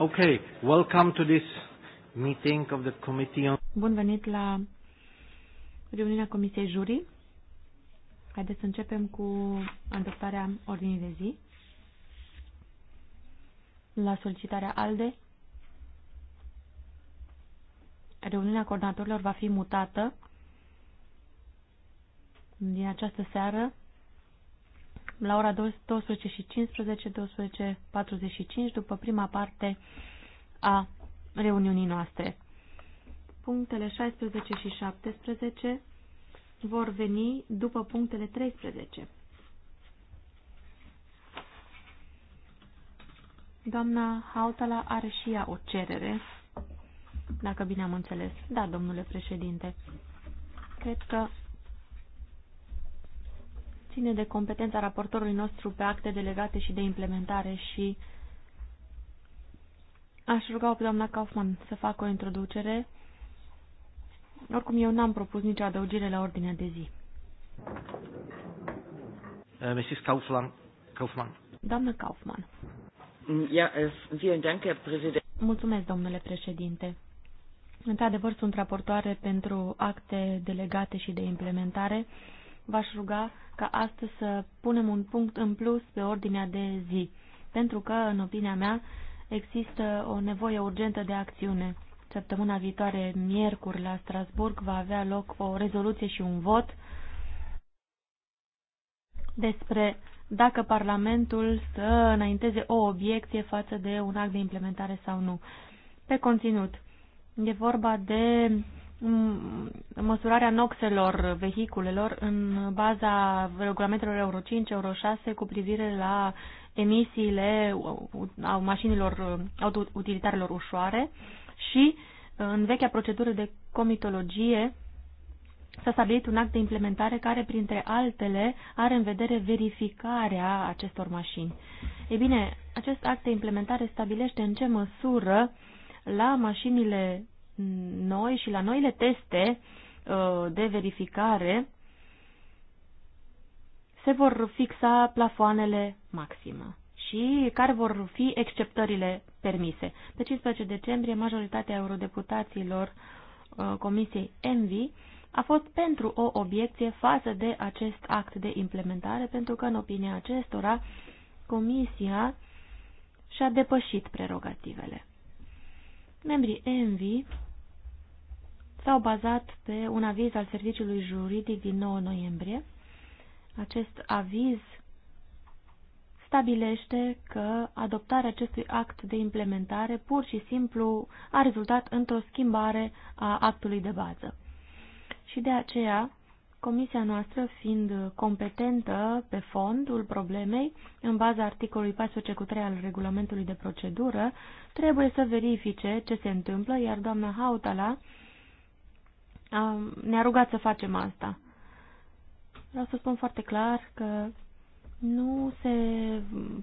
Okay, welcome to this meeting of the committee on... Bun venit la reuniunea Comisiei Jurii. Haideți să începem cu adoptarea ordinii de zi. La solicitarea ALDE, reuniunea coordonatorilor va fi mutată din această seară la ora 12 și 15, 12.45, după prima parte a reuniunii noastre. Punctele 16 și 17 vor veni după punctele 13. Doamna Hautala are și ea o cerere, dacă bine am înțeles. Da, domnule președinte. Cred că ține de competența raportorului nostru pe acte delegate și de implementare și aș ruga-o pe doamna Kaufman să facă o introducere. Oricum, eu n-am propus nicio adăugire la ordinea de zi. Uh, Mrs. Kaufman. Kaufman. Doamna Kaufman. Mm, ja, eh, vielen Dank, Herr Präsident. Mulțumesc, domnule președinte. Într-adevăr, sunt raportoare pentru acte delegate și de implementare v-aș ruga ca astăzi să punem un punct în plus pe ordinea de zi, pentru că, în opinia mea, există o nevoie urgentă de acțiune. Săptămâna viitoare, miercuri, la Strasburg, va avea loc o rezoluție și un vot despre dacă Parlamentul să înainteze o obiecție față de un act de implementare sau nu. Pe conținut, e vorba de măsurarea noxelor vehiculelor în baza regulamentelor Euro 5, Euro 6 cu privire la emisiile a mașinilor autoutilitarelor ușoare și în vechea procedură de comitologie s-a stabilit un act de implementare care, printre altele, are în vedere verificarea acestor mașini. Ei bine, acest act de implementare stabilește în ce măsură la mașinile noi și la noile teste uh, de verificare se vor fixa plafoanele maximă și care vor fi exceptările permise. Pe 15 decembrie, majoritatea eurodeputaților uh, Comisiei ENVI a fost pentru o obiecție față de acest act de implementare, pentru că, în opinia acestora, Comisia și-a depășit prerogativele. Membrii ENVI s-au bazat pe un aviz al serviciului juridic din 9 noiembrie. Acest aviz stabilește că adoptarea acestui act de implementare pur și simplu a rezultat într-o schimbare a actului de bază. Și de aceea, comisia noastră fiind competentă pe fondul problemei, în baza articolului 14 3 al regulamentului de procedură, trebuie să verifice ce se întâmplă, iar doamna Hautala ne-a rugat să facem asta. Vreau să spun foarte clar că nu se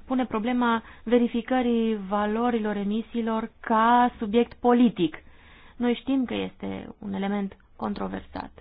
pune problema verificării valorilor emisiilor ca subiect politic. Noi știm că este un element controversat.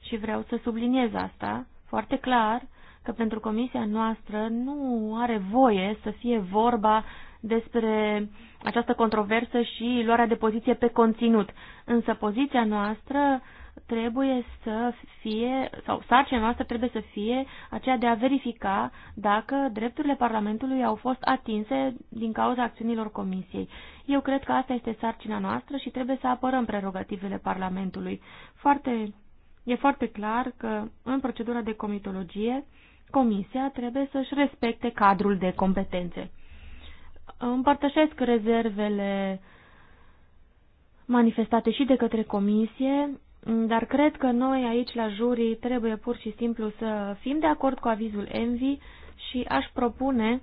Și vreau să subliniez asta foarte clar că pentru comisia noastră nu are voie să fie vorba despre această controversă și luarea de poziție pe conținut. Însă poziția noastră trebuie să fie, sau sarcina noastră trebuie să fie aceea de a verifica dacă drepturile Parlamentului au fost atinse din cauza acțiunilor Comisiei. Eu cred că asta este sarcina noastră și trebuie să apărăm prerogativele Parlamentului. Foarte, e foarte clar că în procedura de comitologie Comisia trebuie să-și respecte cadrul de competențe. Împărtășesc rezervele manifestate și de către Comisie, dar cred că noi aici la jurii trebuie pur și simplu să fim de acord cu avizul Envi și aș propune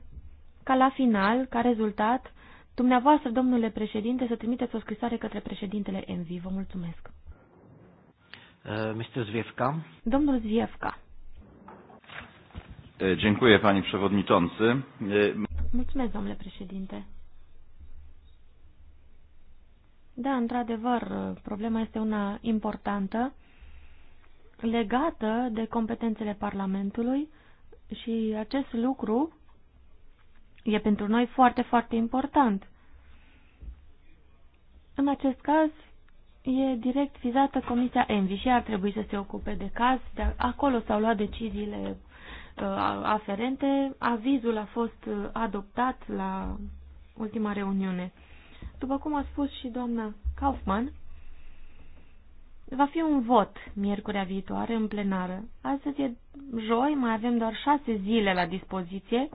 ca la final, ca rezultat, dumneavoastră, domnule președinte, să trimiteți o scrisoare către președintele Envi. Vă mulțumesc. Uh, Mr. Zviefka. Domnul Zviefka. Dziękuję, Pani Przewodniczący. Mulțumesc, domnule președinte. Da, într-adevăr, problema este una importantă legată de competențele Parlamentului și acest lucru e pentru noi foarte, foarte important. În acest caz, e direct vizată Comisia Envi și ar trebui să se ocupe de caz, de acolo s-au luat deciziile Uh, aferente, avizul a fost uh, adoptat la ultima reuniune. După cum a spus și doamna Kaufman, va fi un vot miercurea viitoare în plenară. Astăzi e joi, mai avem doar șase zile la dispoziție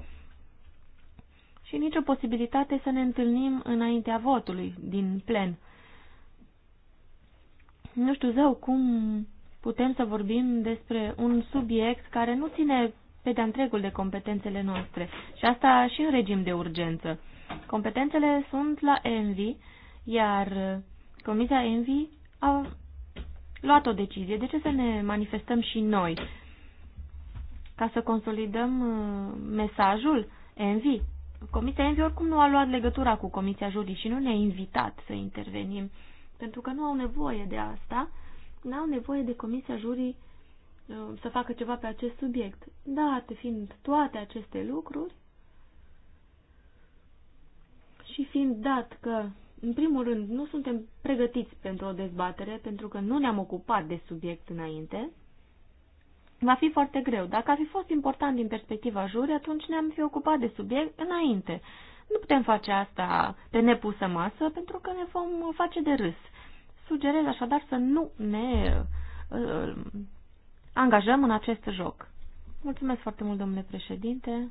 și nicio posibilitate să ne întâlnim înaintea votului din plen. Nu știu zău cum putem să vorbim despre un subiect care nu ține pe de întregul de competențele noastre. Și asta și în regim de urgență. Competențele sunt la ENVI, iar Comisia ENVI a luat o decizie. De ce să ne manifestăm și noi? Ca să consolidăm uh, mesajul ENVI. Comisia ENVI oricum nu a luat legătura cu Comisia Jurii și nu ne-a invitat să intervenim, pentru că nu au nevoie de asta. N-au nevoie de Comisia Jurii Uh, să facă ceva pe acest subiect. Date fiind toate aceste lucruri și fiind dat că, în primul rând, nu suntem pregătiți pentru o dezbatere, pentru că nu ne-am ocupat de subiect înainte, va fi foarte greu. Dacă ar fi fost important din perspectiva juri, atunci ne-am fi ocupat de subiect înainte. Nu putem face asta pe nepusă masă, pentru că ne vom face de râs. Sugerez așadar să nu ne uh, angajăm în acest joc. Mulțumesc foarte mult, domnule președinte.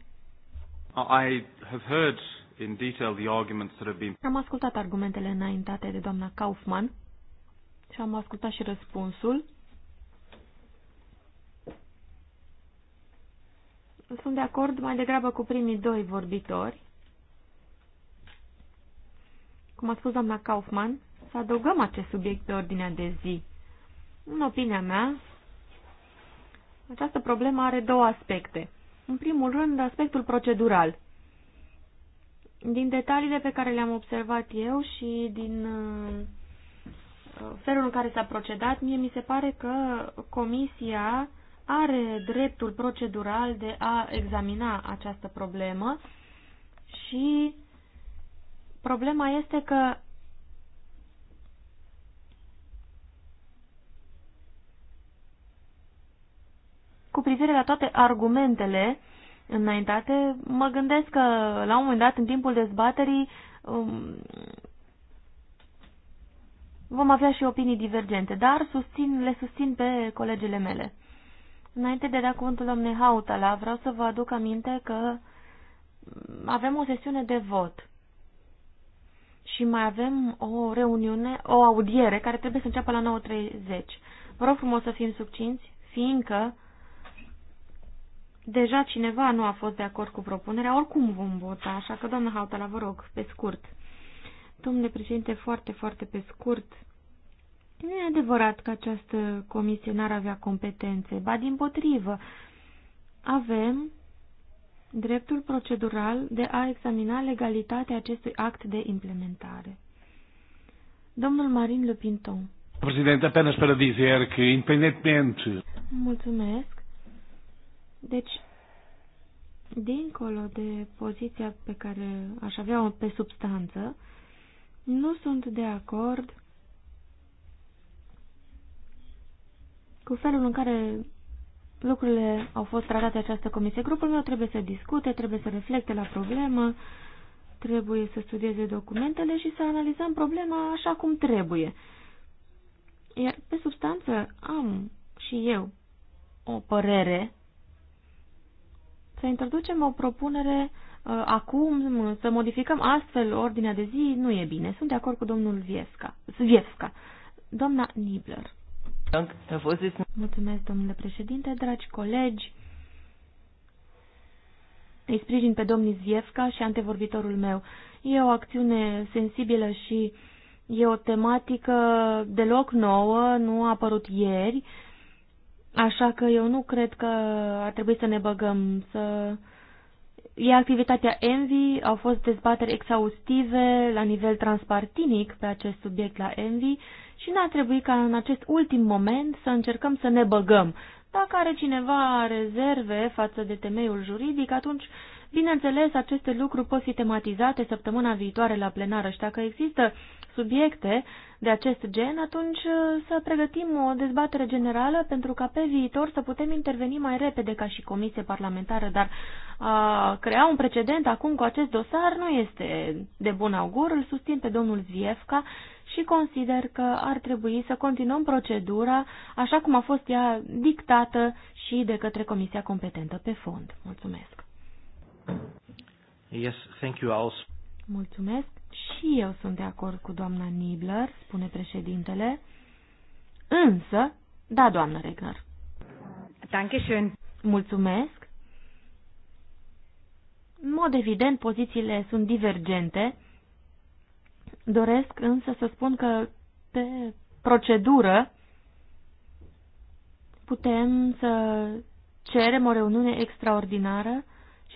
I have heard in detail the arguments that have been... Am ascultat argumentele înaintate de doamna Kaufman și am ascultat și răspunsul. Sunt de acord mai degrabă cu primii doi vorbitori. Cum a spus doamna Kaufman, să adăugăm acest subiect pe ordinea de zi. În opinia mea, această problemă are două aspecte. În primul rând, aspectul procedural. Din detaliile pe care le-am observat eu și din uh, felul în care s-a procedat, mie mi se pare că comisia are dreptul procedural de a examina această problemă și problema este că Cu privire la toate argumentele înaintate, mă gândesc că la un moment dat, în timpul dezbaterii, um, vom avea și opinii divergente, dar susțin, le susțin pe colegele mele. Înainte de a da cuvântul domnului Hautala, vreau să vă aduc aminte că avem o sesiune de vot și mai avem o reuniune, o audiere care trebuie să înceapă la 9.30. Vă rog frumos să fim succinți, fiindcă deja cineva nu a fost de acord cu propunerea, oricum vom vota, așa că, doamna Hautala, vă rog, pe scurt. Domnule președinte, foarte, foarte pe scurt, nu e adevărat că această comisie n-ar avea competențe, ba din potrivă, avem dreptul procedural de a examina legalitatea acestui act de implementare. Domnul Marin Lupinton. Președinte, apenas para dizer que, independentemente... Mulțumesc. Deci, dincolo de poziția pe care aș avea-o pe substanță, nu sunt de acord cu felul în care lucrurile au fost tratate această comisie. Grupul meu trebuie să discute, trebuie să reflecte la problemă, trebuie să studieze documentele și să analizăm problema așa cum trebuie. Iar pe substanță am și eu o părere să introducem o propunere uh, acum, să modificăm astfel ordinea de zi, nu e bine. Sunt de acord cu domnul Viesca. Viesca. Doamna Nibler. Mulțumesc, domnule președinte, dragi colegi. Îi sprijin pe domnii Zviesca și antevorbitorul meu. E o acțiune sensibilă și e o tematică deloc nouă, nu a apărut ieri Așa că eu nu cred că ar trebui să ne băgăm, să... E activitatea Envy, au fost dezbateri exhaustive la nivel transpartinic pe acest subiect la Envy și n-ar trebui ca în acest ultim moment să încercăm să ne băgăm. Dacă are cineva rezerve față de temeiul juridic, atunci Bineînțeles, aceste lucruri pot fi tematizate săptămâna viitoare la plenară și dacă există subiecte de acest gen, atunci uh, să pregătim o dezbatere generală pentru ca pe viitor să putem interveni mai repede ca și comisie parlamentară, dar a crea un precedent acum cu acest dosar nu este de bun augur. Îl susțin pe domnul Zviefca și consider că ar trebui să continuăm procedura așa cum a fost ea dictată și de către comisia competentă pe fond. Mulțumesc! Yes, thank you also. Mulțumesc. Și eu sunt de acord cu doamna Nibler, spune președintele. Însă, da, doamnă Regner. Dankeschön. Mulțumesc. În mod evident, pozițiile sunt divergente. Doresc însă să spun că pe procedură putem să cerem o reuniune extraordinară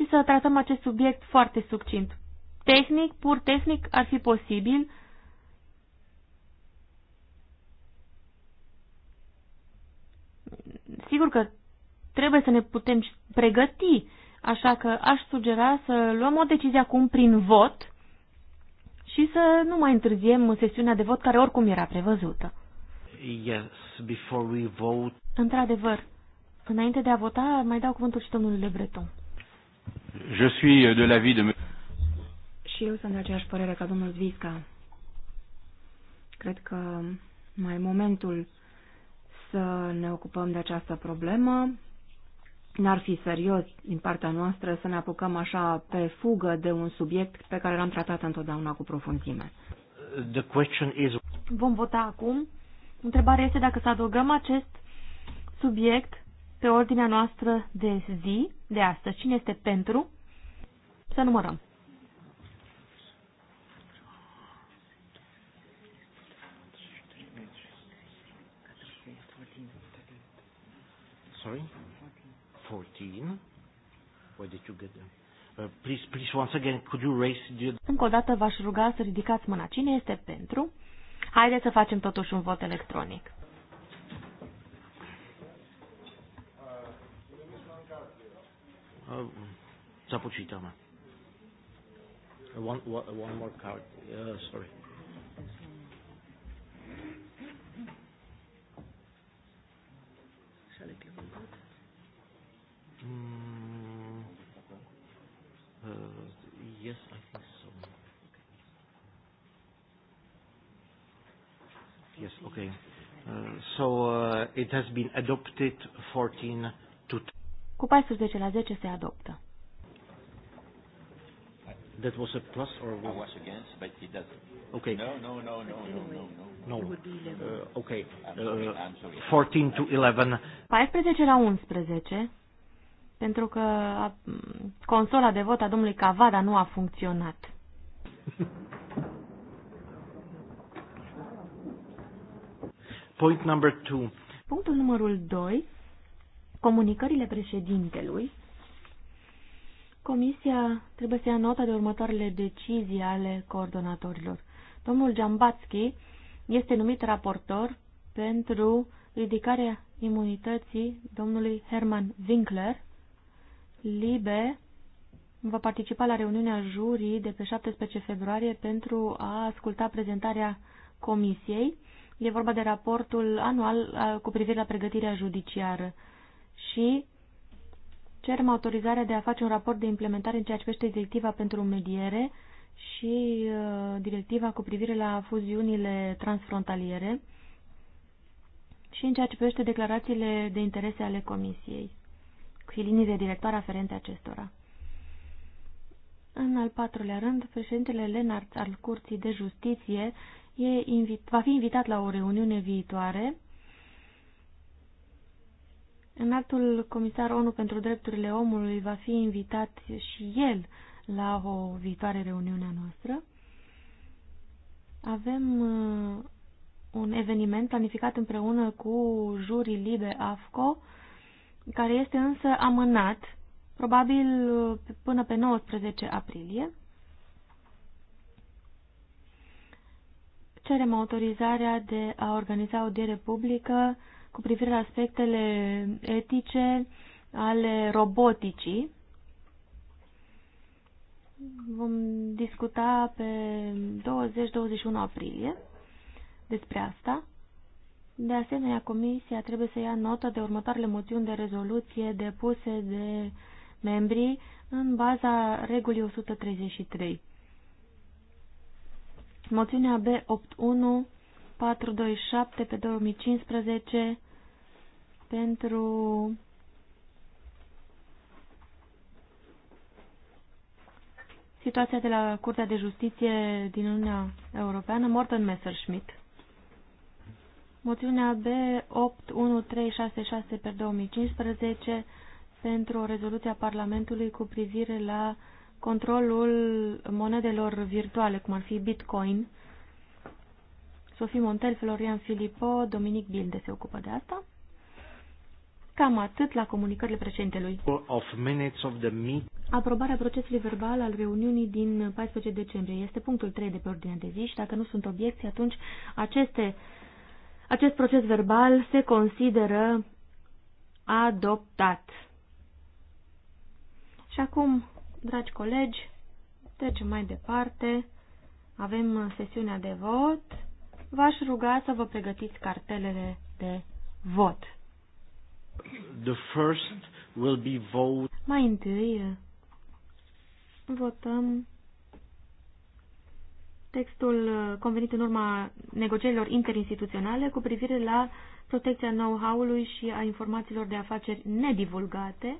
și să tratăm acest subiect foarte succint. Tehnic, pur tehnic, ar fi posibil. Sigur că trebuie să ne putem pregăti, așa că aș sugera să luăm o decizie acum prin vot și să nu mai întârziem sesiunea de vot care oricum era prevăzută. Yes, before we vote... Într-adevăr, înainte de a vota, mai dau cuvântul și domnului Lebreton. Je suis de l'avis de... Și eu sunt de aceeași părere ca domnul Zvisca. Cred că mai momentul să ne ocupăm de această problemă. N-ar fi serios din partea noastră să ne apucăm așa pe fugă de un subiect pe care l-am tratat întotdeauna cu profunzime. The question is... Vom vota acum. Întrebarea este dacă să adăugăm acest subiect pe ordinea noastră de zi de astăzi. Cine este pentru? Să numărăm. Sorry? 14. Where did you get them? Uh, please, please, once again, could you raise the... Încă o dată v-aș ruga să ridicați mâna. Cine este pentru? Haideți să facem totuși un vot electronic. započítáme. One, one more card. Uh, sorry. Mm, uh, yes, I think so. Yes, okay. Uh, so uh, it has been adopted 14 to cu 14 la 10 se adoptă. That was a plus or I was against, but he doesn't. Okay. No, no, no, no, no, no, no. No. Uh, okay. Uh, 14 to 11. 14 la 11, pentru că uh, consola de vot a domnului Cavada nu a funcționat. Point number two. Punctul numărul 2 comunicările președintelui, Comisia trebuie să ia nota de următoarele decizii ale coordonatorilor. Domnul Giambatski este numit raportor pentru ridicarea imunității domnului Herman Winkler. Libe va participa la reuniunea jurii de pe 17 februarie pentru a asculta prezentarea comisiei. E vorba de raportul anual cu privire la pregătirea judiciară și cerem autorizarea de a face un raport de implementare în ceea ce privește directiva pentru mediere și uh, directiva cu privire la fuziunile transfrontaliere și în ceea ce privește declarațiile de interese ale Comisiei și de directoare aferente acestora. În al patrulea rând, președintele Lenart al Curții de Justiție e invit, va fi invitat la o reuniune viitoare Înaltul comisar ONU pentru drepturile omului va fi invitat și el la o viitoare reuniune a noastră. Avem uh, un eveniment planificat împreună cu jurii Libe AFCO, care este însă amânat, probabil uh, până pe 19 aprilie. Cerem autorizarea de a organiza o publică cu privire la aspectele etice ale roboticii. Vom discuta pe 20-21 aprilie despre asta. De asemenea, Comisia trebuie să ia notă de următoarele moțiuni de rezoluție depuse de membrii în baza regulii 133. Moțiunea B81 427 pe 2015 pentru situația de la Curtea de Justiție din Uniunea Europeană, Morton Messerschmidt. Moțiunea B81366 pe 2015 pentru rezoluția Parlamentului cu privire la controlul monedelor virtuale, cum ar fi Bitcoin, Sofie Montel, Florian Filipo, Dominic Bilde se ocupă de asta. Cam atât la comunicările președintelui. Of of the meet. Aprobarea procesului verbal al reuniunii din 14 decembrie este punctul 3 de pe ordinea de zi și dacă nu sunt obiecții, atunci aceste, acest proces verbal se consideră adoptat. Și acum, dragi colegi, trecem mai departe. Avem sesiunea de vot v-aș ruga să vă pregătiți cartelele de vot. The first will be vote. Mai întâi votăm textul convenit în urma negocierilor interinstituționale cu privire la protecția know-how-ului și a informațiilor de afaceri nedivulgate.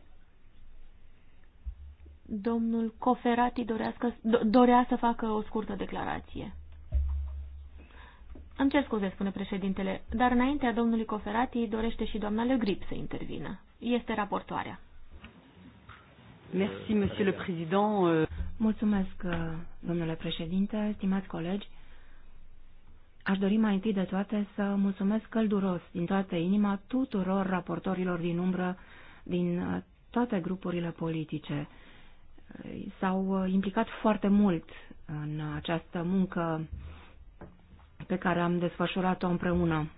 Domnul Coferati dorea să, dorea să facă o scurtă declarație. Îmi cer scuze, spune președintele, dar înaintea domnului Coferati dorește și doamna Le Grip să intervină. Este raportoarea. Merci, monsieur le président. Mulțumesc, uh, domnule președinte, stimați colegi. Aș dori mai întâi de toate să mulțumesc călduros din toată inima tuturor raportorilor din umbră din uh, toate grupurile politice. S-au uh, implicat foarte mult în această muncă pe care am desfășurat-o împreună.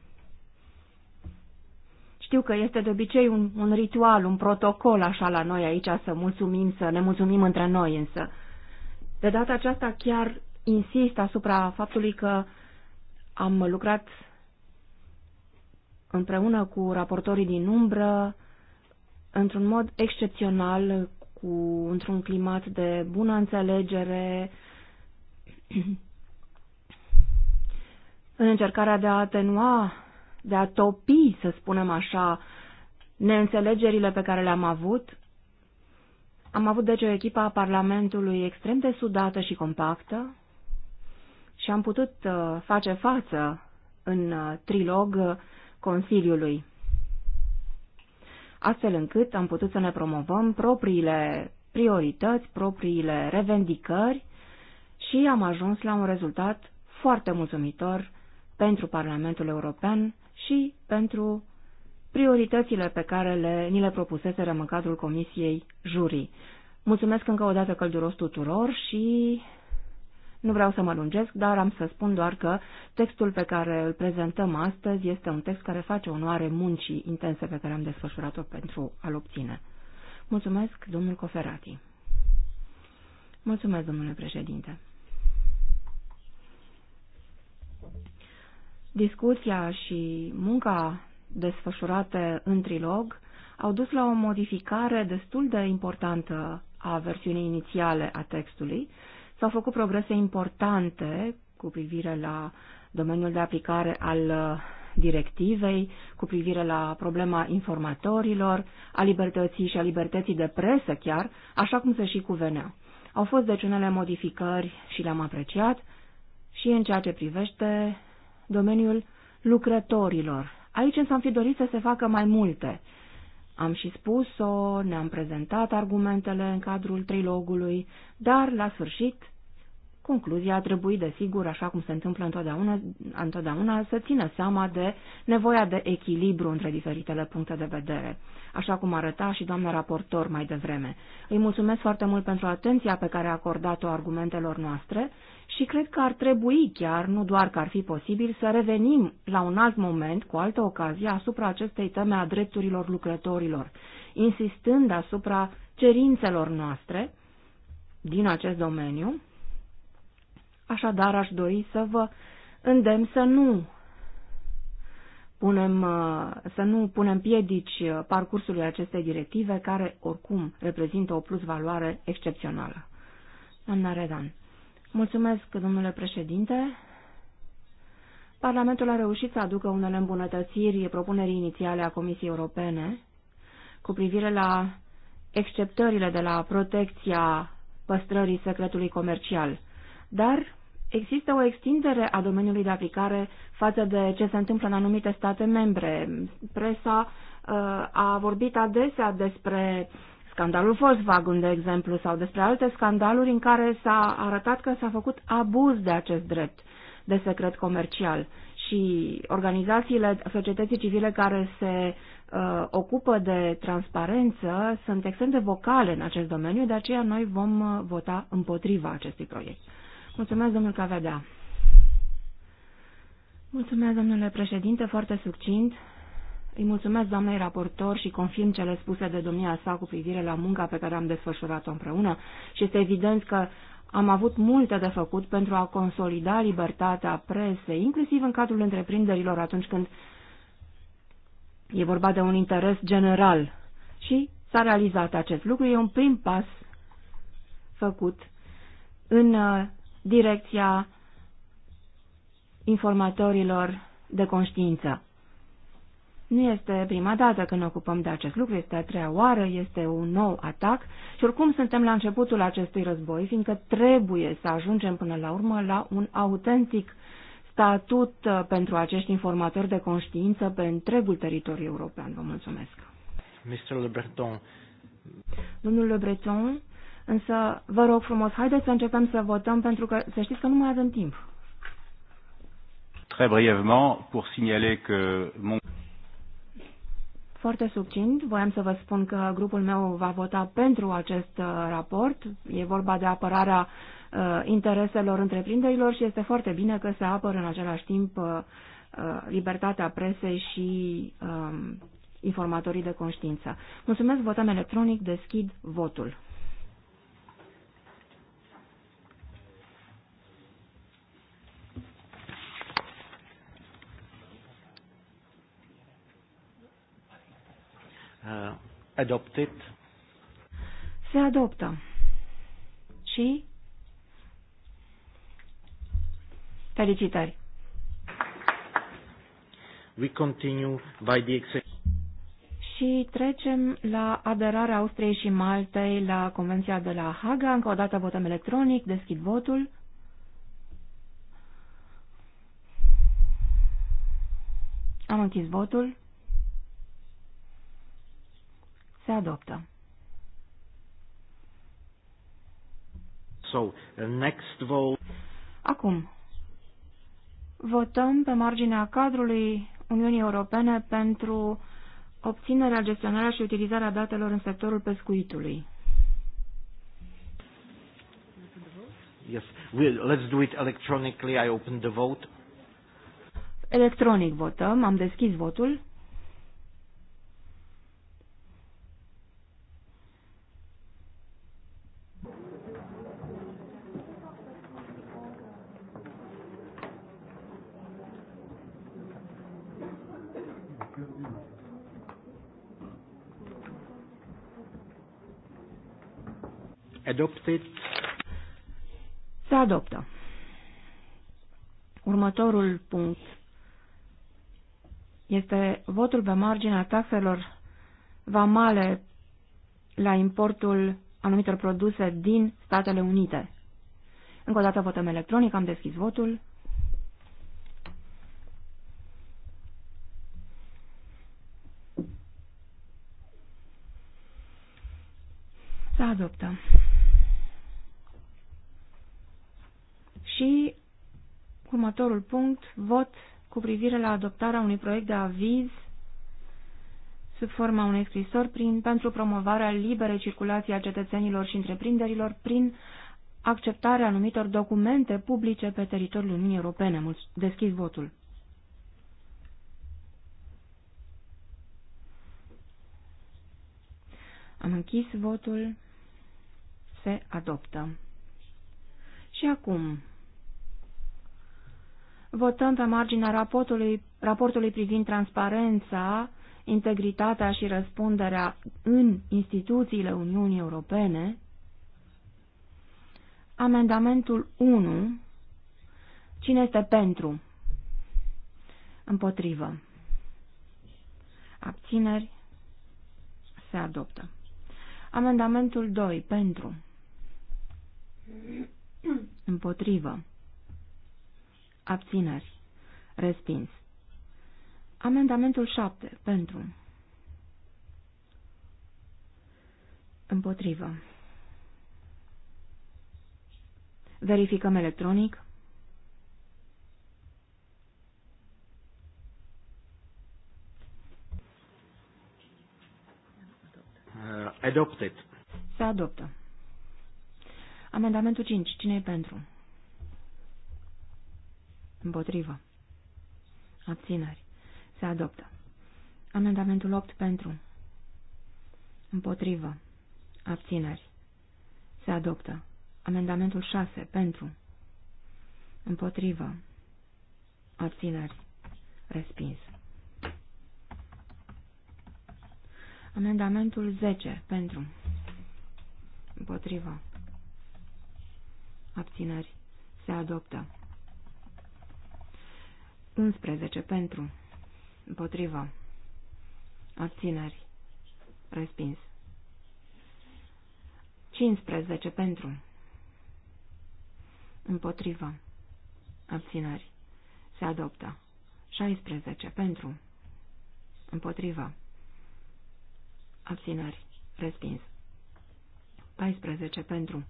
Știu că este de obicei un, un ritual, un protocol așa la noi aici să mulțumim, să ne mulțumim între noi însă. De data aceasta chiar insist asupra faptului că am lucrat împreună cu raportorii din umbră într-un mod excepțional, cu, într-un climat de bună înțelegere în încercarea de a atenua, de a topi, să spunem așa, neînțelegerile pe care le-am avut, am avut deci o echipă a Parlamentului extrem de sudată și compactă și am putut uh, face față în uh, trilog uh, Consiliului, astfel încât am putut să ne promovăm propriile priorități, propriile revendicări și am ajuns la un rezultat foarte mulțumitor pentru Parlamentul European și pentru prioritățile pe care le, ni le propuseserăm în cadrul Comisiei Jurii. Mulțumesc încă o dată călduros tuturor și nu vreau să mă lungesc, dar am să spun doar că textul pe care îl prezentăm astăzi este un text care face onoare muncii intense pe care am desfășurat-o pentru a-l obține. Mulțumesc, domnul Coferati. Mulțumesc, domnule președinte. Discuția și munca desfășurate în trilog au dus la o modificare destul de importantă a versiunii inițiale a textului. S-au făcut progrese importante cu privire la domeniul de aplicare al uh, directivei, cu privire la problema informatorilor, a libertății și a libertății de presă chiar, așa cum se și cuvenea. Au fost deci unele modificări și le-am apreciat și în ceea ce privește domeniul lucrătorilor. Aici însă am fi dorit să se facă mai multe. Am și spus-o, ne-am prezentat argumentele în cadrul trilogului, dar, la sfârșit, concluzia a trebuit, desigur, așa cum se întâmplă întotdeauna, întotdeauna, să țină seama de nevoia de echilibru între diferitele puncte de vedere așa cum arăta și doamna raportor mai devreme. Îi mulțumesc foarte mult pentru atenția pe care a acordat-o argumentelor noastre și cred că ar trebui chiar, nu doar că ar fi posibil, să revenim la un alt moment, cu altă ocazie, asupra acestei teme a drepturilor lucrătorilor, insistând asupra cerințelor noastre din acest domeniu. Așadar, aș dori să vă îndemn să nu punem, uh, să nu punem piedici uh, parcursului acestei directive, care oricum reprezintă o plusvaloare excepțională. Doamna Redan. Mulțumesc, domnule președinte. Parlamentul a reușit să aducă unele îmbunătățiri propunerii inițiale a Comisiei Europene cu privire la exceptările de la protecția păstrării secretului comercial, dar există o extindere a domeniului de aplicare față de ce se întâmplă în anumite state membre. Presa uh, a vorbit adesea despre scandalul Volkswagen, de exemplu, sau despre alte scandaluri în care s-a arătat că s-a făcut abuz de acest drept de secret comercial și organizațiile societății civile care se uh, ocupă de transparență sunt extrem de vocale în acest domeniu, de aceea noi vom uh, vota împotriva acestui proiect. Mulțumesc, domnul Cavedea. Mulțumesc, domnule președinte, foarte succint. Îi mulțumesc doamnei raportor și confirm cele spuse de domnia sa cu privire la munca pe care am desfășurat-o împreună și este evident că am avut multe de făcut pentru a consolida libertatea presei, inclusiv în cadrul întreprinderilor atunci când e vorba de un interes general. Și s-a realizat acest lucru, e un prim pas făcut în uh, direcția informatorilor de conștiință. Nu este prima dată când ne ocupăm de acest lucru, este a treia oară, este un nou atac și oricum suntem la începutul acestui război, fiindcă trebuie să ajungem până la urmă la un autentic statut uh, pentru acești informatori de conștiință pe întregul teritoriu european. Vă mulțumesc. Mr. Le Breton. Domnul Le Breton, Însă, vă rog frumos, haideți să începem să votăm, pentru că să știți că nu mai avem timp. Très brièvement, pour signaler que mon... Foarte subțin. voiam să vă spun că grupul meu va vota pentru acest uh, raport. E vorba de apărarea uh, intereselor întreprinderilor și este foarte bine că se apără în același timp uh, uh libertatea presei și uh, informatorii de conștiință. Mulțumesc, votăm electronic, deschid votul. uh, adopted. Se adoptă. Și felicitări. We continue by the și trecem la aderarea Austriei și Maltei la Convenția de la Haga. Încă o dată votăm electronic, deschid votul. Am închis votul. Se adoptă. So, next vote. Acum, votăm pe marginea cadrului Uniunii Europene pentru obținerea, gestionarea și utilizarea datelor în sectorul pescuitului. Yes, we'll, let's do it electronically. I open the vote. Electronic votăm, am deschis votul. adopted. Se adoptă. Următorul punct este votul pe marginea taxelor vamale la importul anumitor produse din Statele Unite. Încă o dată votăm electronic, am deschis votul. Următorul punct, vot cu privire la adoptarea unui proiect de aviz sub forma unei scrisori prin, pentru promovarea liberei circulației a cetățenilor și întreprinderilor prin acceptarea anumitor documente publice pe teritoriul Uniunii Europene. Deschid votul. Am închis votul. Se adoptă. Și acum, Votăm pe marginea raportului, raportului privind transparența, integritatea și răspunderea în instituțiile Uniunii Europene. Amendamentul 1. Cine este pentru? Împotrivă. Abțineri. Se adoptă. Amendamentul 2. Pentru. Împotrivă. Abțineri. Respins. Amendamentul 7. Pentru. Împotrivă. Verificăm electronic. Uh, adopted. Se adoptă. Amendamentul 5. Cine e pentru? Împotrivă. Abțineri. Se adoptă. Amendamentul 8 pentru. Împotrivă. Abțineri. Se adoptă. Amendamentul 6 pentru. Împotrivă. Abțineri. Respins. Amendamentul 10 pentru. Împotrivă. Abțineri. Se adoptă. 11 pentru. Împotrivă. Abțineri. Respins. 15 pentru. Împotrivă. Abținări. Se adoptă. 16 pentru. Împotrivă. Abținări. Respins. 14 pentru.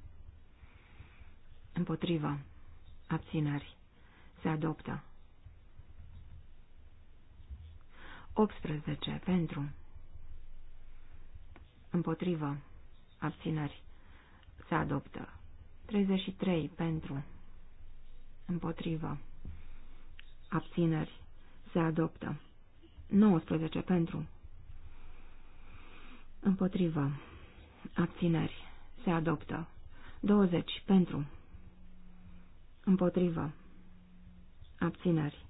Împotrivă. Abținări. Se adoptă. 18. Pentru. Împotrivă. Abținări. Se adoptă. 33. Pentru. Împotrivă. Abținări. Se adoptă. 19. Pentru. Împotrivă. Abținări. Se adoptă. 20. Pentru. Împotrivă. Abținări.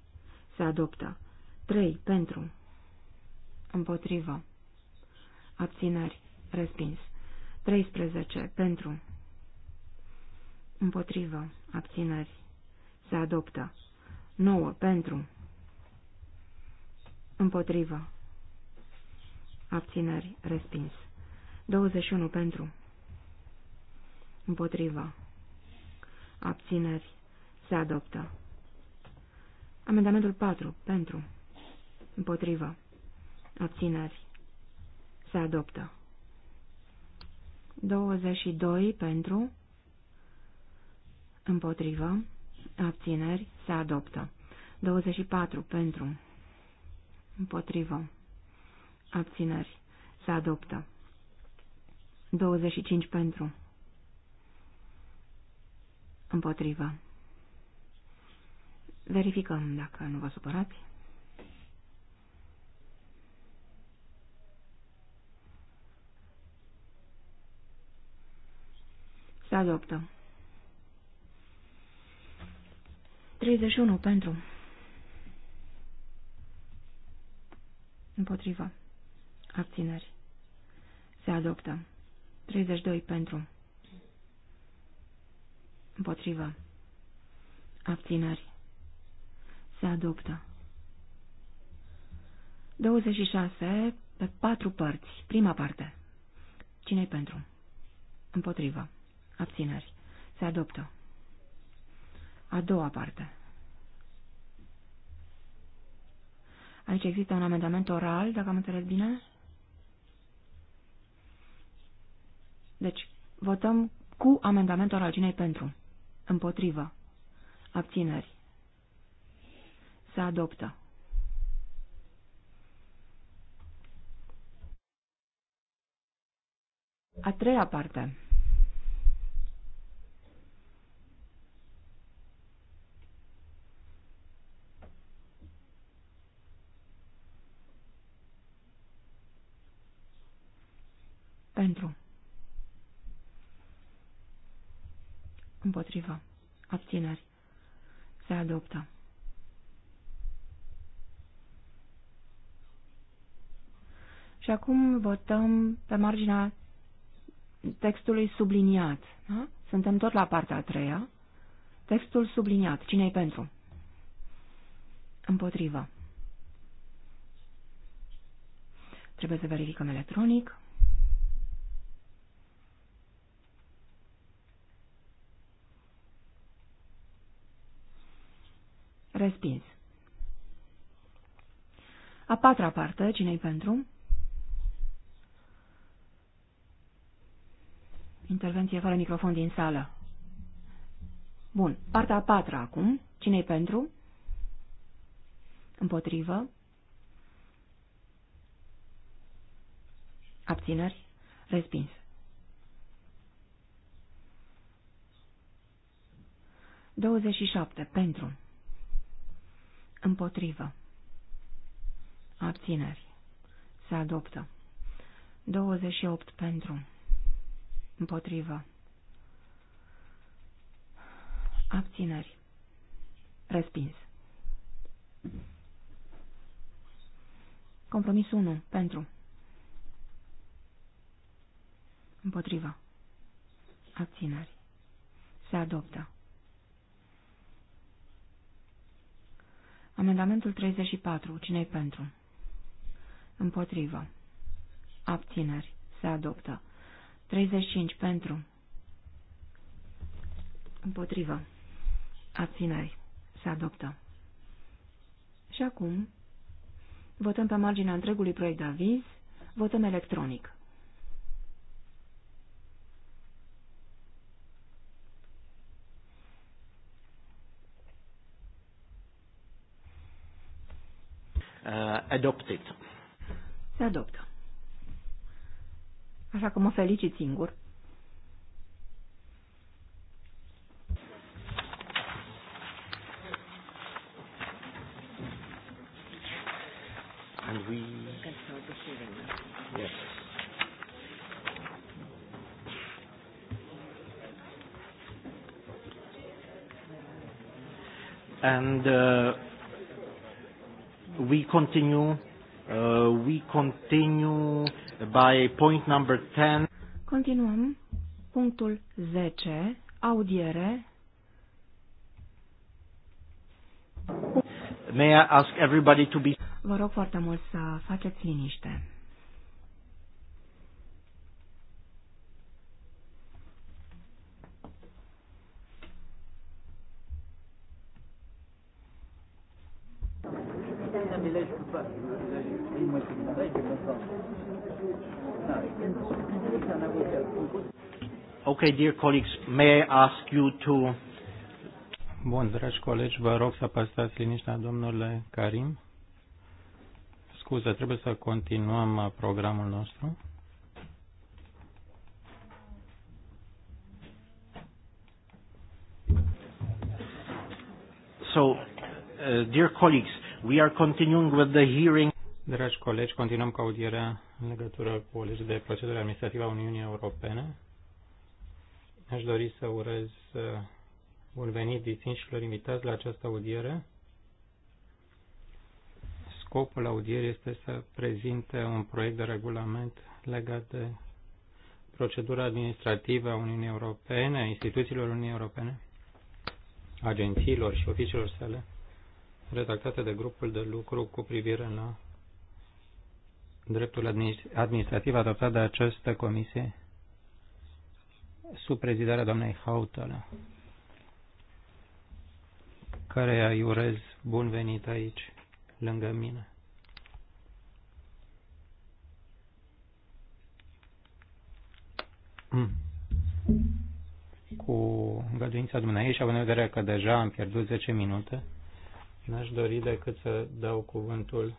Se adoptă. 3. Pentru. Împotrivă. Abținări. Respins. 13. Pentru. Împotrivă. Abținări. Se adoptă. 9. Pentru. Împotrivă. Abținări. Respins. 21. Pentru. Împotrivă. Abținări. Se adoptă. Amendamentul 4. Pentru. Împotrivă abținări. Se adoptă. 22 pentru. Împotrivă. Abțineri. Se adoptă. 24 pentru. Împotrivă. Abțineri. Se adoptă. 25 pentru. Împotrivă. Verificăm dacă nu vă supărați. Se adoptă. 31 pentru. Împotriva. Abțineri. Se adoptă. 32 pentru. Împotriva. Abțineri. Se adoptă. 26 pe patru părți. Prima parte. Cine-i pentru? Împotriva. Abțineri. Se adoptă. A doua parte. Aici există un amendament oral, dacă am înțeles bine. Deci, votăm cu amendament oral. cine pentru? Împotrivă. Abțineri. Se adoptă. A treia parte. pentru. Împotrivă. Abțineri. Se adoptă. Și acum votăm pe marginea textului subliniat. Da? Suntem tot la partea a treia. Textul subliniat. Cine-i pentru? Împotrivă. Trebuie să verificăm electronic. Respins. A patra parte, cine-i pentru? Intervenție fără microfon din sală. Bun, partea a patra acum. Cine-i pentru? Împotrivă. Abțineri. Respins. Douăzeci și șapte. Pentru. Împotrivă. Abțineri. Se adoptă. 28 pentru. Împotrivă. Abțineri. Respins. Compromis 1. Pentru. Împotrivă. Abțineri. Se adoptă. Amendamentul 34. Cine-i pentru? Împotrivă. Abțineri. Se adoptă. 35. Pentru. Împotrivă. Abțineri. Se adoptă. Și acum, votăm pe marginea întregului proiect de aviz, votăm electronic. uh, adopted. Se adoptă. Așa că mă felicit singur. And we... Yes. And uh, we continue. Uh, we continue by point number 10. Continuăm. Punctul 10. Audiere. May I ask everybody to be... Vă rog foarte mult să faceți liniște. Okay, dear colleagues, may I ask you to... Bun, dragi colegi, vă rog să păstrați liniștea, domnule Karim. Scuze, trebuie să continuăm uh, programul nostru. So, uh, dear colleagues, we are continuing with the hearing. Dragi colegi, continuăm cu audierea în legătură cu legea de procedură administrativă a Uniunii Europene Aș dori să urez uh, bun venit distinșilor invitați la această audiere. Scopul audierii este să prezinte un proiect de regulament legat de procedura administrativă a Uniunii Europene, a instituțiilor Uniunii Europene, agențiilor și oficiilor sale, redactate de grupul de lucru cu privire la dreptul administrativ adoptat de această comisie sub prezidarea doamnei Hautala, care îi urez bun venit aici, lângă mine. Mm. Cu găduința dumneavoastră și având în vedere că deja am pierdut 10 minute, n-aș dori decât să dau cuvântul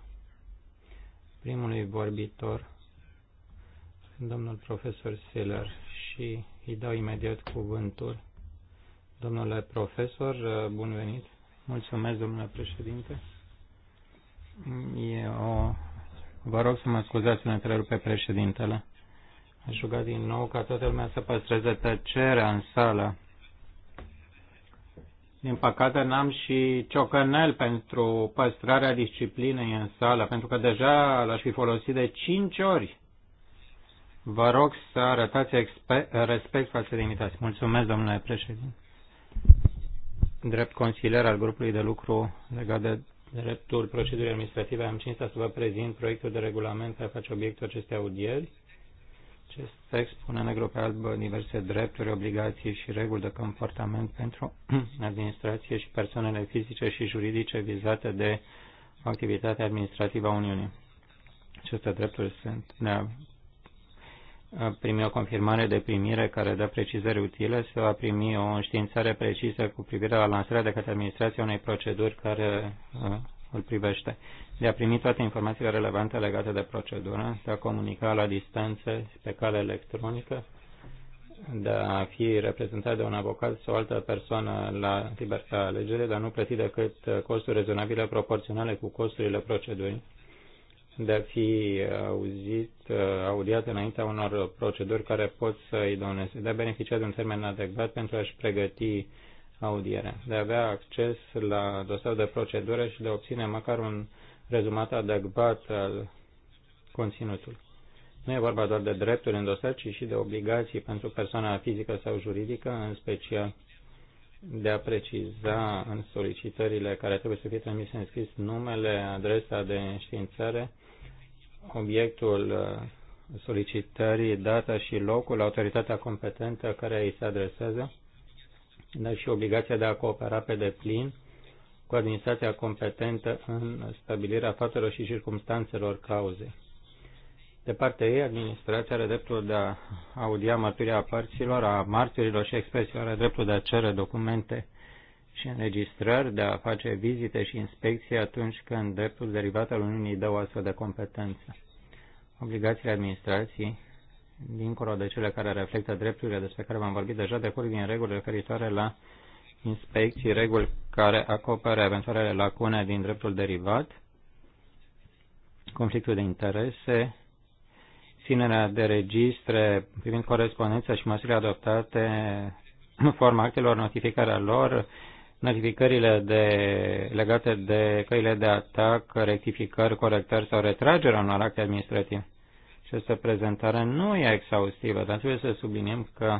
primului vorbitor, domnul profesor Seller și îi dau imediat cuvântul. Domnule profesor, bun venit. Mulțumesc, domnule președinte. E o... Vă rog să mă scuzați, nu pe președintele. Aș ruga din nou ca toată lumea să păstreze tăcerea în sală. Din păcate n-am și ciocănel pentru păstrarea disciplinei în sală, pentru că deja l-aș fi folosit de cinci ori. Vă rog să arătați respect față de invitați. Mulțumesc, domnule președinte. Drept consilier al grupului de lucru legat de dreptul procedurii administrative, am cinstea să vă prezint proiectul de regulament care face obiectul acestei audieri. Acest text pune negru pe alb diverse drepturi, obligații și reguli de comportament pentru administrație și persoanele fizice și juridice vizate de activitatea administrativă a Uniunii. Aceste drepturi sunt a primi o confirmare de primire care dă precizări utile sau a primi o înștiințare precisă cu privire la lansarea de către administrație unei proceduri care îl privește, de a primi toate informațiile relevante legate de procedură, de a comunica la distanță pe cale electronică, de a fi reprezentat de un avocat sau o altă persoană la libertatea alegere, dar nu plăti decât costuri rezonabile proporționale cu costurile procedurii de a fi uh, auzit, uh, audiat înaintea unor proceduri care pot să-i doneze, de a beneficia de un termen adecvat pentru a-și pregăti audierea, de a avea acces la dosarul de procedură și de a obține măcar un rezumat adecvat al conținutului. Nu e vorba doar de drepturi în dosar, ci și de obligații pentru persoana fizică sau juridică, în special de a preciza în solicitările care trebuie să fie transmise în scris numele, adresa de înștiințare obiectul uh, solicitării, data și locul, autoritatea competentă care îi se adresează, dar și obligația de a coopera pe deplin cu administrația competentă în stabilirea faptelor și circumstanțelor cauzei. De partea ei, administrația are dreptul de a audia mărturia părților, a martirilor și expresiilor, are dreptul de a cere documente și înregistrări, de a face vizite și inspecții atunci când dreptul derivat al Uniunii dă o astfel de competență. Obligațiile administrației, dincolo de cele care reflectă drepturile despre care v-am vorbit deja, decurg din reguli referitoare la inspecții, reguli care acoperă eventualele lacune din dreptul derivat, conflictul de interese, ținerea de registre privind corespondența și măsurile adoptate în forma actelor, notificarea lor, notificările de, legate de căile de atac, rectificări, corectări sau retragerea unor acte administrative. Această prezentare nu e exhaustivă, dar trebuie să subliniem că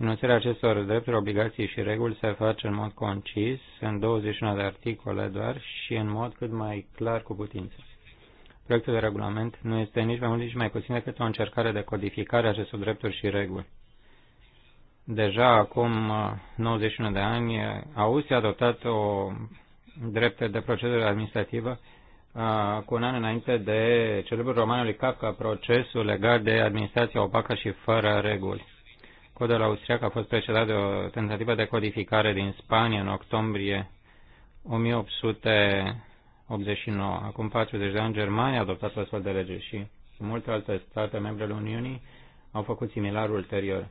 enunțarea acestor drepturi, obligații și reguli se face în mod concis, în 21 de articole doar și în mod cât mai clar cu putință. Proiectul de regulament nu este nici mai mult, nici mai puțin decât o încercare de codificare a acestor drepturi și reguli deja acum 91 uh, de ani, uh, Austria a adoptat o drept de procedură administrativă uh, cu un an înainte de celebrul romanul lui Kafka, procesul legat de administrația opacă și fără reguli. Codul austriac a fost precedat de o tentativă de codificare din Spania în octombrie 1889. Acum 40 de ani, Germania a adoptat o astfel de lege și multe alte state membre ale Uniunii au făcut similar ulterior.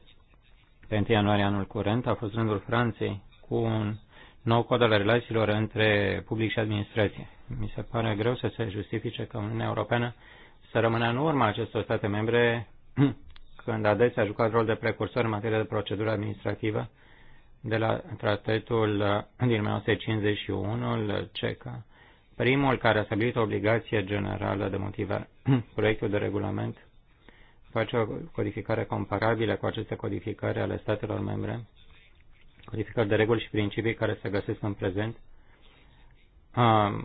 Pe 1 ianuarie anul curent a fost rândul Franței cu un nou cod al relațiilor între public și administrație. Mi se pare greu să se justifice că Uniunea Europeană să rămână în urma acestor state membre când adesea a jucat rol de precursor în materie de procedură administrativă de la tratatul din 1951, CECA, primul care a stabilit o obligație generală de motivare. Proiectul de regulament face o codificare comparabilă cu aceste codificări ale statelor membre, codificări de reguli și principii care se găsesc în prezent,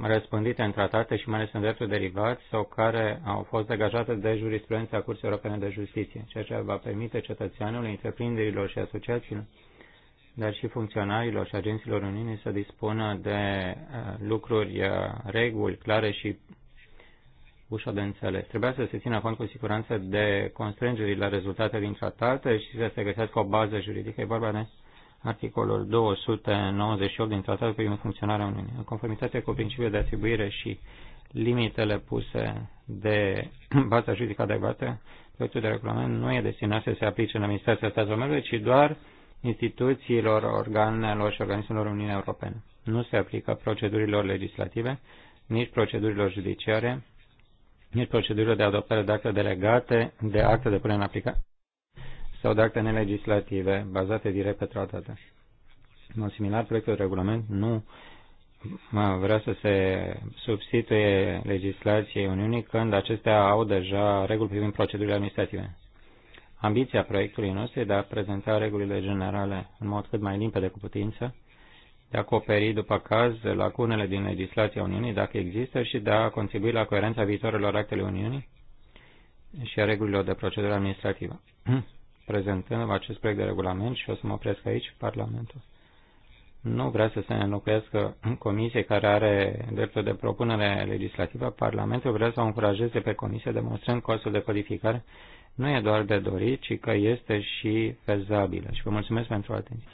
răspândite în tratate și mai ales în dreptul derivat sau care au fost degajate de jurisprudența Curții Europene de Justiție, ceea ce va permite cetățeanului, întreprinderilor și asociațiilor, dar și funcționarilor și agenților Uniunii să dispună de lucruri, reguli clare și ușa de înțeles. Trebuia să se țină cont cu siguranță de constrângerile rezultate din tratate și să se găsească o bază juridică. E vorba de articolul 298 din tratatul privind funcționarea Uniunii. În conformitate cu principiul de atribuire și limitele puse de baza juridică adecvată, proiectul de regulament nu e destinat să se aplice în administrația statelor membre, ci doar instituțiilor, organelor și organismelor Uniunii Europene. Nu se aplică procedurilor legislative, nici procedurilor judiciare, nici procedurile de adoptare de acte delegate, de acte de punere în aplicare sau de acte nelegislative bazate direct pe tratate. În mod similar, proiectul de regulament nu vrea să se substituie legislației Uniunii când acestea au deja reguli privind procedurile administrative. Ambiția proiectului nostru e de a prezenta regulile generale în mod cât mai limpede cu putință, de a acoperi, după caz, lacunele din legislația Uniunii, dacă există, și de a contribui la coerența viitorilor actele Uniunii și a regulilor de procedură administrativă. Prezentând acest proiect de regulament și o să mă opresc aici, Parlamentul nu vrea să se înlocuiască comisie care are dreptul de propunere legislativă. Parlamentul vrea să o încurajeze pe comisie, demonstrând că costul de codificare nu e doar de dorit, ci că este și fezabilă. Și vă mulțumesc pentru atenție.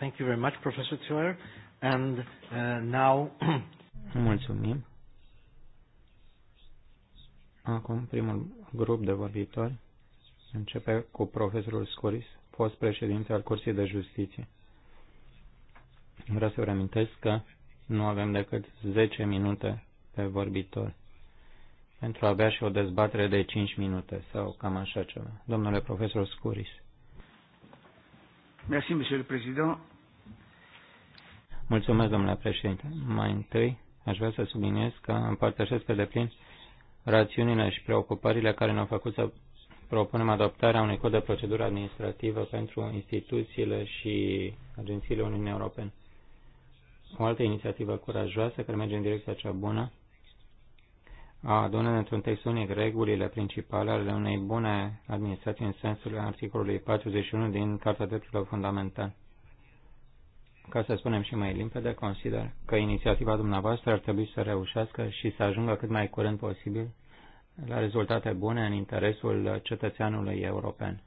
Thank you very much, Professor Teuer. And uh, now... Mulțumim. Acum primul grup de vorbitori începe cu profesorul Scoris, fost președinte al Curții de Justiție. Vreau să vă reamintesc că nu avem decât 10 minute pe vorbitor pentru a avea și o dezbatere de 5 minute sau cam așa ceva. Domnule profesor Scuris. Merci, Monsieur le Président. Mulțumesc, domnule președinte. Mai întâi, aș vrea să subliniez că împărtășesc pe deplin rațiunile și preocupările care ne-au făcut să propunem adoptarea unui cod de procedură administrativă pentru instituțiile și agențiile Uniunii Europene. O altă inițiativă curajoasă care merge în direcția cea bună adunând într-un text unic regulile principale ale unei bune administrații în sensul articolului 41 din Carta Drepturilor Fundamentale. Ca să spunem și mai limpede, consider că inițiativa dumneavoastră ar trebui să reușească și să ajungă cât mai curând posibil la rezultate bune în interesul cetățeanului european.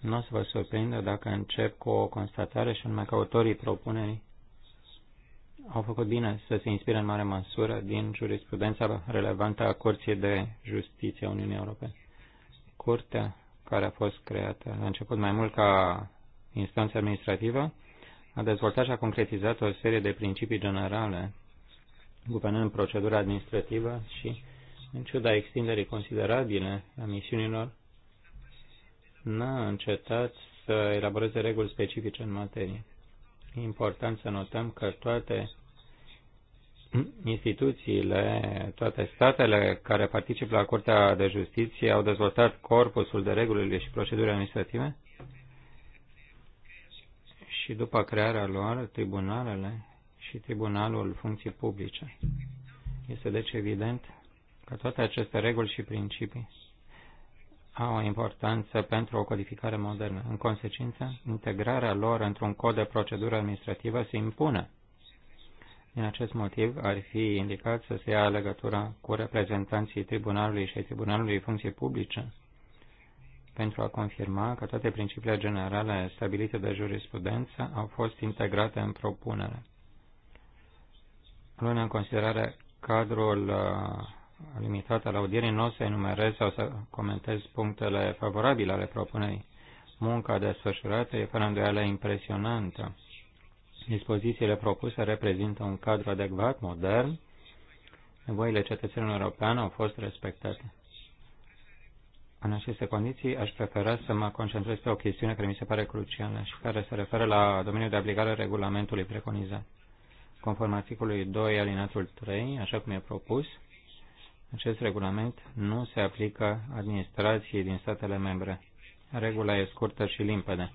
Nu o să vă surprindă dacă încep cu o constatare și anume că autorii propunerii au făcut bine să se inspire în mare măsură din jurisprudența relevantă a Curții de Justiție a Uniunii Europene. Curtea care a fost creată a început mai mult ca instanță administrativă, a dezvoltat și a concretizat o serie de principii generale guvernând procedura administrativă și, în ciuda extinderii considerabile a misiunilor, n-a încetat să elaboreze reguli specifice în materie. E important să notăm că toate instituțiile, toate statele care participă la Curtea de Justiție au dezvoltat corpusul de regulile și proceduri administrative și după crearea lor, tribunalele și tribunalul funcții publice. Este deci evident că toate aceste reguli și principii au o importanță pentru o codificare modernă. În consecință, integrarea lor într-un cod de procedură administrativă se impune din acest motiv, ar fi indicat să se ia legătura cu reprezentanții tribunalului și tribunalului funcție publice pentru a confirma că toate principiile generale stabilite de jurisprudență au fost integrate în propunere. Luând în considerare cadrul uh, limitat al audierii, nu o să enumerez sau să comentez punctele favorabile ale propunerii. Munca desfășurată e fără îndoială impresionantă Dispozițiile propuse reprezintă un cadru adecvat, modern. Nevoile cetățenilor european au fost respectate. În aceste condiții, aș prefera să mă concentrez pe o chestiune care mi se pare crucială și care se referă la domeniul de aplicare a regulamentului preconizat. Conform articolului 2 alinatul 3, așa cum e propus, acest regulament nu se aplică administrației din statele membre. Regula e scurtă și limpede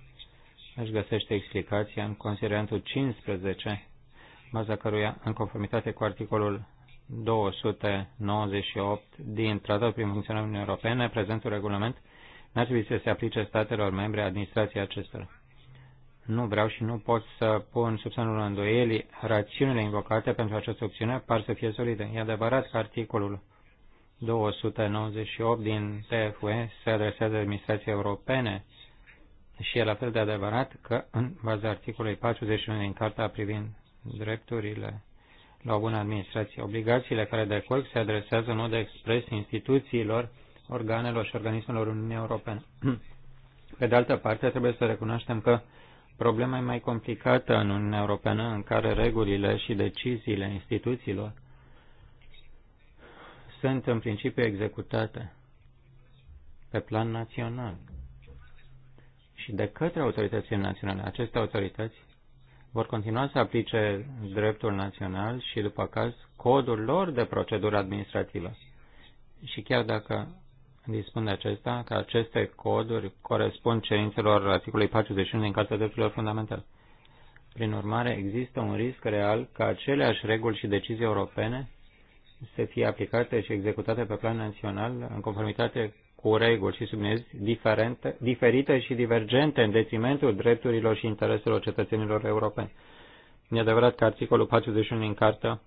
își găsește explicația în considerentul 15, baza căruia, în conformitate cu articolul 298 din Tratatul prin funcționarea Uniunii Europene, prezentul regulament n-ar trebui să se aplice statelor membre administrației acestora. Nu vreau și nu pot să pun sub semnul îndoielii rațiunile invocate pentru această opțiune par să fie solide. E adevărat că articolul 298 din TFUE se adresează administrației europene și e la fel de adevărat că, în baza articolului 41 din Carta privind drepturile la o bună administrație, obligațiile care decurg se adresează în mod expres instituțiilor, organelor și organismelor Uniunii Europene. Pe de altă parte, trebuie să recunoaștem că problema e mai complicată în Uniunea Europeană, în care regulile și deciziile instituțiilor sunt în principiu executate pe plan național și de către autoritățile naționale. Aceste autorități vor continua să aplice dreptul național și, după caz, codul lor de procedură administrativă. Și chiar dacă dispun de acesta, că aceste coduri corespund cerințelor articolului 41 din Carta Drepturilor Fundamentale. Prin urmare, există un risc real ca aceleași reguli și decizii europene să fie aplicate și executate pe plan național în conformitate cu reguli și sublinez diferite și divergente în detrimentul drepturilor și intereselor cetățenilor europeni. E adevărat că articolul 41 din cartă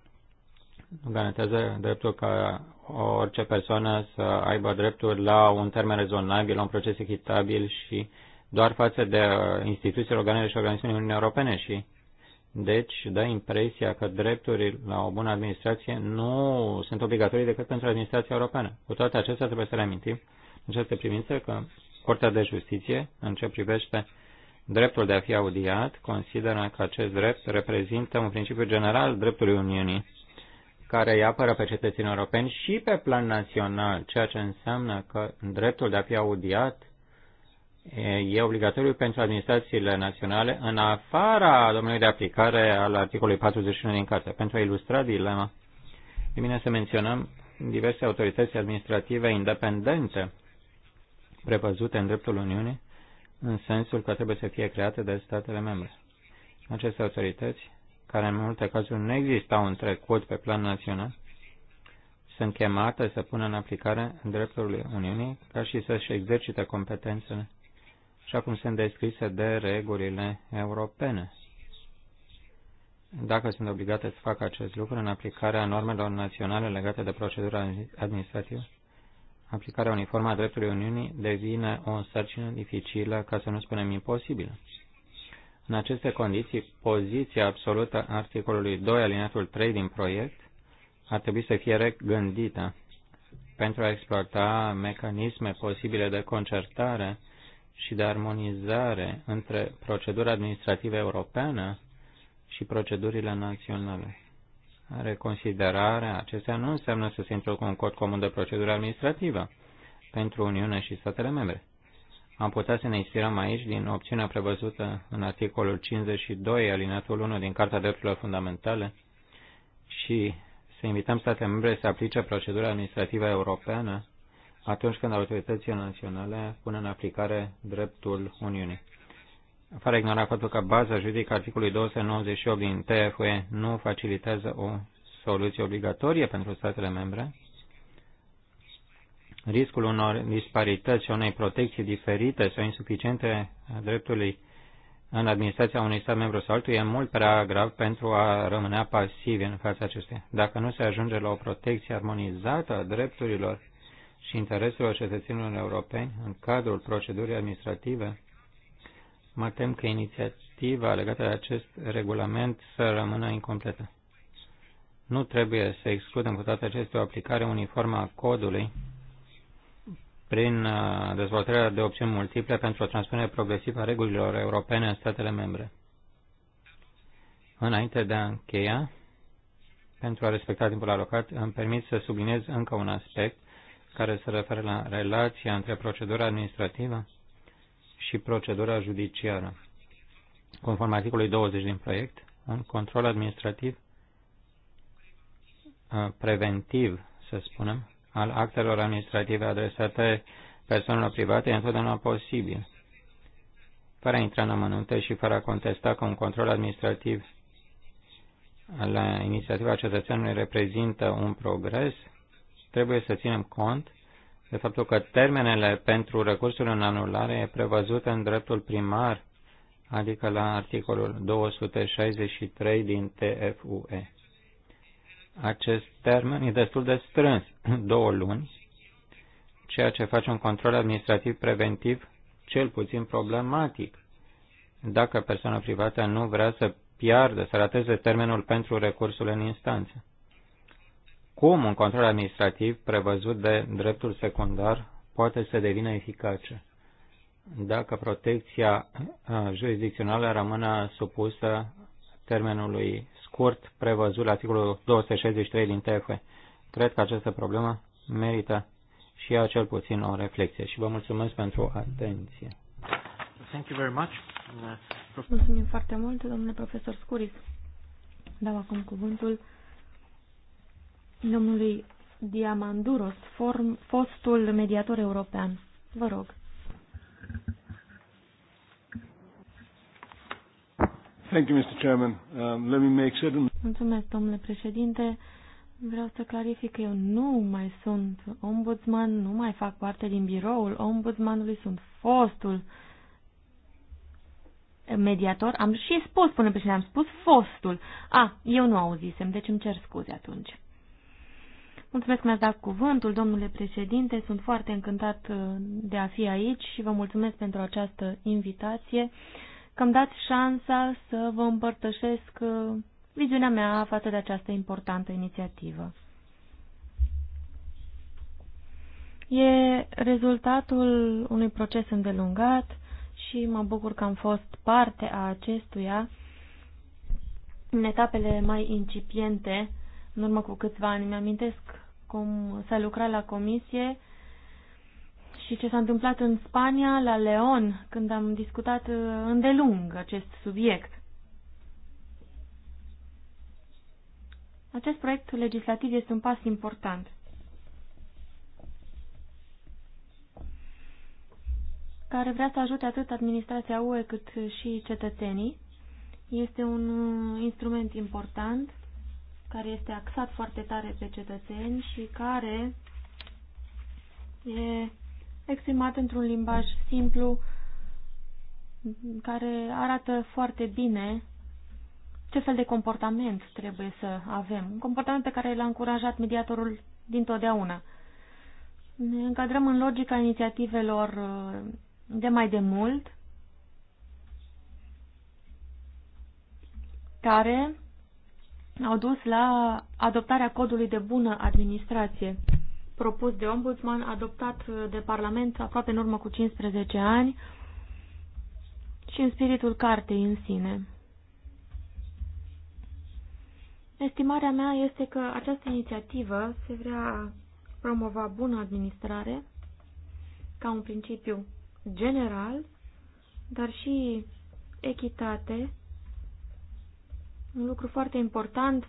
garantează dreptul ca orice persoană să aibă dreptul la un termen rezonabil, la un proces echitabil și doar față de instituțiile, organele și organismele Uniunii Europene și deci dă impresia că drepturile la o bună administrație nu sunt obligatorii decât pentru administrația europeană. Cu toate acestea trebuie să reamintim această privință că Curtea de Justiție, în ce privește dreptul de a fi audiat, consideră că acest drept reprezintă un principiu general dreptului Uniunii, care îi apără pe cetățenii europeni și pe plan național, ceea ce înseamnă că dreptul de a fi audiat e obligatoriu pentru administrațiile naționale în afara domeniului de aplicare al articolului 41 din carte. Pentru a ilustra dilema, e bine să menționăm diverse autorități administrative independente prevăzute în dreptul Uniunii, în sensul că trebuie să fie create de statele membre. Aceste autorități, care în multe cazuri nu existau în trecut pe plan național, sunt chemate să pună în aplicare drepturile Uniunii ca și să-și exercite competențele, așa cum sunt descrise de regulile europene. Dacă sunt obligate să facă acest lucru în aplicarea normelor naționale legate de procedura administrativă, aplicarea uniformă a dreptului Uniunii devine o sarcină dificilă, ca să nu spunem imposibilă. În aceste condiții, poziția absolută a articolului 2 alineatul 3 din proiect ar trebui să fie regândită pentru a exploata mecanisme posibile de concertare și de armonizare între procedura administrativă europeană și procedurile naționale. Reconsiderarea acestea nu înseamnă să se introducă un cod comun de procedură administrativă pentru Uniune și statele membre. Am putea să ne inspirăm aici din opțiunea prevăzută în articolul 52, alineatul 1 din Carta Drepturilor Fundamentale și să invităm statele membre să aplice procedura administrativă europeană atunci când autoritățile naționale pun în aplicare dreptul Uniunii fără ignora faptul că baza juridică articolului 298 din TFUE nu facilitează o soluție obligatorie pentru statele membre, riscul unor disparități și unei protecții diferite sau insuficiente a dreptului în administrația unui stat membru sau altul e mult prea grav pentru a rămâne pasiv în fața acestei. Dacă nu se ajunge la o protecție armonizată a drepturilor și intereselor cetățenilor europeni în cadrul procedurii administrative, mă tem că inițiativa legată de acest regulament să rămână incompletă. Nu trebuie să excludem cu toate acestea o aplicare uniformă a codului prin uh, dezvoltarea de opțiuni multiple pentru o transpunere progresivă a regulilor europene în statele membre. Înainte de a încheia, pentru a respecta timpul alocat, îmi permit să subliniez încă un aspect care se referă la relația între procedura administrativă și procedura judiciară. Conform articolului 20 din proiect, un control administrativ uh, preventiv, să spunem, al actelor administrative adresate persoanelor private e întotdeauna posibil. Fără a intra în amănunte și fără a contesta că un control administrativ la inițiativa cetățeanului reprezintă un progres, trebuie să ținem cont de faptul că termenele pentru recursul în anulare e prevăzut în dreptul primar, adică la articolul 263 din TFUE. Acest termen e destul de strâns, două luni, ceea ce face un control administrativ preventiv cel puțin problematic. Dacă persoana privată nu vrea să piardă, să rateze termenul pentru recursul în instanță cum un control administrativ prevăzut de dreptul secundar poate să devină eficace dacă protecția uh, jurisdicțională rămâne supusă termenului scurt prevăzut la articolul 263 din TF. Cred că această problemă merită și ea cel puțin o reflexie și vă mulțumesc pentru atenție. Thank you very much. Uh, Mulțumim foarte mult, domnule profesor Scuris. Dau acum cuvântul domnului Diamanduros, form, fostul mediator european. Vă rog. Thank you, Mr. Chairman. Um, let me make certain... Mulțumesc, domnule președinte. Vreau să clarific că eu nu mai sunt ombudsman, nu mai fac parte din biroul ombudsmanului, sunt fostul mediator. Am și spus, până președinte, am spus fostul. A, eu nu auzisem, deci îmi cer scuze atunci. Mulțumesc că mi-ați dat cuvântul, domnule președinte. Sunt foarte încântat uh, de a fi aici și vă mulțumesc pentru această invitație, că îmi dați șansa să vă împărtășesc uh, viziunea mea față de această importantă inițiativă. E rezultatul unui proces îndelungat și mă bucur că am fost parte a acestuia în etapele mai incipiente în urmă cu câțiva ani. Mi-amintesc cum s-a lucrat la comisie și ce s-a întâmplat în Spania, la Leon, când am discutat uh, îndelung acest subiect. Acest proiect legislativ este un pas important. care vrea să ajute atât administrația UE cât și cetățenii. Este un uh, instrument important care este axat foarte tare pe cetățeni și care e exprimat într-un limbaj simplu care arată foarte bine ce fel de comportament trebuie să avem. Un comportament pe care l-a încurajat mediatorul dintotdeauna. Ne încadrăm în logica inițiativelor uh, de mai de mult, care au dus la adoptarea codului de bună administrație, propus de ombudsman, adoptat de Parlament aproape în urmă cu 15 ani și în spiritul cartei în sine. Estimarea mea este că această inițiativă se vrea promova bună administrare ca un principiu general, dar și echitate un lucru foarte important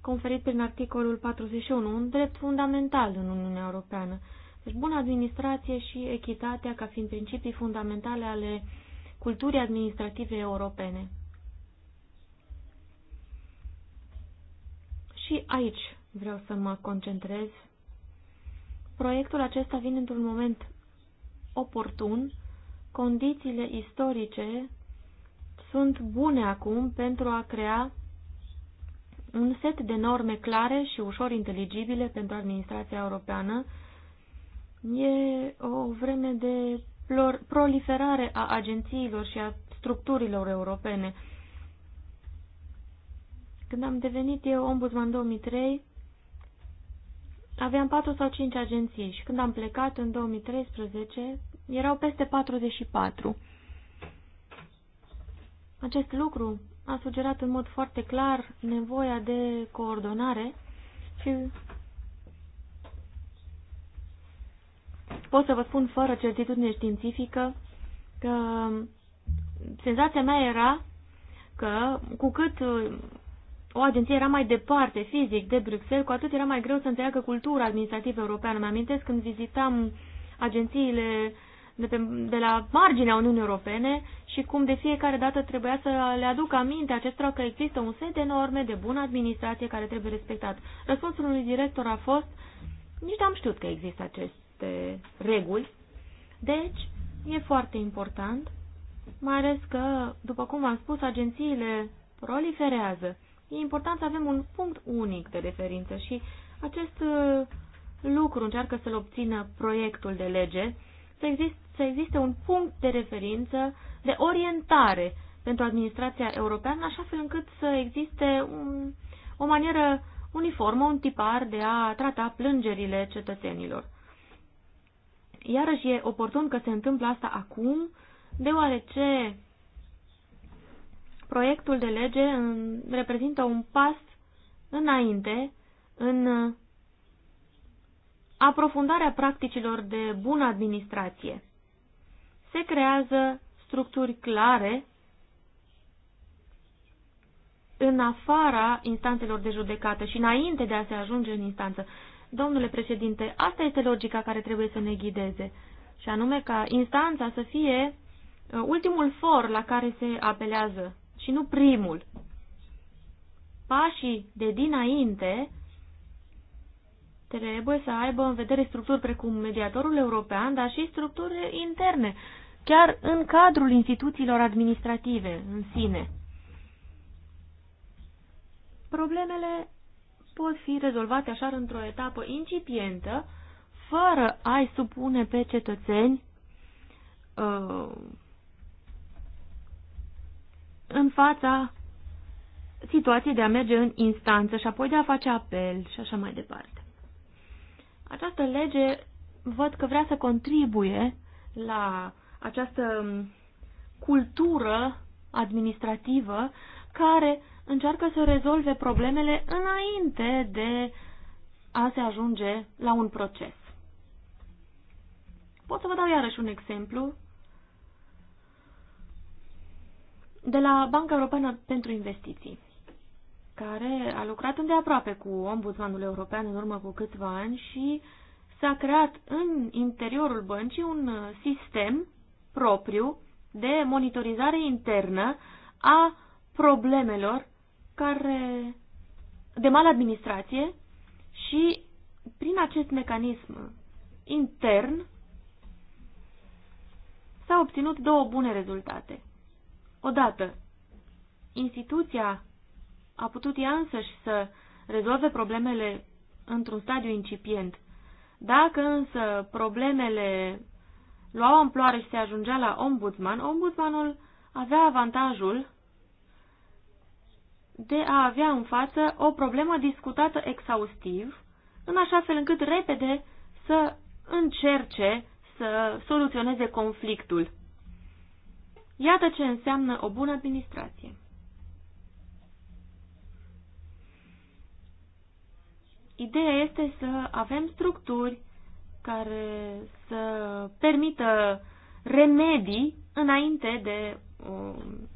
conferit prin articolul 41, un drept fundamental în Uniunea Europeană. Deci bună administrație și echitatea ca fiind principii fundamentale ale culturii administrative europene. Și aici vreau să mă concentrez. Proiectul acesta vine într-un moment oportun. Condițiile istorice sunt bune acum pentru a crea un set de norme clare și ușor inteligibile pentru administrația europeană. E o vreme de proliferare a agențiilor și a structurilor europene. Când am devenit eu ombudsman 2003, aveam 4 sau 5 agenții și când am plecat în 2013, erau peste 44. Acest lucru a sugerat în mod foarte clar nevoia de coordonare și pot să vă spun fără certitudine științifică că senzația mea era că cu cât uh, o agenție era mai departe fizic de Bruxelles, cu atât era mai greu să înțeleagă cultura administrativă europeană. Mă amintesc când vizitam agențiile de, pe, de la marginea Uniunii Europene și cum de fiecare dată trebuia să le aduc aminte acestora că există un set de norme de bună administrație care trebuie respectat. Răspunsul unui director a fost, nici n-am știut că există aceste reguli, deci e foarte important, mai ales că, după cum am spus, agențiile proliferează. E important să avem un punct unic de referință și acest uh, lucru încearcă să-l obțină proiectul de lege, să existe să existe un punct de referință, de orientare pentru administrația europeană, așa fel încât să existe un, o manieră uniformă, un tipar de a trata plângerile cetățenilor. Iarăși e oportun că se întâmplă asta acum, deoarece proiectul de lege reprezintă un pas înainte în aprofundarea practicilor de bună administrație se creează structuri clare în afara instanțelor de judecată și înainte de a se ajunge în instanță. Domnule președinte, asta este logica care trebuie să ne ghideze, și anume ca instanța să fie uh, ultimul for la care se apelează și nu primul. Pașii de dinainte trebuie să aibă în vedere structuri precum mediatorul european, dar și structuri interne, chiar în cadrul instituțiilor administrative în sine. Problemele pot fi rezolvate așa într-o etapă incipientă, fără a-i supune pe cetățeni uh, în fața situației de a merge în instanță și apoi de a face apel și așa mai departe. Această lege văd că vrea să contribuie la uh, această um, cultură administrativă care încearcă să rezolve problemele înainte de a se ajunge la un proces. Pot să vă dau iarăși un exemplu de la Banca Europeană pentru Investiții, care a lucrat îndeaproape cu Ombudsmanul European în urmă cu câțiva ani și s-a creat în interiorul băncii un uh, sistem propriu de monitorizare internă a problemelor care de maladministrație și prin acest mecanism intern s-au obținut două bune rezultate. Odată, instituția a putut ea însăși să rezolve problemele într-un stadiu incipient. Dacă însă problemele lua o amploare și se ajungea la ombudsman, ombudsmanul avea avantajul de a avea în față o problemă discutată exhaustiv, în așa fel încât repede să încerce să soluționeze conflictul. Iată ce înseamnă o bună administrație. Ideea este să avem structuri care să permită remedii înainte de um,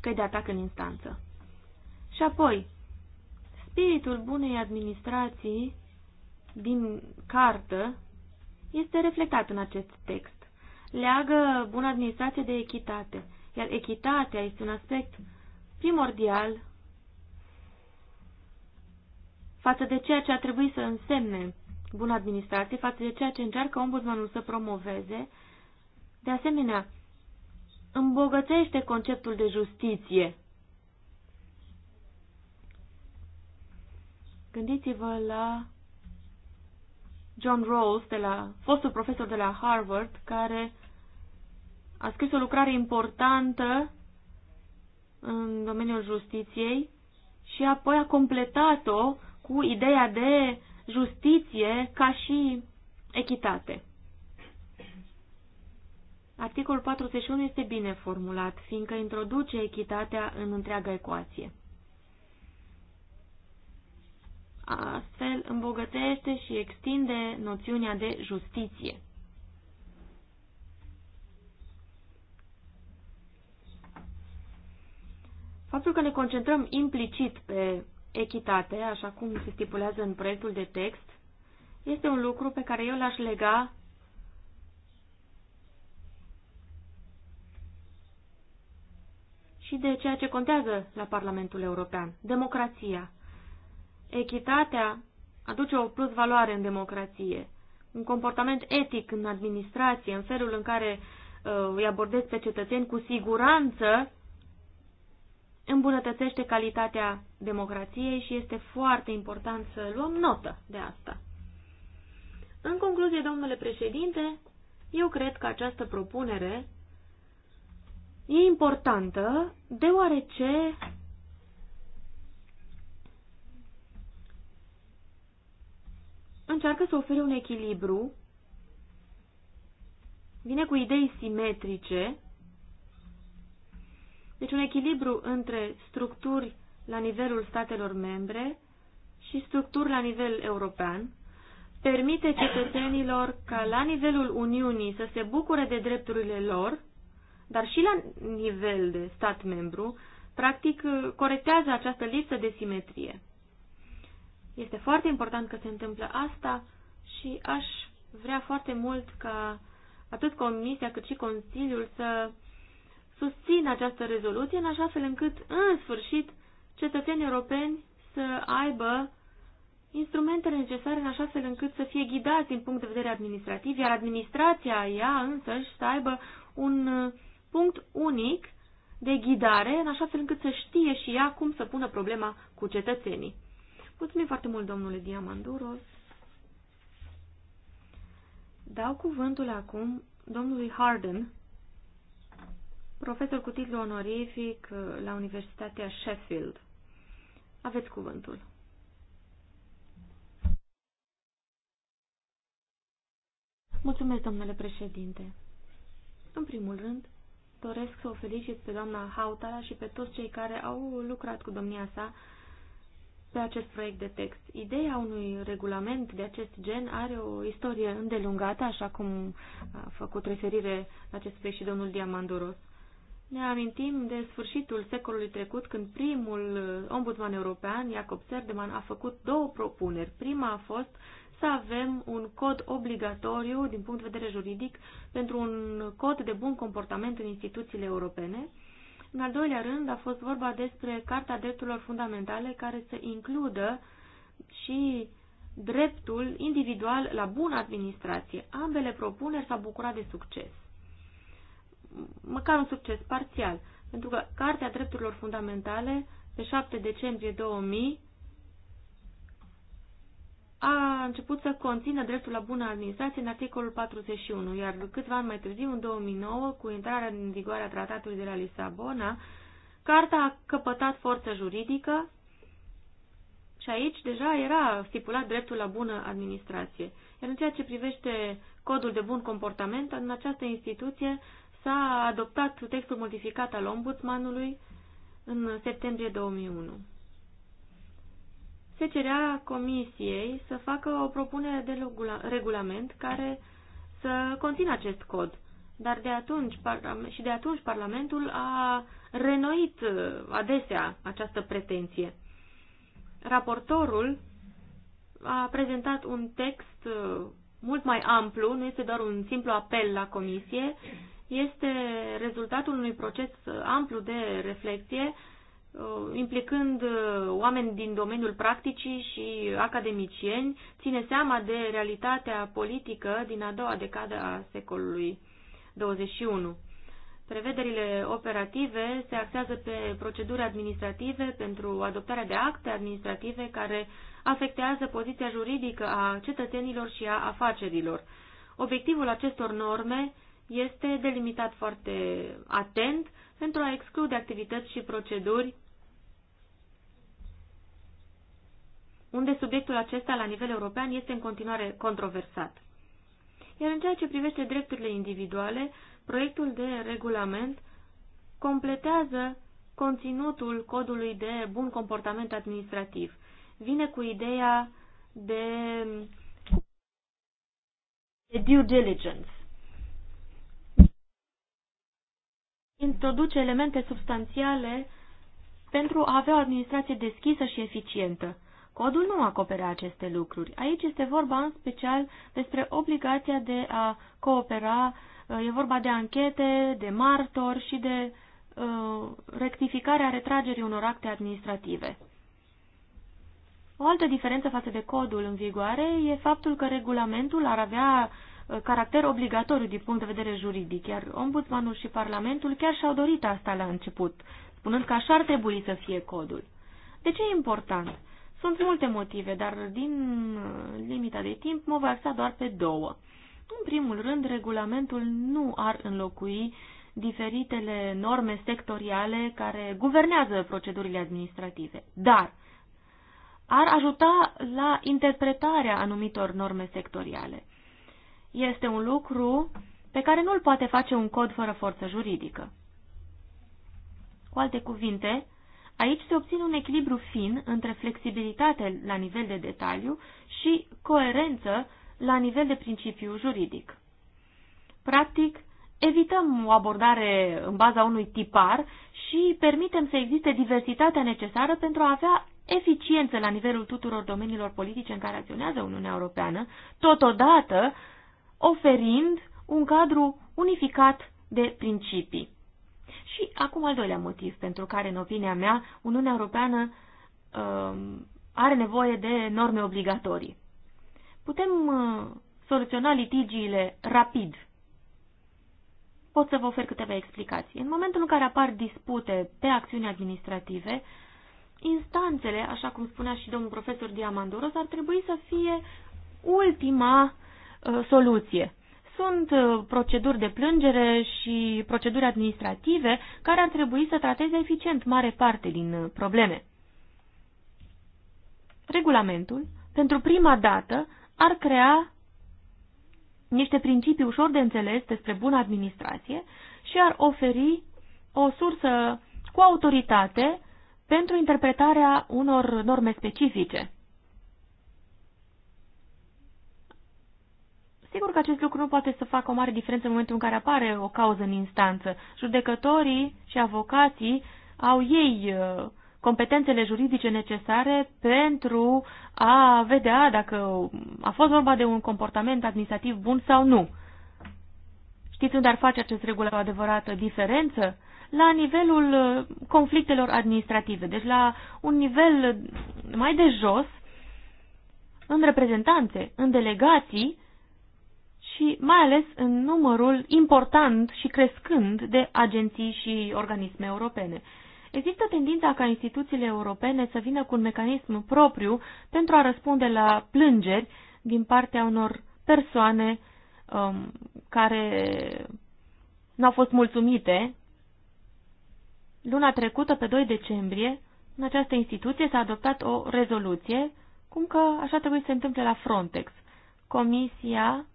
căi de atac în instanță. Și apoi, spiritul bunei administrații din cartă este reflectat în acest text. Leagă bună administrație de echitate, iar echitatea este un aspect primordial față de ceea ce ar trebui să însemne bună administrație față de ceea ce încearcă ombudsmanul să promoveze. De asemenea, îmbogățește conceptul de justiție. Gândiți-vă la John Rawls, de la, fostul profesor de la Harvard, care a scris o lucrare importantă în domeniul justiției și apoi a completat-o cu ideea de justiție ca și echitate. Articolul 41 este bine formulat, fiindcă introduce echitatea în întreaga ecuație. Astfel îmbogățește și extinde noțiunea de justiție. Faptul că ne concentrăm implicit pe echitate, așa cum se stipulează în proiectul de text, este un lucru pe care eu l-aș lega și de ceea ce contează la Parlamentul European, democrația. Echitatea aduce o plus valoare în democrație, un comportament etic în administrație, în felul în care uh, îi abordez pe cetățeni, cu siguranță îmbunătățește calitatea democrației și este foarte important să luăm notă de asta. În concluzie, domnule președinte, eu cred că această propunere e importantă deoarece încearcă să ofere un echilibru, vine cu idei simetrice deci un echilibru între structuri la nivelul statelor membre și structuri la nivel european permite cetățenilor ca la nivelul Uniunii să se bucure de drepturile lor, dar și la nivel de stat membru, practic corectează această lipsă de simetrie. Este foarte important că se întâmplă asta și aș vrea foarte mult ca atât Comisia cât și Consiliul să susțin această rezoluție în așa fel încât, în sfârșit, cetățenii europeni să aibă instrumentele necesare în așa fel încât să fie ghidați din punct de vedere administrativ, iar administrația ea însăși să aibă un uh, punct unic de ghidare, în așa fel încât să știe și ea cum să pună problema cu cetățenii. Mulțumim foarte mult, domnule Diamanduros. Dau cuvântul acum domnului Harden profesor cu titlu onorific uh, la Universitatea Sheffield. Aveți cuvântul. Mulțumesc, domnule președinte. În primul rând, doresc să o felicit pe doamna Hautala și pe toți cei care au lucrat cu domnia sa pe acest proiect de text. Ideea unui regulament de acest gen are o istorie îndelungată, așa cum a făcut referire la acest și domnul Diamanduros. Ne amintim de sfârșitul secolului trecut când primul uh, ombudsman european, Iacob Serdeman, a făcut două propuneri. Prima a fost să avem un cod obligatoriu din punct de vedere juridic pentru un cod de bun comportament în instituțiile europene. În al doilea rând a fost vorba despre Carta Drepturilor Fundamentale care să includă și dreptul individual la bună administrație. Ambele propuneri s-au bucurat de succes măcar un succes parțial, pentru că Cartea Drepturilor Fundamentale pe 7 decembrie 2000 a început să conțină dreptul la bună administrație în articolul 41, iar câțiva ani mai târziu, în 2009, cu intrarea în vigoare a tratatului de la Lisabona, carta a căpătat forță juridică și aici deja era stipulat dreptul la bună administrație. Iar în ceea ce privește codul de bun comportament, în această instituție s-a adoptat textul modificat al ombudsmanului în septembrie 2001. Se cerea comisiei să facă o propunere de regulament care să conțină acest cod, dar de atunci, și de atunci Parlamentul a renoit uh, adesea această pretenție. Raportorul a prezentat un text uh, mult mai amplu, nu este doar un simplu apel la comisie, este rezultatul unui proces amplu de reflexie, uh, implicând uh, oameni din domeniul practicii și academicieni, ține seama de realitatea politică din a doua decadă a secolului 21. Prevederile operative se axează pe proceduri administrative pentru adoptarea de acte administrative care afectează poziția juridică a cetățenilor și a afacerilor. Obiectivul acestor norme este delimitat foarte atent pentru a exclude activități și proceduri unde subiectul acesta la nivel european este în continuare controversat. Iar în ceea ce privește drepturile individuale, proiectul de regulament completează conținutul codului de bun comportament administrativ. Vine cu ideea de, de due diligence, introduce elemente substanțiale pentru a avea o administrație deschisă și eficientă. Codul nu acoperă aceste lucruri. Aici este vorba în special despre obligația de a coopera, uh, e vorba de anchete, de martor și de uh, rectificarea retragerii unor acte administrative. O altă diferență față de codul în vigoare e faptul că regulamentul ar avea Uh, caracter obligatoriu din punct de vedere juridic, iar ombudsmanul și Parlamentul chiar și-au dorit asta la început, spunând că așa ar trebui să fie codul. De ce e important? Sunt multe motive, dar din uh, limita de timp mă voi axa doar pe două. În primul rând, regulamentul nu ar înlocui diferitele norme sectoriale care guvernează procedurile administrative, dar ar ajuta la interpretarea anumitor norme sectoriale este un lucru pe care nu-l poate face un cod fără forță juridică. Cu alte cuvinte, aici se obține un echilibru fin între flexibilitate la nivel de detaliu și coerență la nivel de principiu juridic. Practic, evităm o abordare în baza unui tipar și permitem să existe diversitatea necesară pentru a avea eficiență la nivelul tuturor domeniilor politice în care acționează Uniunea Europeană, totodată oferind un cadru unificat de principii. Și acum al doilea motiv pentru care, în opinia mea, Uniunea Europeană um, are nevoie de norme obligatorii. Putem uh, soluționa litigiile rapid. Pot să vă ofer câteva explicații. În momentul în care apar dispute pe acțiuni administrative, instanțele, așa cum spunea și domnul profesor Diamandoros, ar trebui să fie ultima Uh, soluție. Sunt uh, proceduri de plângere și proceduri administrative care ar trebui să trateze eficient mare parte din uh, probleme. Regulamentul, pentru prima dată, ar crea niște principii ușor de înțeles despre bună administrație și ar oferi o sursă cu autoritate pentru interpretarea unor norme specifice. Sigur că acest lucru nu poate să facă o mare diferență în momentul în care apare o cauză în instanță. Judecătorii și avocații au ei uh, competențele juridice necesare pentru a vedea dacă a fost vorba de un comportament administrativ bun sau nu. Știți unde ar face acest regulă o adevărată diferență? La nivelul uh, conflictelor administrative, deci la un nivel mai de jos, în reprezentanțe, în delegații, și mai ales în numărul important și crescând de agenții și organisme europene. Există tendința ca instituțiile europene să vină cu un mecanism propriu pentru a răspunde la plângeri din partea unor persoane um, care n-au fost mulțumite. Luna trecută, pe 2 decembrie, în această instituție s-a adoptat o rezoluție, cum că așa trebuie să se întâmple la Frontex. Comisia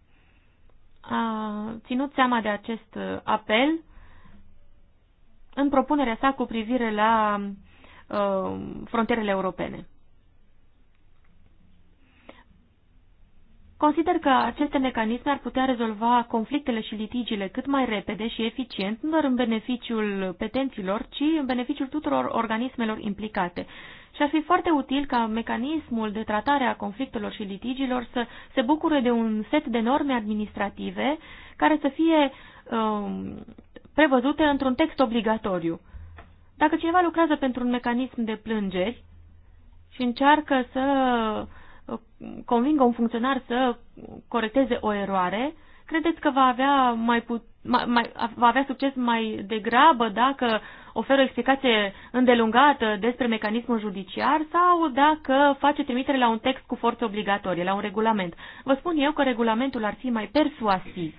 a ținut seama de acest apel în propunerea sa cu privire la uh, frontierele europene. Consider că aceste mecanisme ar putea rezolva conflictele și litigiile cât mai repede și eficient, nu doar în beneficiul petenților, ci în beneficiul tuturor organismelor implicate. Și ar fi foarte util ca mecanismul de tratare a conflictelor și litigiilor să se bucure de un set de norme administrative care să fie um, prevăzute într-un text obligatoriu. Dacă cineva lucrează pentru un mecanism de plângeri și încearcă să convingă un funcționar să corecteze o eroare, credeți că va avea, mai put, mai, mai, va avea succes mai degrabă dacă oferă o explicație îndelungată despre mecanismul judiciar sau dacă face trimitere la un text cu forță obligatorie, la un regulament? Vă spun eu că regulamentul ar fi mai persuasiv.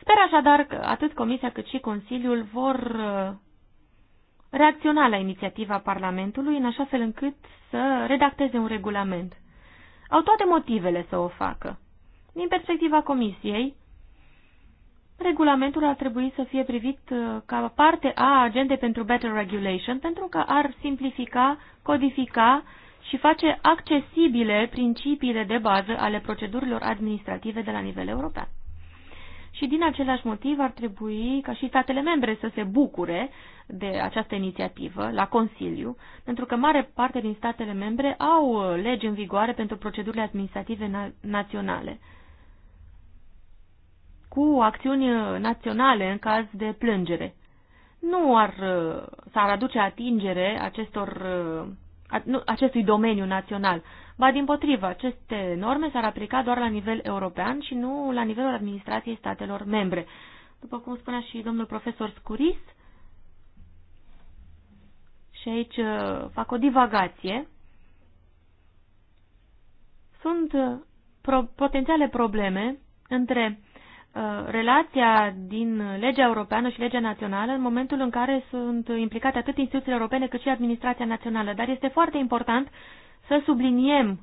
Sper așadar că atât Comisia cât și Consiliul vor reacționa la inițiativa Parlamentului în așa fel încât să redacteze un regulament. Au toate motivele să o facă. Din perspectiva Comisiei, regulamentul ar trebui să fie privit uh, ca parte a agendei pentru Better Regulation, pentru că ar simplifica, codifica și face accesibile principiile de bază ale procedurilor administrative de la nivel european. Și din același motiv ar trebui ca și statele membre să se bucure de această inițiativă la Consiliu, pentru că mare parte din statele membre au legi în vigoare pentru procedurile administrative na naționale, cu acțiuni naționale în caz de plângere. Nu ar, s-ar aduce atingere acestor, acestui domeniu național. Ba din potrivă, aceste norme s-ar aplica doar la nivel european și nu la nivelul administrației statelor membre. După cum spunea și domnul profesor Scuris, și aici uh, fac o divagație, sunt uh, pro potențiale probleme între uh, relația din legea europeană și legea națională în momentul în care sunt implicate atât instituțiile europene cât și administrația națională. Dar este foarte important să subliniem,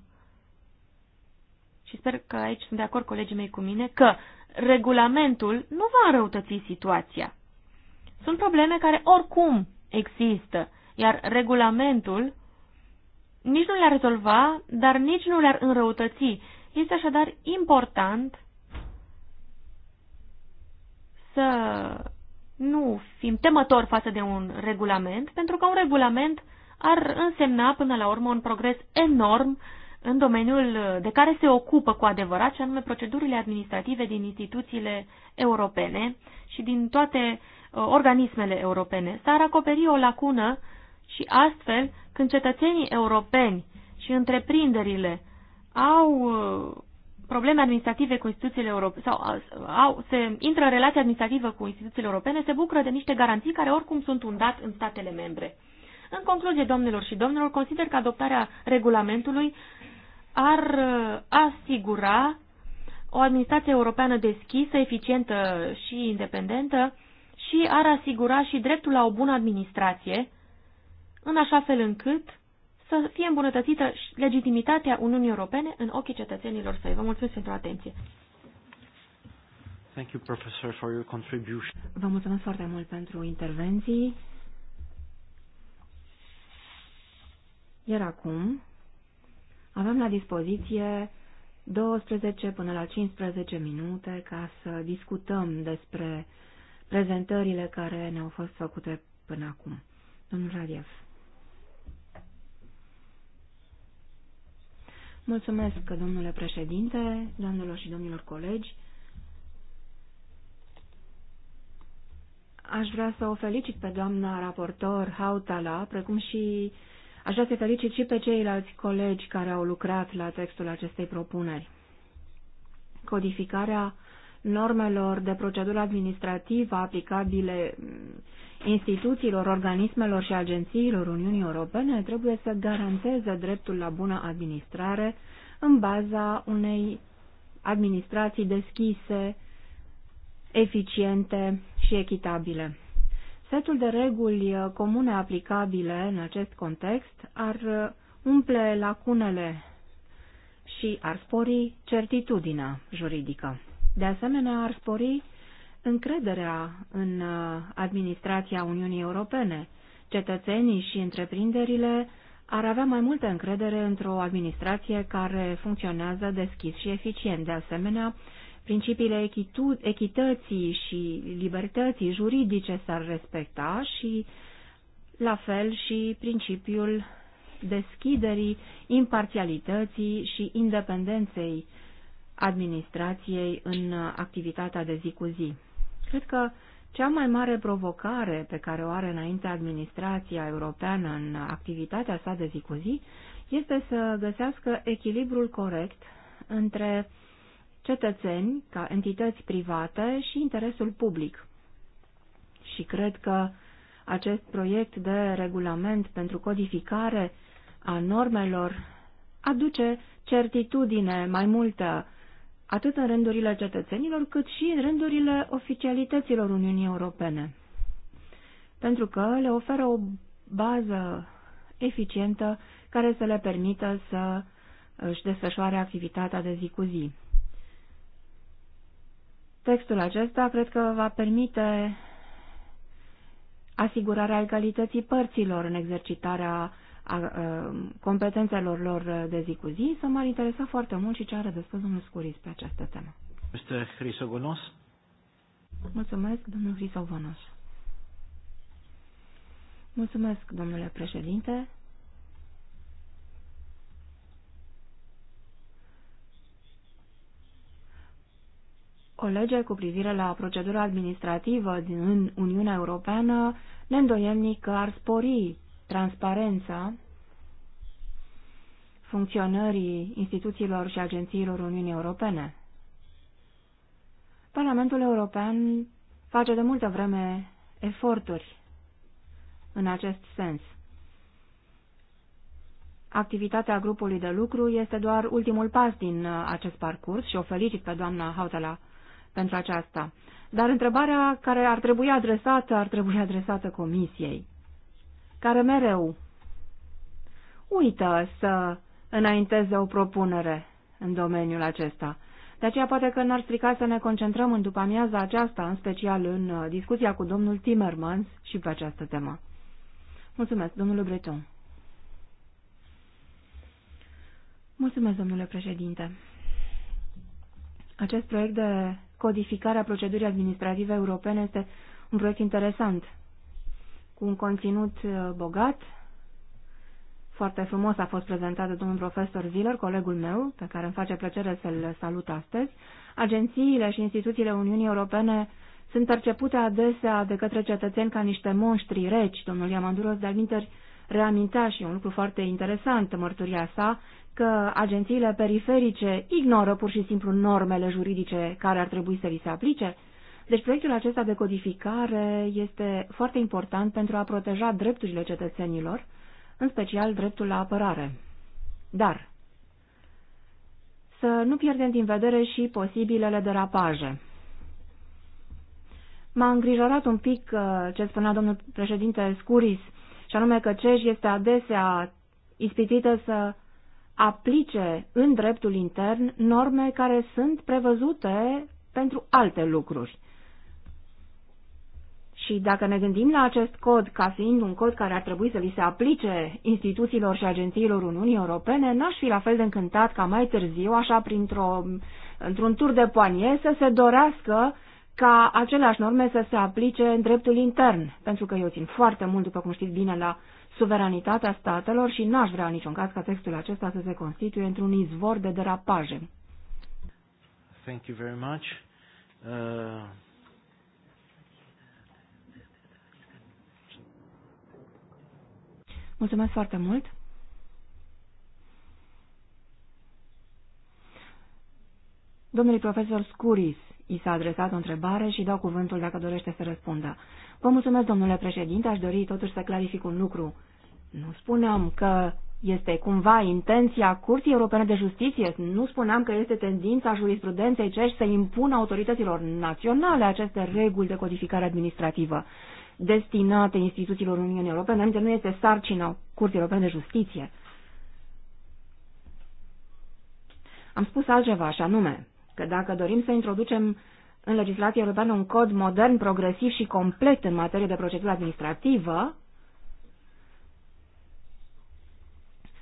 și sper că aici sunt de acord colegii mei cu mine, că regulamentul nu va înrăutăți situația. Sunt probleme care oricum există, iar regulamentul nici nu le-ar rezolva, dar nici nu le-ar înrăutăți. Este așadar important să nu fim temători față de un regulament, pentru că un regulament ar însemna până la urmă un progres enorm în domeniul de care se ocupă cu adevărat, și anume procedurile administrative din instituțiile europene și din toate uh, organismele europene. S-ar acoperi o lacună și astfel, când cetățenii europeni și întreprinderile au uh, probleme administrative cu instituțiile europene sau uh, au, se intră în relație administrativă cu instituțiile europene, se bucură de niște garanții care oricum sunt un dat în statele membre. În concluzie, domnilor și domnilor, consider că adoptarea regulamentului ar uh, asigura o administrație europeană deschisă, eficientă și independentă și ar asigura și dreptul la o bună administrație, în așa fel încât să fie îmbunătățită legitimitatea Uniunii Europene în ochii cetățenilor săi. Vă mulțumesc pentru atenție. Thank you, professor, for your contribution. Vă mulțumesc foarte mult pentru intervenții. Iar acum avem la dispoziție 12 până la 15 minute ca să discutăm despre prezentările care ne-au fost făcute până acum. Domnul Radiev. Mulțumesc, domnule președinte, doamnelor și domnilor colegi. Aș vrea să o felicit pe doamna raportor Hautala, precum și Aș vrea să felicit și pe ceilalți colegi care au lucrat la textul acestei propuneri. Codificarea normelor de procedură administrativă aplicabile instituțiilor, organismelor și agențiilor Uniunii Europene trebuie să garanteze dreptul la bună administrare în baza unei administrații deschise, eficiente și echitabile. Setul de reguli uh, comune aplicabile în acest context ar uh, umple lacunele și ar spori certitudinea juridică. De asemenea, ar spori încrederea în uh, administrația Uniunii Europene. Cetățenii și întreprinderile ar avea mai multă încredere într-o administrație care funcționează deschis și eficient. De asemenea, principiile echitu- echității și libertății juridice s-ar respecta și la fel și principiul deschiderii, imparțialității și independenței administrației în activitatea de zi cu zi. Cred că cea mai mare provocare pe care o are înainte administrația europeană în activitatea sa de zi cu zi este să găsească echilibrul corect între uh, cetățeni ca entități private și interesul public. Și cred că acest proiect de regulament pentru codificare a normelor aduce certitudine mai multă atât în rândurile cetățenilor, cât și în rândurile oficialităților Uniunii Europene. Pentru că le oferă o bază eficientă care să le permită să își desfășoare activitatea de zi cu zi. Textul acesta cred că va permite asigurarea egalității părților în exercitarea a, a, competențelor lor de zi cu zi, să m-ar interesa foarte mult și ce are de spus domnul Scuris pe această temă. Este Hrisogonos. Mulțumesc, domnul Hrisogonos. Mulțumesc, domnule președinte. colegei cu privire la procedura administrativă din Uniunea Europeană, neîndoielnic că ar spori transparența funcționării instituțiilor și agențiilor Uniunii Europene. Parlamentul European face de multă vreme eforturi în acest sens. Activitatea grupului de lucru este doar ultimul pas din acest parcurs și o felicit pe doamna Hautala pentru aceasta. Dar întrebarea care ar trebui adresată, ar trebui adresată comisiei, care mereu uită să înainteze o propunere în domeniul acesta. De aceea poate că n-ar strica să ne concentrăm în după amiaza aceasta, în special în uh, discuția cu domnul Timmermans și pe această temă. Mulțumesc, domnule Breton. Mulțumesc, domnule președinte. Acest proiect de codificarea procedurii administrative europene este un proiect interesant, cu un conținut uh, bogat. Foarte frumos a fost prezentat de domnul profesor Ziller, colegul meu, pe care îmi face plăcere să-l salut astăzi. Agențiile și instituțiile Uniunii Europene sunt percepute adesea de către cetățeni ca niște monștri reci. Domnul Iamanduros de-al reamintea și un lucru foarte interesant mărturia sa, că agențiile periferice ignoră pur și simplu normele juridice care ar trebui să li se aplice? Deci proiectul acesta de codificare este foarte important pentru a proteja drepturile cetățenilor, în special dreptul la apărare. Dar să nu pierdem din vedere și posibilele derapaje. M-a îngrijorat un pic uh, ce spunea domnul președinte Scuris, și anume că CEJ este adesea ispitită să aplice în dreptul intern norme care sunt prevăzute pentru alte lucruri. Și dacă ne gândim la acest cod ca fiind un cod care ar trebui să li se aplice instituțiilor și agențiilor Uniunii Europene, n-aș fi la fel de încântat ca mai târziu, așa printr într-un tur de poanie, să se dorească ca aceleași norme să se aplice în dreptul intern, pentru că eu țin foarte mult, după cum știți bine, la suveranitatea statelor și n-aș vrea în niciun caz ca textul acesta să se constituie într-un izvor de derapaje. Thank you very much. Uh... Mulțumesc foarte mult. Domnului profesor Scuris i s-a adresat o întrebare și dau cuvântul dacă dorește să răspundă. Vă mulțumesc, domnule președinte, aș dori totuși să clarific un lucru. Nu spuneam că este cumva intenția Curții Europene de Justiție, nu spuneam că este tendința jurisprudenței cești să impună autorităților naționale aceste reguli de codificare administrativă destinate instituțiilor Uniunii Europene, înainte nu este sarcina Curții Europene de Justiție. Am spus altceva, și anume că dacă dorim să introducem în legislația europeană un cod modern, progresiv și complet în materie de procedură administrativă,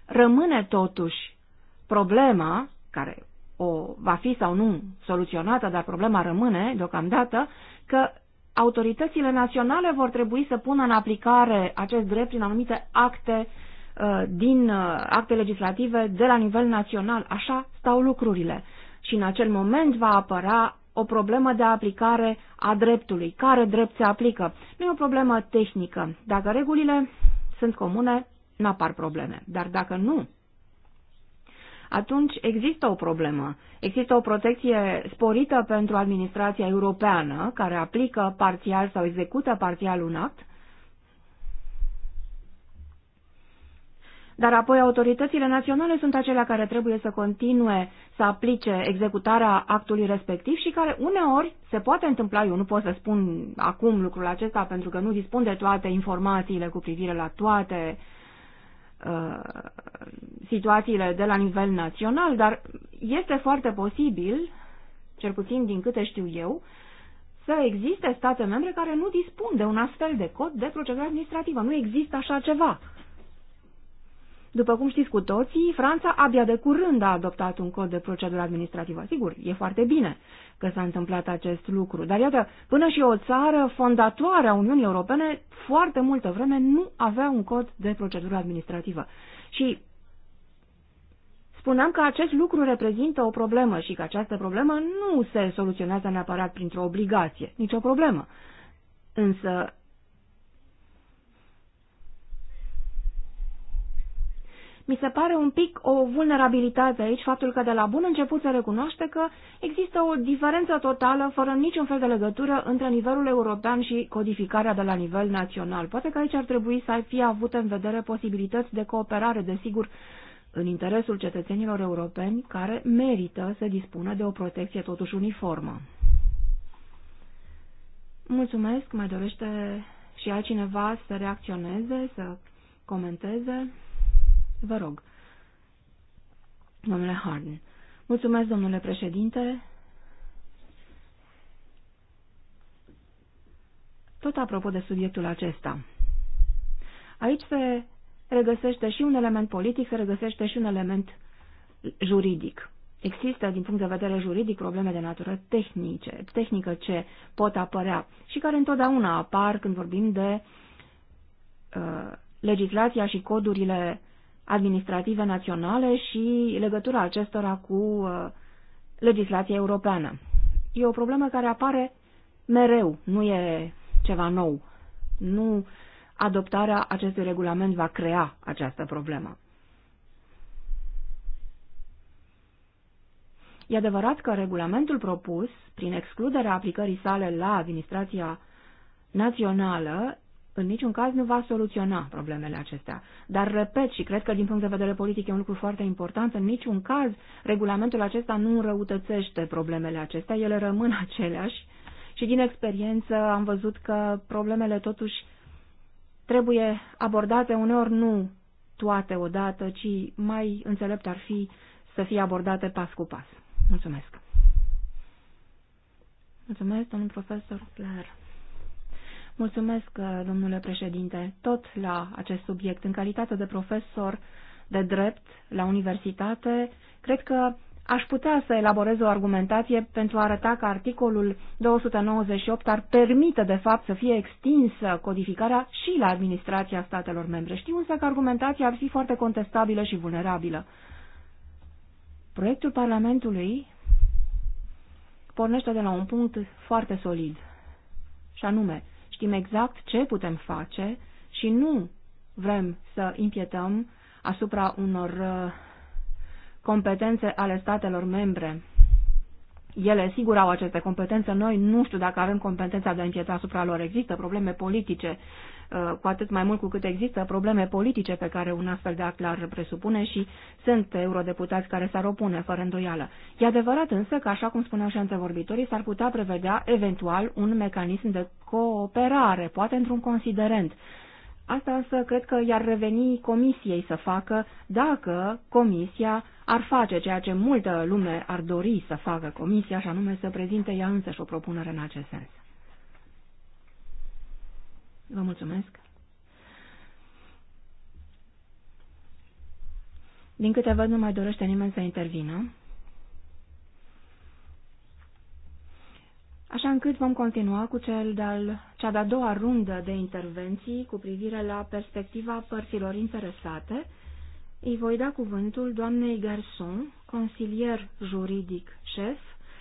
Rămâne totuși problema, care o va fi sau nu soluționată, dar problema rămâne deocamdată, că autoritățile naționale vor trebui să pună în aplicare acest drept prin anumite acte uh, din uh, acte legislative de la nivel național. Așa stau lucrurile. Și în acel moment va apăra o problemă de aplicare a dreptului. Care drept se aplică? Nu e o problemă tehnică. Dacă regulile sunt comune, nu apar probleme. Dar dacă nu, atunci există o problemă. Există o protecție sporită pentru administrația europeană, care aplică parțial sau execută parțial un act, dar apoi autoritățile naționale sunt acelea care trebuie să continue să aplice executarea actului respectiv și care uneori se poate întâmpla, eu nu pot să spun acum lucrul acesta pentru că nu dispun de toate informațiile cu privire la toate uh, Uh, situațiile de la nivel național, dar este foarte posibil, cel puțin din câte știu eu, să existe state membre care nu dispun de un astfel de cod de procedură administrativă. Nu există așa ceva. După cum știți cu toții, Franța abia de curând a adoptat un cod de procedură administrativă. Sigur, e foarte bine că s-a întâmplat acest lucru. Dar iată, până și o țară fondatoare a Uniunii Europene, foarte multă vreme nu avea un cod de procedură administrativă. Și spuneam că acest lucru reprezintă o problemă și că această problemă nu se soluționează neapărat printr-o obligație, nicio problemă. Însă Mi se pare un pic o vulnerabilitate aici faptul că de la bun început se recunoaște că există o diferență totală, fără niciun fel de legătură, între nivelul european și codificarea de la nivel național. Poate că aici ar trebui să fie avute în vedere posibilități de cooperare, desigur, în interesul cetățenilor europeni care merită să dispună de o protecție totuși uniformă. Mulțumesc, mai dorește și altcineva să reacționeze, să comenteze. Vă rog. Domnule Harden. Mulțumesc, domnule președinte. Tot apropo de subiectul acesta. Aici se regăsește și un element politic, se regăsește și un element juridic. Există, din punct de vedere juridic, probleme de natură tehnice, tehnică ce pot apărea și care întotdeauna apar când vorbim de uh, legislația și codurile administrative naționale și legătura acestora cu uh, legislația europeană. E o problemă care apare mereu, nu e ceva nou. Nu adoptarea acestui regulament va crea această problemă. E adevărat că regulamentul propus, prin excluderea aplicării sale la administrația națională, în niciun caz nu va soluționa problemele acestea. Dar, repet, și cred că din punct de vedere politic e un lucru foarte important, în niciun caz regulamentul acesta nu înrăutățește problemele acestea, ele rămân aceleași și din experiență am văzut că problemele totuși trebuie abordate uneori nu toate odată, ci mai înțelept ar fi să fie abordate pas cu pas. Mulțumesc! Mulțumesc, domnul profesor Flair. Mulțumesc, uh, domnule președinte. Tot la acest subiect, în calitate de profesor de drept la universitate, cred că aș putea să elaborez o argumentație pentru a arăta că articolul 298 ar permite, de fapt, să fie extinsă codificarea și la administrația statelor membre. Știu însă că argumentația ar fi foarte contestabilă și vulnerabilă. Proiectul Parlamentului pornește de la un punct foarte solid, și anume, Știm exact ce putem face și nu vrem să impietăm asupra unor uh, competențe ale statelor membre. Ele sigur au aceste competențe, noi nu știu dacă avem competența de a încheta asupra lor. Există probleme politice Uh, cu atât mai mult cu cât există probleme politice pe care un astfel de act l-ar presupune și sunt eurodeputați care s-ar opune, fără îndoială. E adevărat însă că, așa cum spuneau și antevorbitorii, s-ar putea prevedea eventual un mecanism de cooperare, poate într-un considerent. Asta însă cred că i-ar reveni comisiei să facă dacă comisia ar face ceea ce multă lume ar dori să facă comisia, și anume să prezinte ea însăși o propunere în acest sens. Vă mulțumesc. Din câte văd, nu mai dorește nimeni să intervină. Așa încât vom continua cu cel de al cea de-a doua rundă de intervenții cu privire la perspectiva părților interesate. Îi voi da cuvântul doamnei Garson, consilier juridic șef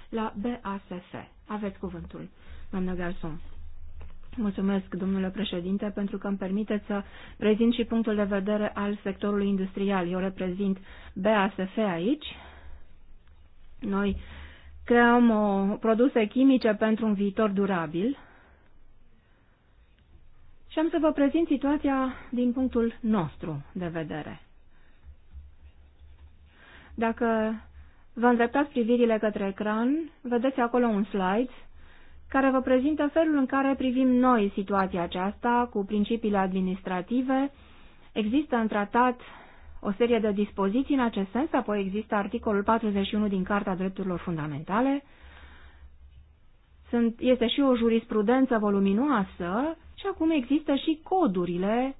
la BASF. Aveți cuvântul, doamnă Garson. Mulțumesc, domnule președinte, pentru că îmi permiteți să prezint și punctul de vedere al sectorului industrial. Eu reprezint BASF aici. Noi creăm o, produse chimice pentru un viitor durabil. Și am să vă prezint situația din punctul nostru de vedere. Dacă vă îndreptați privirile către ecran, vedeți acolo un slide care vă prezintă felul în care privim noi situația aceasta cu principiile administrative. Există în tratat o serie de dispoziții în acest sens, apoi există articolul 41 din Carta Drepturilor Fundamentale. Sunt, este și o jurisprudență voluminoasă și acum există și codurile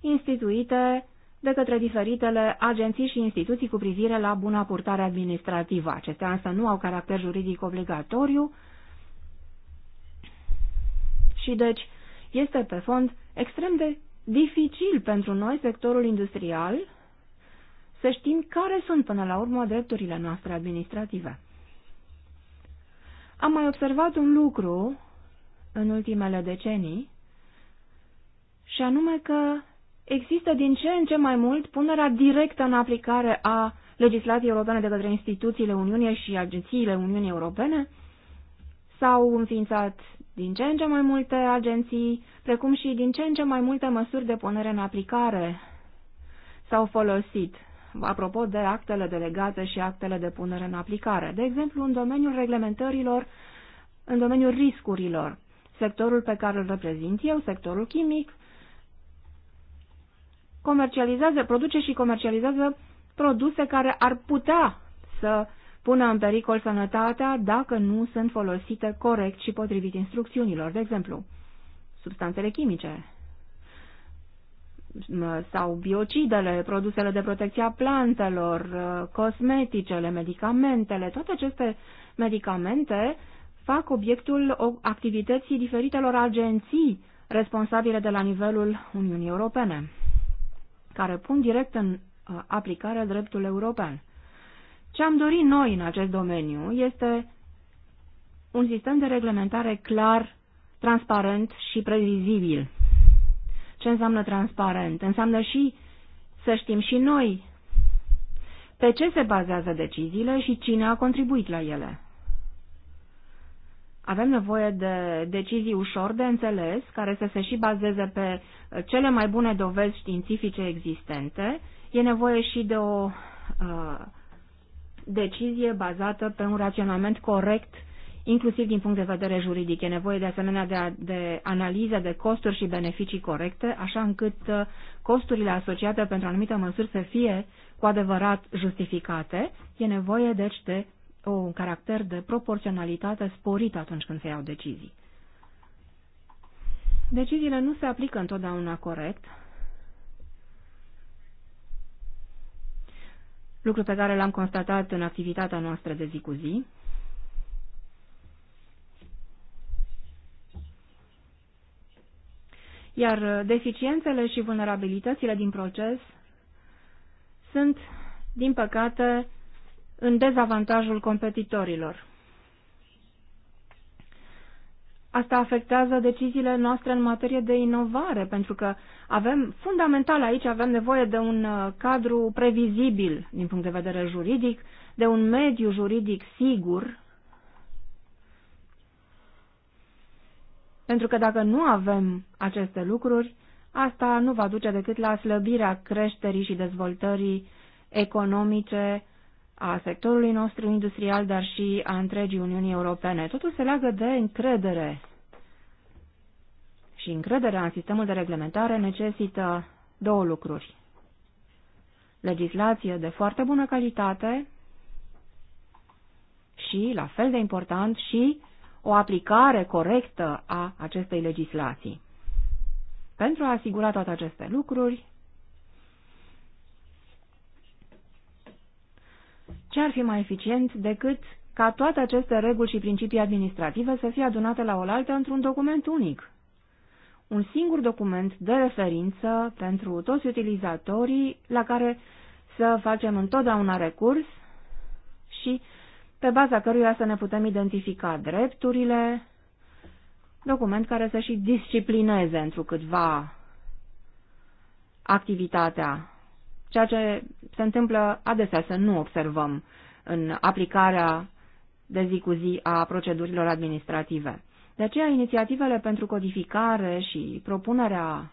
instituite de către diferitele agenții și instituții cu privire la buna purtare administrativă. Acestea însă nu au caracter juridic obligatoriu, și deci este pe fond extrem de dificil pentru noi, sectorul industrial, să știm care sunt până la urmă drepturile noastre administrative. Am mai observat un lucru în ultimele decenii, și anume că există din ce în ce mai mult punerea directă în aplicare a legislației europene de către instituțiile Uniunii și agențiile Uniunii Europene. S-au înființat din ce în ce mai multe agenții, precum și din ce în ce mai multe măsuri de punere în aplicare s-au folosit, apropo de actele delegate și actele de punere în aplicare. De exemplu, în domeniul reglementărilor, în domeniul riscurilor, sectorul pe care îl reprezint eu, sectorul chimic, comercializează, produce și comercializează produse care ar putea să pună în pericol sănătatea dacă nu sunt folosite corect și potrivit instrucțiunilor, de exemplu, substanțele chimice sau biocidele, produsele de protecție a plantelor, uh, cosmeticele, medicamentele, toate aceste medicamente fac obiectul activității diferitelor agenții responsabile de la nivelul Uniunii Europene, care pun direct în uh, aplicare dreptul european. Ce am dorit noi în acest domeniu este un sistem de reglementare clar, transparent și previzibil. Ce înseamnă transparent? Înseamnă și să știm și noi pe ce se bazează deciziile și cine a contribuit la ele. Avem nevoie de decizii ușor de înțeles, care să se și bazeze pe uh, cele mai bune dovezi științifice existente. E nevoie și de o uh, decizie bazată pe un raționament corect, inclusiv din punct de vedere juridic. E nevoie de asemenea de, de analize de costuri și beneficii corecte, așa încât uh, costurile asociate pentru anumite măsuri să fie cu adevărat justificate. E nevoie, deci, de un caracter de proporționalitate sporit atunci când se iau decizii. Deciziile nu se aplică întotdeauna corect, lucru pe care l-am constatat în activitatea noastră de zi cu zi. Iar deficiențele și vulnerabilitățile din proces sunt, din păcate, în dezavantajul competitorilor. Asta afectează deciziile noastre în materie de inovare, pentru că avem, fundamental aici, avem nevoie de un uh, cadru previzibil din punct de vedere juridic, de un mediu juridic sigur, pentru că dacă nu avem aceste lucruri, asta nu va duce decât la slăbirea creșterii și dezvoltării economice a sectorului nostru industrial, dar și a întregii Uniunii Europene. Totul se leagă de încredere. Și încrederea în sistemul de reglementare necesită două lucruri. Legislație de foarte bună calitate și, la fel de important, și o aplicare corectă a acestei legislații. Pentru a asigura toate aceste lucruri, Ce ar fi mai eficient decât ca toate aceste reguli și principii administrative să fie adunate la oaltă într-un document unic? Un singur document de referință pentru toți utilizatorii la care să facem întotdeauna recurs și pe baza căruia să ne putem identifica drepturile, document care să și disciplineze întrucâtva activitatea ceea ce se întâmplă adesea să nu observăm în aplicarea de zi cu zi a procedurilor administrative. De aceea, inițiativele pentru codificare și propunerea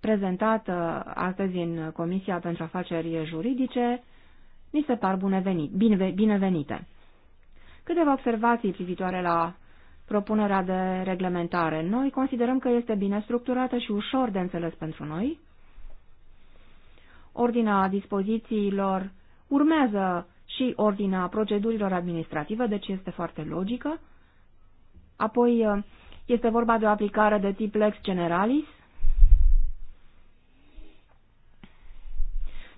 prezentată astăzi în Comisia pentru Afaceri Juridice mi se par binevenite. Câteva observații privitoare la propunerea de reglementare. Noi considerăm că este bine structurată și ușor de înțeles pentru noi, ordinea dispozițiilor urmează și ordinea procedurilor administrative, deci este foarte logică. Apoi uh, este vorba de o aplicare de tip lex generalis.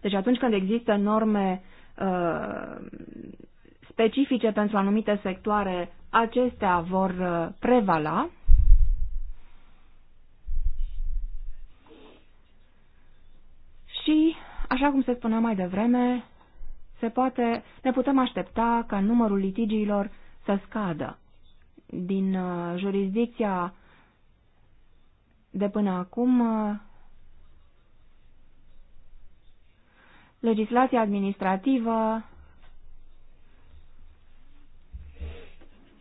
Deci atunci când există norme uh, specifice pentru anumite sectoare, acestea vor uh, prevala. Și Așa cum se spunea mai devreme, se poate, ne putem aștepta ca numărul litigiilor să scadă. Din uh, jurisdicția de până acum, uh, legislația administrativă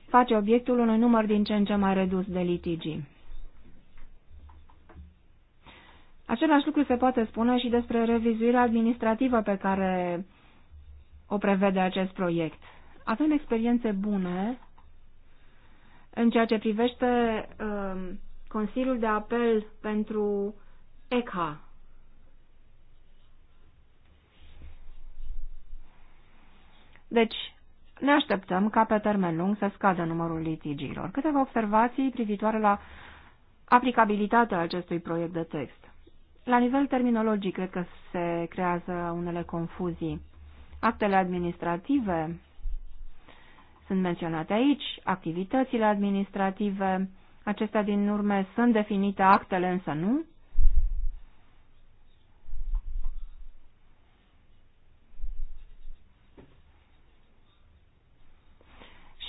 face obiectul unui număr din ce în ce mai redus de litigii. Același lucru se poate spune și despre revizuirea administrativă pe care o prevede acest proiect. Avem experiențe bune în ceea ce privește uh, Consiliul de Apel pentru ECHA. Deci, ne așteptăm ca pe termen lung să scadă numărul litigiilor. Câteva observații privitoare la aplicabilitatea acestui proiect de text. La nivel terminologic, cred că se creează unele confuzii. Actele administrative sunt menționate aici, activitățile administrative, acestea din urmă sunt definite actele, însă nu.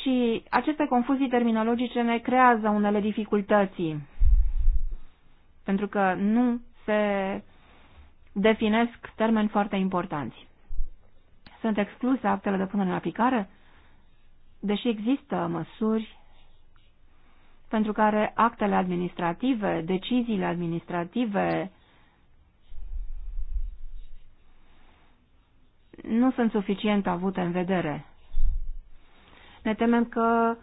Și aceste confuzii terminologice ne creează unele dificultăți, pentru că nu se definesc termeni foarte importanți. Sunt excluse actele de punere în aplicare, deși există măsuri pentru care actele administrative, deciziile administrative nu sunt suficient avute în vedere. Ne temem că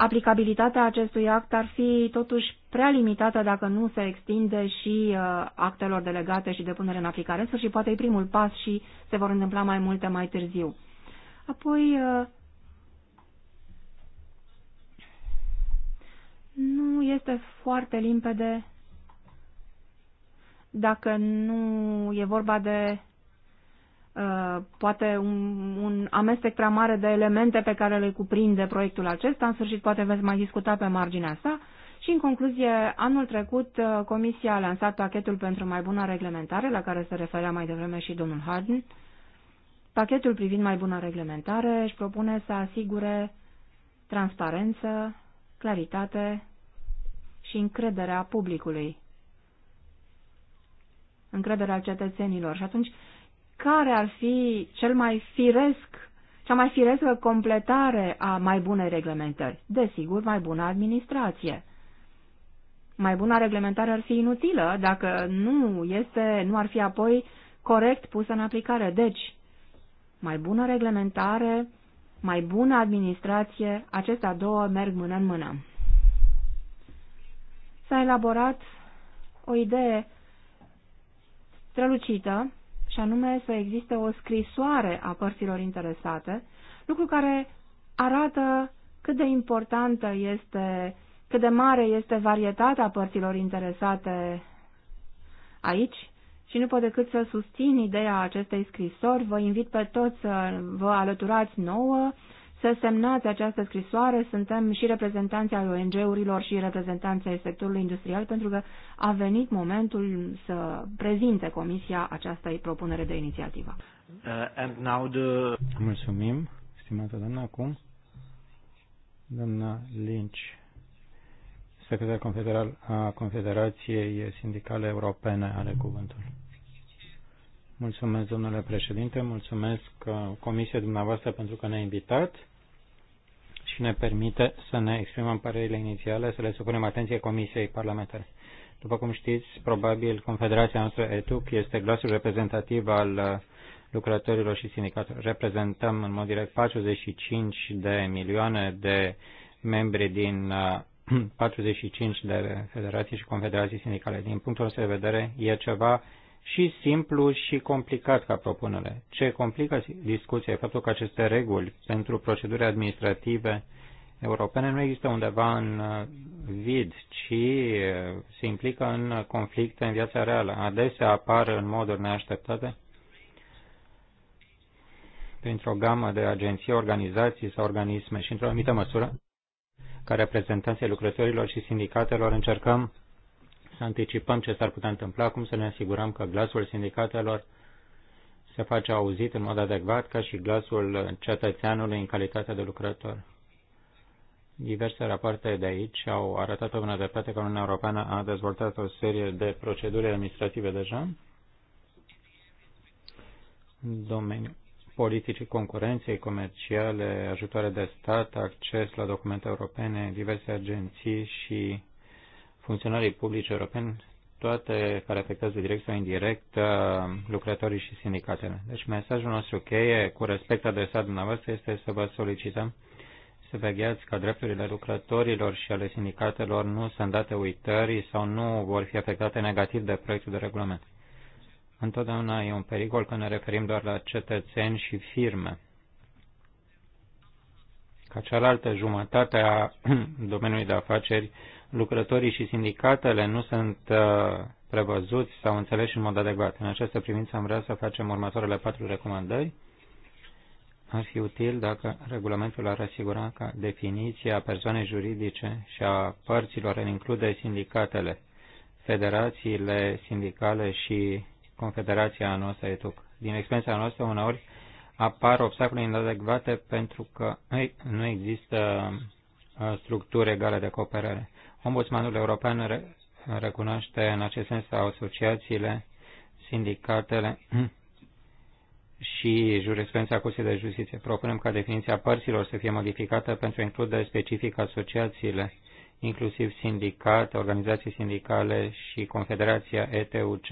Aplicabilitatea acestui act ar fi totuși prea limitată dacă nu se extinde și uh, actelor delegate și de punere în aplicare. În sfârșit, poate e primul pas și se vor întâmpla mai multe mai târziu. Apoi, uh, nu este foarte limpede dacă nu e vorba de Uh, poate un, un amestec prea mare de elemente pe care le cuprinde proiectul acesta, în sfârșit poate veți mai discuta pe marginea sa. Și în concluzie, anul trecut uh, Comisia a lansat pachetul pentru mai bună reglementare, la care se referea mai devreme și domnul Harden. Pachetul privind mai bună reglementare își propune să asigure transparență, claritate și încrederea publicului, încrederea cetățenilor. Și atunci, care ar fi cel mai firesc, cea mai firescă completare a mai bunei reglementări? Desigur, mai bună administrație. Mai bună reglementare ar fi inutilă dacă nu, este, nu ar fi apoi corect pusă în aplicare. Deci, mai bună reglementare, mai bună administrație, acestea două merg mână în mână. S-a elaborat o idee strălucită și anume să existe o scrisoare a părților interesate, lucru care arată cât de importantă este, cât de mare este varietatea părților interesate aici și nu pot decât să susțin ideea acestei scrisori. Vă invit pe toți să vă alăturați nouă să semnați această scrisoare. Suntem și reprezentanții al ONG-urilor și reprezentanții sectorului industrial pentru că a venit momentul să prezinte Comisia această propunere de inițiativă. Uh, and now the... Mulțumim, stimată doamnă. Acum, doamna Lynch, secretar confederal a Confederației Sindicale Europene, are cuvântul. Mulțumesc, domnule președinte, mulțumesc uh, comisiei dumneavoastră pentru că ne-a invitat și ne permite să ne exprimăm părerile inițiale, să le supunem atenție Comisiei Parlamentare. După cum știți, probabil Confederația noastră ETUC este glasul reprezentativ al uh, lucrătorilor și sindicatelor. Reprezentăm în mod direct 45 de milioane de membri din 45 uh, de federații și confederații sindicale. Din punctul nostru de vedere, e ceva și simplu și complicat ca propunere. Ce complică discuția e faptul că aceste reguli pentru proceduri administrative europene nu există undeva în uh, vid, ci uh, se implică în conflicte în viața reală. Adesea apar în moduri neașteptate printr-o gamă de agenții, organizații sau organisme și, într-o anumită măsură, ca reprezentanții lucrătorilor și sindicatelor, încercăm să anticipăm ce s-ar putea întâmpla, cum să ne asigurăm că glasul sindicatelor se face auzit în mod adecvat ca și glasul cetățeanului în calitate de lucrător. Diverse rapoarte de aici au arătat o bună dreptate că Uniunea Europeană a dezvoltat o serie de proceduri administrative deja în domeniul politicii concurenței comerciale, ajutoare de stat, acces la documente europene, diverse agenții și funcționarii publici europeni, toate care afectează direct sau indirect uh, lucrătorii și sindicatele. Deci mesajul nostru cheie cu respect adresat dumneavoastră este să vă solicităm să vegheați ca drepturile lucrătorilor și ale sindicatelor nu sunt date uitării sau nu vor fi afectate negativ de proiectul de regulament. Întotdeauna e un pericol când ne referim doar la cetățeni și firme. Ca cealaltă jumătate a domeniului de afaceri, lucrătorii și sindicatele nu sunt uh, prevăzuți sau înțeleși în mod adecvat. În această privință am vrea să facem următoarele patru recomandări. Ar fi util dacă regulamentul ar asigura că definiția persoanei juridice și a părților în include sindicatele, federațiile sindicale și confederația noastră ETUC. Din experiența noastră, uneori apar obstacole inadecvate pentru că nu există uh, structuri egale de cooperare. Ombudsmanul European recunoaște în acest sens asociațiile, sindicatele și jurisprudența Curții de Justiție. Propunem ca definiția părților să fie modificată pentru a include specific asociațiile, inclusiv sindicate, organizații sindicale și Confederația ETUC,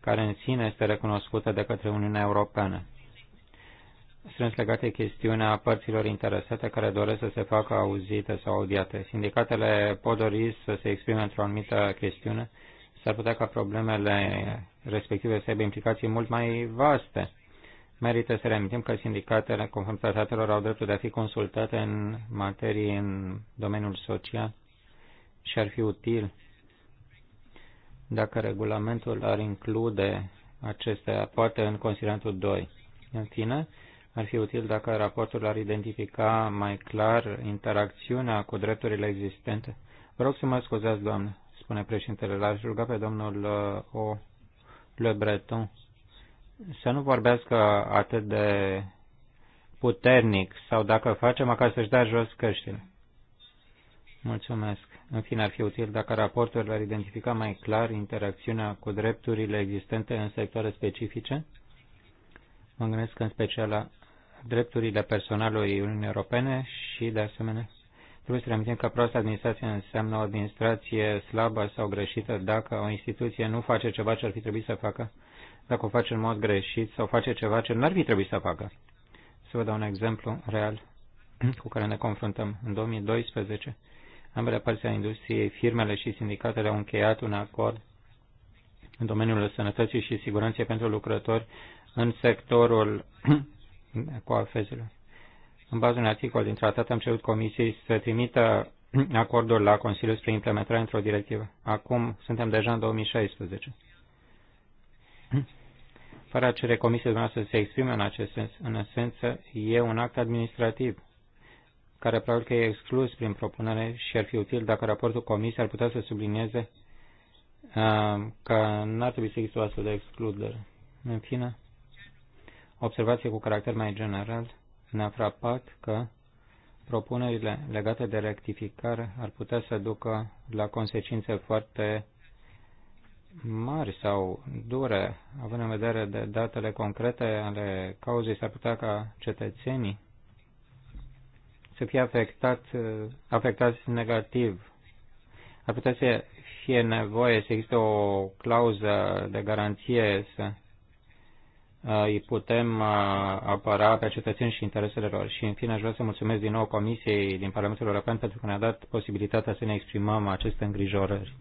care în sine este recunoscută de către Uniunea Europeană strâns legate chestiunea părților interesate care doresc să se facă auzite sau audiate. Sindicatele pot dori să se exprime într-o anumită chestiune, s-ar putea ca problemele respective să aibă implicații mult mai vaste. Merită să reamintim că sindicatele, conform tratatelor, au dreptul de a fi consultate în materii în domeniul social și ar fi util dacă regulamentul ar include acestea, poate în considerantul 2. În fine, ar fi util dacă raportul ar identifica mai clar interacțiunea cu drepturile existente. Vă rog să mă scuzați, doamnă, spune președintele. L-aș ruga pe domnul uh, O. Le Breton să nu vorbească atât de puternic sau dacă facem acasă să-și dea jos căștile. Mulțumesc. În fine, ar fi util dacă raportul ar identifica mai clar interacțiunea cu drepturile existente în sectoare specifice. Mă gândesc în special la drepturile personalului Uniunii Europene și, de asemenea, trebuie să reamintim că proastă administrație înseamnă o administrație slabă sau greșită dacă o instituție nu face ceva ce ar fi trebuit să facă, dacă o face în mod greșit sau face ceva ce nu ar fi trebuit să facă. Să vă dau un exemplu real cu care ne confruntăm. În 2012, ambele părți ale industriei, firmele și sindicatele au încheiat un acord în domeniul sănătății și siguranței pentru lucrători în sectorul cu afezele. În baza unui articol din tratat am cerut comisiei să trimită acordul la Consiliu spre implementare într-o directivă. Acum suntem deja în 2016. Fără a cere comisiei dumneavoastră să se exprime în acest sens, în esență, e un act administrativ care probabil că e exclus prin propunere și ar fi util dacă raportul comisiei ar putea să sublinieze uh, că n-ar trebui să există o astfel de excludere. În fine, observație cu caracter mai general, ne-a frapat că propunerile legate de rectificare ar putea să ducă la consecințe foarte mari sau dure, având în vedere de datele concrete ale cauzei, s-ar putea ca cetățenii să fie afectat, afectați negativ. Ar putea să fie nevoie să existe o clauză de garanție să Uh, îi putem uh, apăra pe cetățeni și interesele lor. Și în fine aș vrea să mulțumesc din nou Comisiei din Parlamentul European pentru că ne-a dat posibilitatea să ne exprimăm aceste îngrijorări.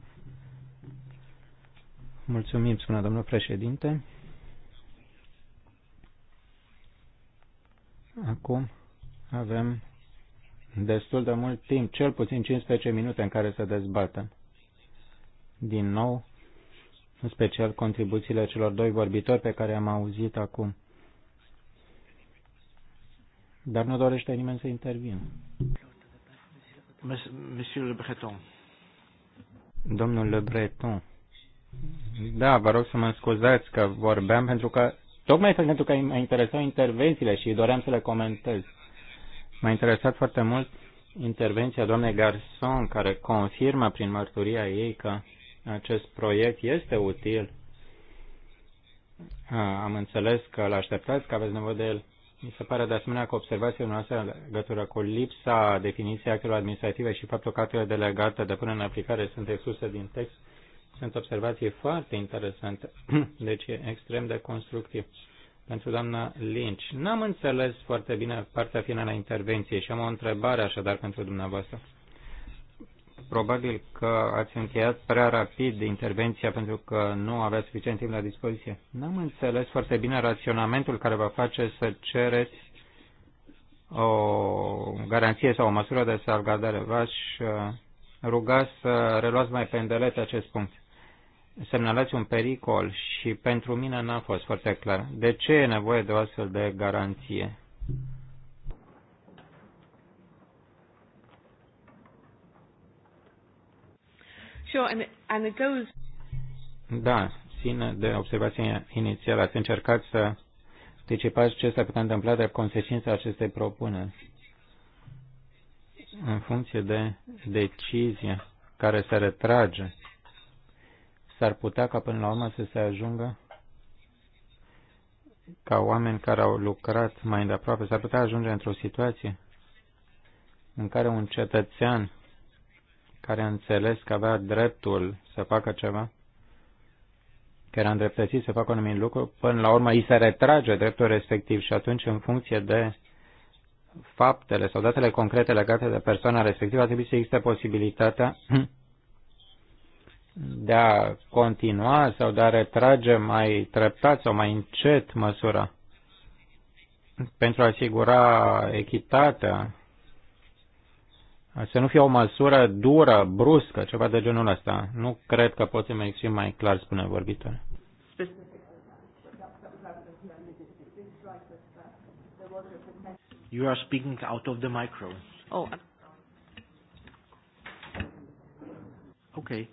Mulțumim, spune domnul președinte. Acum avem destul de mult timp, cel puțin 15 minute în care să dezbatem. Din nou, în special contribuțiile celor doi vorbitori pe care am auzit acum. Dar nu dorește nimeni să intervină. Monsieur Le Breton. Domnul Le Breton. Da, vă rog să mă scuzați că vorbeam pentru că, tocmai pentru că mă interesau intervențiile și doream să le comentez. M-a interesat foarte mult intervenția doamnei Garson, care confirmă prin mărturia ei că acest proiect este util. Am înțeles că îl așteptați, că aveți nevoie de el. Mi se pare de asemenea că observația noastră în legătură cu lipsa definiției actelor administrative și faptul că actele delegate de până în aplicare sunt excluse din text sunt observații foarte interesante, deci e extrem de constructiv. Pentru doamna Lynch, n-am înțeles foarte bine partea finală a intervenției și am o întrebare așadar pentru dumneavoastră. Probabil că ați încheiat prea rapid intervenția pentru că nu avea suficient timp la dispoziție. N-am înțeles foarte bine raționamentul care va face să cereți o garanție sau o măsură de salvgardare. V-aș uh, ruga să reluați mai îndelete acest punct. Semnalați un pericol și pentru mine n-a fost foarte clar. De ce e nevoie de o astfel de garanție? Sure, and, and it goes... Da, ține de observația inițială. Ați încercat să anticipați ce s-ar putea întâmpla de consecința acestei propuneri în funcție de decizia care se retrage. S-ar putea ca până la urmă să se ajungă ca oameni care au lucrat mai îndeaproape, s-ar putea ajunge într-o situație în care un cetățean care a înțeles că avea dreptul să facă ceva, că era îndreptățit să facă un anumit lucru, până la urmă îi se retrage dreptul respectiv și atunci, în funcție de faptele sau datele concrete legate de persoana respectivă, a trebuit să existe posibilitatea de a continua sau de a retrage mai treptat sau mai încet măsura pentru a asigura echitatea să nu fie o măsură dură, bruscă, ceva de genul ăsta. Nu cred că pot să-mi exprim mai clar, spune vorbitor. You are speaking out of the micro. Oh. Okay.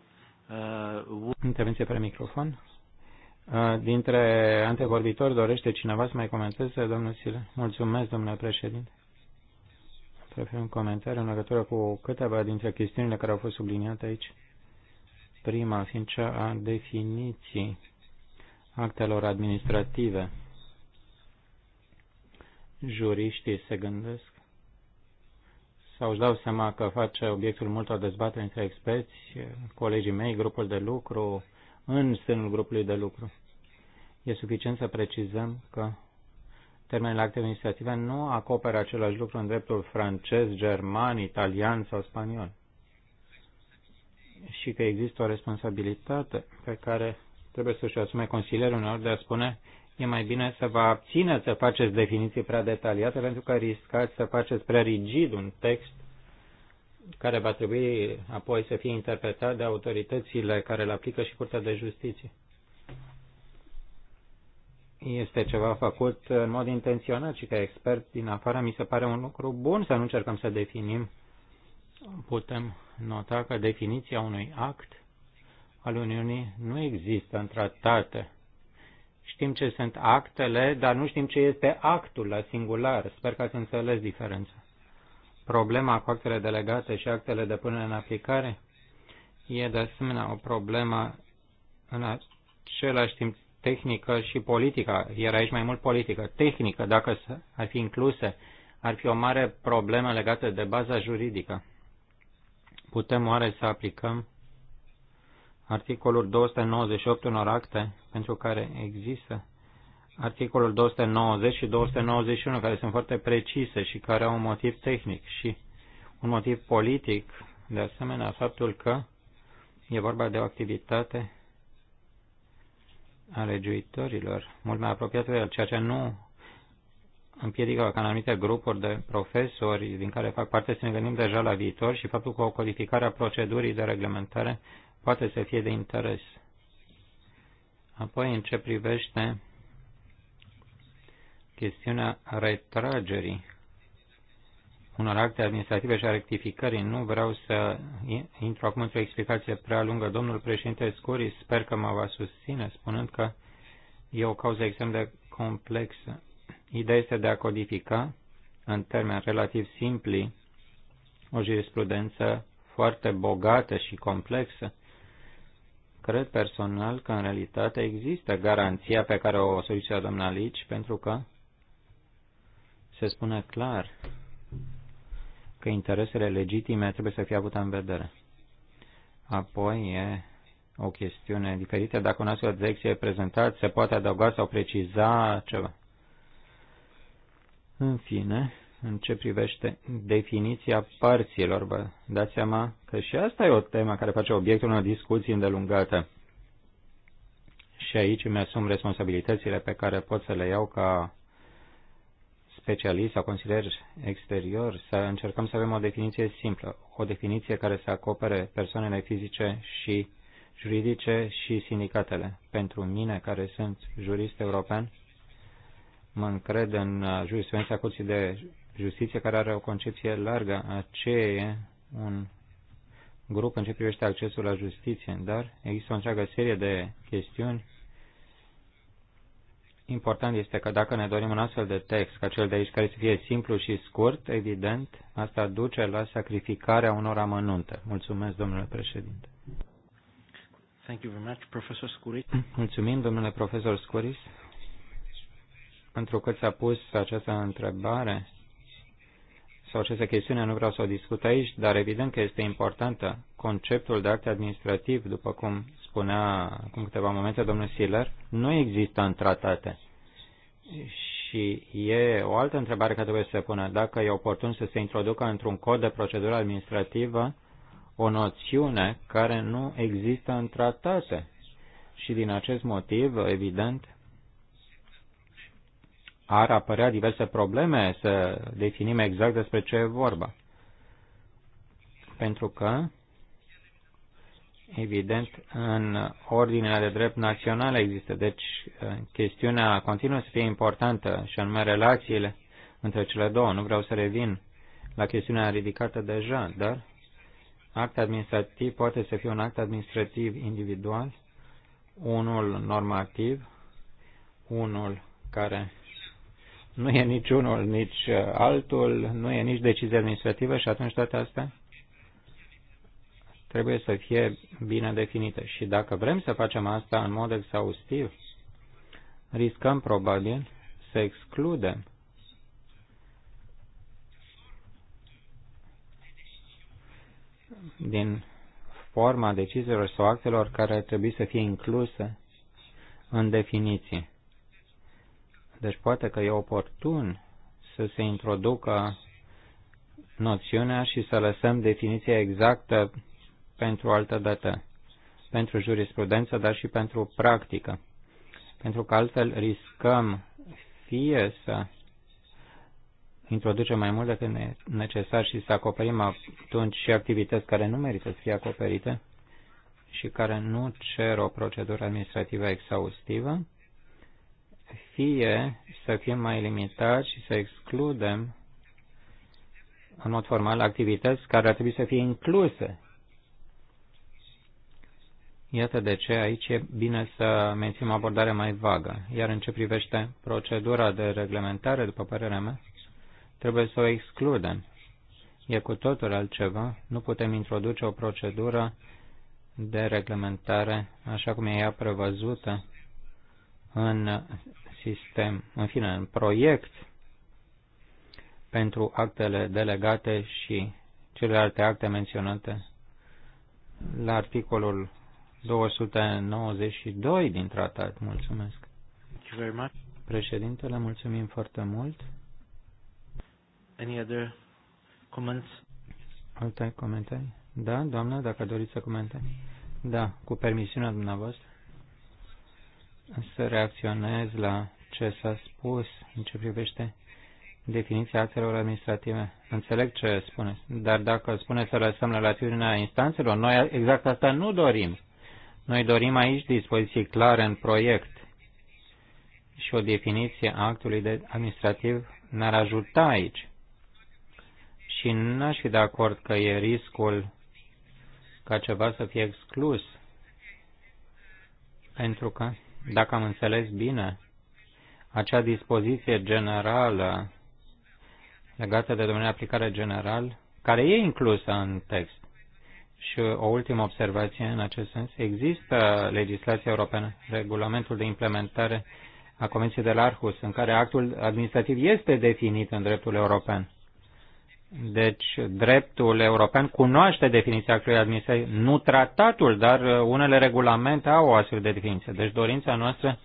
Uh, Intervenție pe microfon. Uh, dintre antevorbitori dorește cineva să mai comenteze, domnul Sile? Mulțumesc, domnule președinte să fie un comentariu în legătură cu câteva dintre chestiunile care au fost subliniate aici. Prima fiind cea a definiții actelor administrative. Juriștii se gândesc sau își dau seama că face obiectul multor dezbateri între experți, colegii mei, grupul de lucru, în sânul grupului de lucru. E suficient să precizăm că termenele acte administrative nu acoperă același lucru în dreptul francez, german, italian sau spaniol. Și că există o responsabilitate pe care trebuie să-și asume consilierul uneori de a spune e mai bine să vă abțineți să faceți definiții prea detaliate pentru că riscați să faceți prea rigid un text care va trebui apoi să fie interpretat de autoritățile care îl aplică și Curtea de Justiție este ceva făcut în mod intenționat și ca expert din afară mi se pare un lucru bun să nu încercăm să definim. Putem nota că definiția unui act al Uniunii nu există în tratate. Știm ce sunt actele, dar nu știm ce este actul la singular. Sper că ați înțeles diferența. Problema cu actele delegate și actele de până în aplicare e de asemenea o problemă în același timp tehnică și politică. Iar aici mai mult politică. Tehnică, dacă ar fi incluse, ar fi o mare problemă legată de baza juridică. Putem oare să aplicăm articolul 298 unor acte pentru care există articolul 290 și 291, care sunt foarte precise și care au un motiv tehnic și un motiv politic, de asemenea, faptul că e vorba de o activitate ale legiuitorilor, mult mai apropiată de el, ceea ce nu împiedică ca în anumite grupuri de profesori din care fac parte să ne gândim deja la viitor și faptul că o codificare a procedurii de reglementare poate să fie de interes. Apoi, în ce privește chestiunea retragerii unor acte administrative și a rectificării. Nu vreau să intru acum într-o explicație prea lungă. Domnul președinte Scuri sper că mă va susține, spunând că e o cauză extrem de complexă. Ideea este de a codifica, în termeni relativ simpli, o jurisprudență foarte bogată și complexă. Cred personal că în realitate există garanția pe care o solicită domnul Alici, pentru că se spune clar că interesele legitime trebuie să fie avute în vedere. Apoi e o chestiune diferită. Dacă un astfel de exie e prezentat, se poate adăuga sau preciza ceva. În fine, în ce privește definiția părților, vă dați seama că și asta e o temă care face obiectul unei discuții îndelungate. Și aici îmi asum responsabilitățile pe care pot să le iau ca specialiști sau consilieri exteriori să încercăm să avem o definiție simplă, o definiție care să acopere persoanele fizice și juridice și sindicatele. Pentru mine, care sunt jurist european, mă încred în jurisprudența Curții de Justiție, care are o concepție largă a ce e un grup în ce privește accesul la justiție, dar există o întreagă serie de chestiuni important este că dacă ne dorim un astfel de text, ca cel de aici, care să fie simplu și scurt, evident, asta duce la sacrificarea unor amănunte. Mulțumesc, domnule președinte. Thank you very much, Professor Scuris. Mulțumim, domnule profesor Scuris, pentru că ți-a pus această întrebare sau această chestiune nu vreau să o discut aici, dar evident că este importantă. Conceptul de act administrativ, după cum spunea acum câteva momente domnul Siller, nu există în tratate. Și e o altă întrebare care trebuie să se pună. Dacă e oportun să se introducă într-un cod de procedură administrativă o noțiune care nu există în tratate. Și din acest motiv, evident, ar apărea diverse probleme să definim exact despre ce e vorba. Pentru că, evident, în ordinea de drept națională există. Deci, uh, chestiunea continuă să fie importantă și anume relațiile între cele două. Nu vreau să revin la chestiunea ridicată deja, dar act administrativ poate să fie un act administrativ individual, unul normativ, unul care nu e niciunul, nici uh, altul, nu e nici decizie administrativă și atunci toate astea trebuie să fie bine definite. Și dacă vrem să facem asta în mod exhaustiv, riscăm probabil să excludem din forma deciziilor sau actelor care ar trebui să fie incluse în definiție. Deci poate că e oportun să se introducă noțiunea și să lăsăm definiția exactă pentru altă dată, pentru jurisprudență, dar și pentru practică. Pentru că altfel riscăm fie să introducem mai mult decât necesar și să acoperim atunci și activități care nu merită să fie acoperite și care nu cer o procedură administrativă exhaustivă, fie să fim mai limitați și să excludem în mod formal activități care ar trebui să fie incluse. Iată de ce aici e bine să menținem o abordare mai vagă. Iar în ce privește procedura de reglementare, după părerea mea, trebuie să o excludem. E cu totul altceva. Nu putem introduce o procedură de reglementare așa cum e ea prevăzută în sistem, în fine, în proiect pentru actele delegate și celelalte acte menționate la articolul 292 din tratat. Mulțumesc. Președintele, mulțumim foarte mult. Any other comments? Alte comentarii? Da, doamnă, dacă doriți să comentați. Da, cu permisiunea dumneavoastră să reacționez la ce s-a spus în ce privește definiția actelor administrative. Înțeleg ce spuneți, dar dacă spuneți să lăsăm la latitudinea instanțelor, noi exact asta nu dorim. Noi dorim aici dispoziții clare în proiect și o definiție a actului de administrativ ne-ar ajuta aici. Și n-aș fi de acord că e riscul ca ceva să fie exclus, pentru că dacă am înțeles bine, acea dispoziție generală legată de domeniul aplicare general, care e inclusă în text. Și o ultimă observație în acest sens. Există legislația europeană, regulamentul de implementare a Comisiei de la Arhus, în care actul administrativ este definit în dreptul european. Deci, dreptul european cunoaște definiția actului administrativ, nu tratatul, dar unele regulamente au o astfel de definiție. Deci, dorința noastră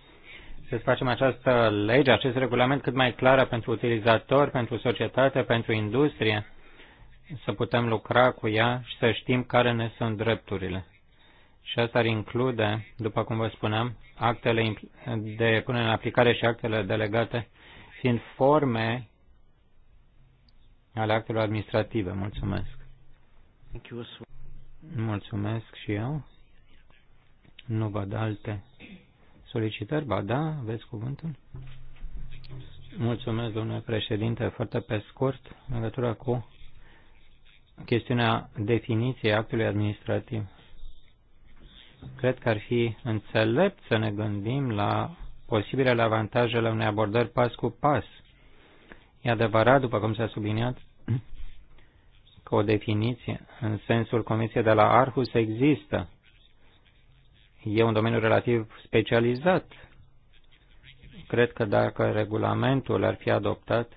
să facem această lege, acest regulament cât mai clară pentru utilizator, pentru societate, pentru industrie, să putem lucra cu ea și să știm care ne sunt drepturile. Și asta ar include, după cum vă spuneam, actele de punere în aplicare și actele delegate, fiind forme ale actelor administrative. Mulțumesc. Mulțumesc și eu. Nu văd alte solicitări. Ba da, aveți cuvântul? Mulțumesc, domnule președinte. Foarte pe scurt, în legătură cu chestiunea definiției actului administrativ. Cred că ar fi înțelept să ne gândim la posibilele avantajele unei abordări pas cu pas – E adevărat, după cum s-a subliniat, că o definiție în sensul Comisiei de la Arhus există. E un domeniu relativ specializat. Cred că dacă regulamentul ar fi adoptat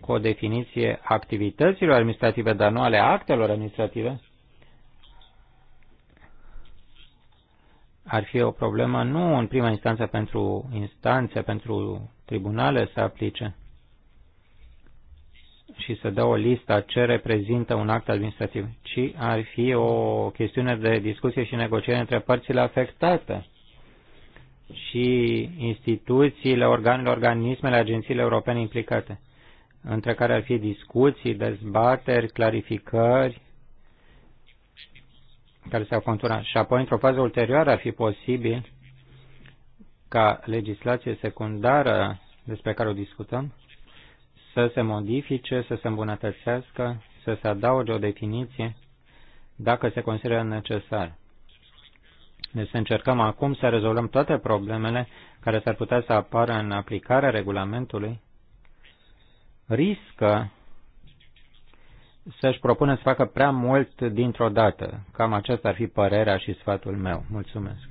cu o definiție activităților administrative, dar nu ale actelor administrative, ar fi o problemă nu în prima instanță pentru instanțe, pentru tribunale să aplice, și să dea o listă a ce reprezintă un act administrativ, ci ar fi o chestiune de discuție și negociere între părțile afectate și instituțiile, organele, organismele, agențiile europene implicate, între care ar fi discuții, dezbateri, clarificări care s-au conturat. Și apoi, într-o fază ulterioară, ar fi posibil ca legislație secundară despre care o discutăm să se modifice, să se îmbunătățească, să se adauge o definiție dacă se consideră necesar. Deci să încercăm acum să rezolvăm toate problemele care s-ar putea să apară în aplicarea regulamentului, riscă să-și propună să facă prea mult dintr-o dată. Cam aceasta ar fi părerea și sfatul meu. Mulțumesc.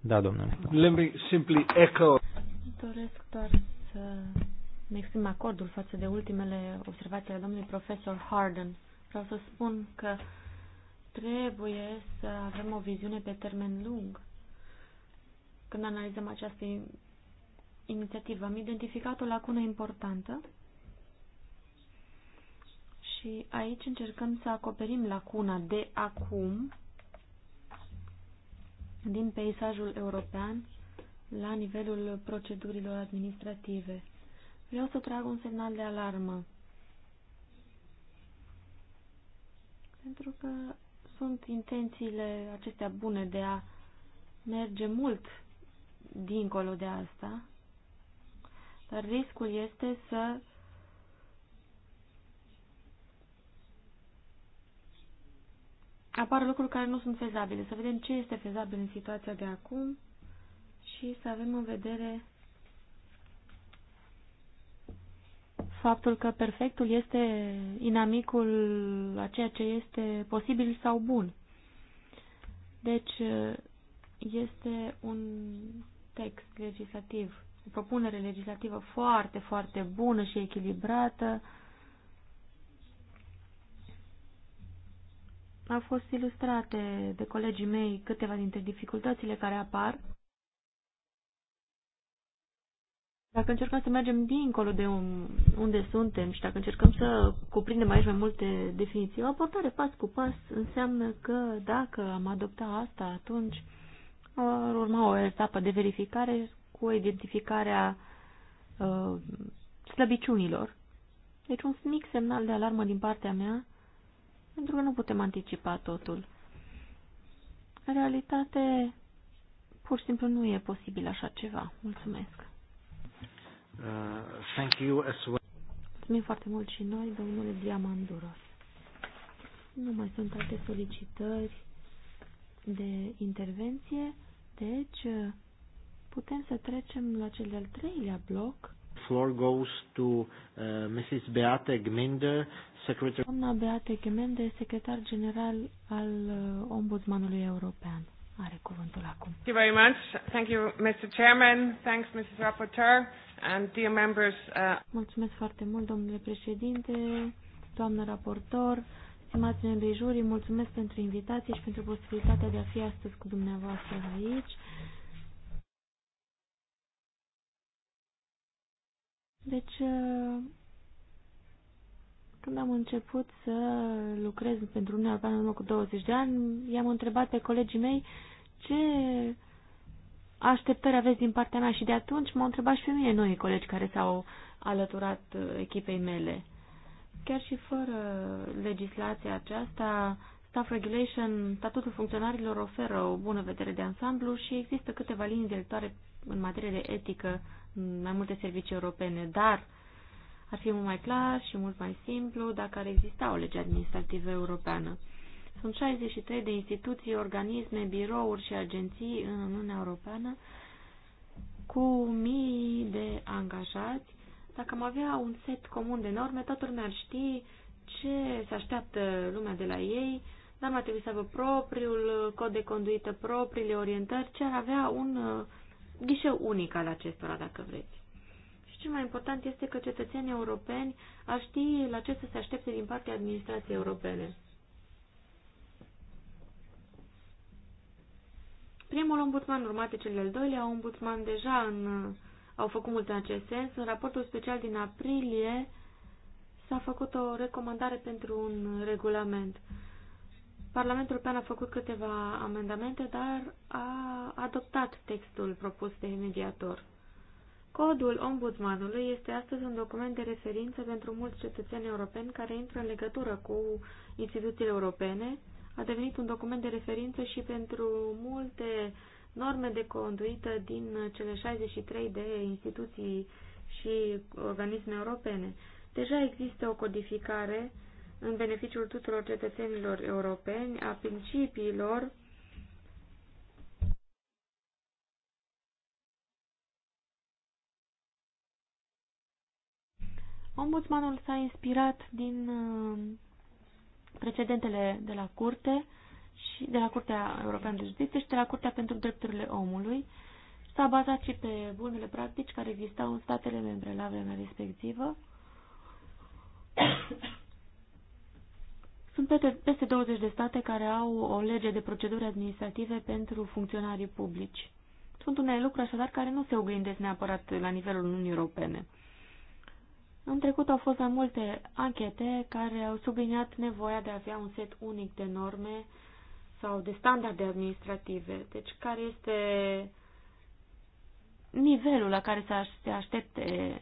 Da, domnule. Let me simply echo. Doresc doar să Mă exprim acordul față de ultimele observații ale domnului profesor Harden. Vreau să spun că trebuie să avem o viziune pe termen lung. Când analizăm această inițiativă, am identificat o lacună importantă și aici încercăm să acoperim lacuna de acum din peisajul european la nivelul procedurilor administrative. Vreau să trag un semnal de alarmă. Pentru că sunt intențiile acestea bune de a merge mult dincolo de asta, dar riscul este să apară lucruri care nu sunt fezabile. Să vedem ce este fezabil în situația de acum și să avem în vedere faptul că perfectul este inamicul a ceea ce este posibil sau bun. Deci, este un text legislativ, o propunere legislativă foarte, foarte bună și echilibrată. Au fost ilustrate de colegii mei câteva dintre dificultățile care apar Dacă încercăm să mergem dincolo de unde suntem și dacă încercăm să cuprindem aici mai multe definiții, o abordare pas cu pas înseamnă că dacă am adoptat asta, atunci ar urma o etapă de verificare cu identificarea uh, slăbiciunilor. Deci un mic semnal de alarmă din partea mea, pentru că nu putem anticipa totul. În realitate, pur și simplu nu e posibil așa ceva. Mulțumesc. Uh, thank you as well. Mulțumim foarte mult și noi, domnule Diamanduros. Nu mai sunt alte solicitări de intervenție, deci uh, putem să trecem la cel de-al treilea bloc. Floor goes to uh, Mrs. Beate Gminde, secretar... Doamna Beate Gminde, secretar general al uh, Ombudsmanului European are cuvântul acum. Thank you very much. Thank you, Mr. Chairman. Thanks, Mrs. Rapporteur and dear members. Uh... Mulțumesc foarte mult, domnule președinte, doamnă raportor, stimați membri jurii, mulțumesc pentru invitație și pentru posibilitatea de a fi astăzi cu dumneavoastră aici. Deci, uh când am început să lucrez pentru Uniunea Europeană în urmă cu 20 de ani, i-am întrebat pe colegii mei ce așteptări aveți din partea mea și de atunci m-au întrebat și pe mine noi colegi care s-au alăturat echipei mele. Chiar și fără legislația aceasta, Staff Regulation, statutul funcționarilor oferă o bună vedere de ansamblu și există câteva linii directoare în materie de etică în mai multe servicii europene, dar uh, ar fi mult mai clar și mult mai simplu dacă ar exista o lege administrativă europeană. Sunt 63 de instituții, organisme, birouri și agenții în Uniunea Europeană cu mii de angajați. Dacă am avea un set comun de norme, toată lumea ar ști ce se așteaptă lumea de la ei, Dar mai trebuie să aibă propriul cod de conduită, propriile orientări, ce ar avea un uh, ghișeu unic al acestora, dacă vreți cel mai important este că cetățenii europeni ar ști la ce să se aștepte din partea administrației europene. Primul ombudsman urmate cel de-al doilea ombudsman deja în, au făcut multe în acest sens. În raportul special din aprilie s-a făcut o recomandare pentru un regulament. Parlamentul European a făcut câteva amendamente, dar a adoptat textul propus de mediator. Codul ombudsmanului este astăzi un document de referință pentru mulți cetățeni europeni care intră în legătură cu instituțiile europene. A devenit un document de referință și pentru multe norme de conduită din cele 63 de instituții și organisme europene. Deja există o codificare în beneficiul tuturor cetățenilor europeni a principiilor Ombudsmanul s-a inspirat din uh, precedentele de la curte și de la Curtea Europeană de Justiție și de la Curtea pentru Drepturile Omului. S-a bazat și pe bunele practici care existau în statele membre la vremea respectivă. Sunt peste 20 de state care au o lege de proceduri administrative pentru funcționarii publici. Sunt unele lucruri așadar care nu se oglindesc neapărat la nivelul Uniunii Europene. În trecut au fost mai multe anchete care au subliniat nevoia de a avea un set unic de norme sau de standarde administrative. Deci care este nivelul la care să se aștepte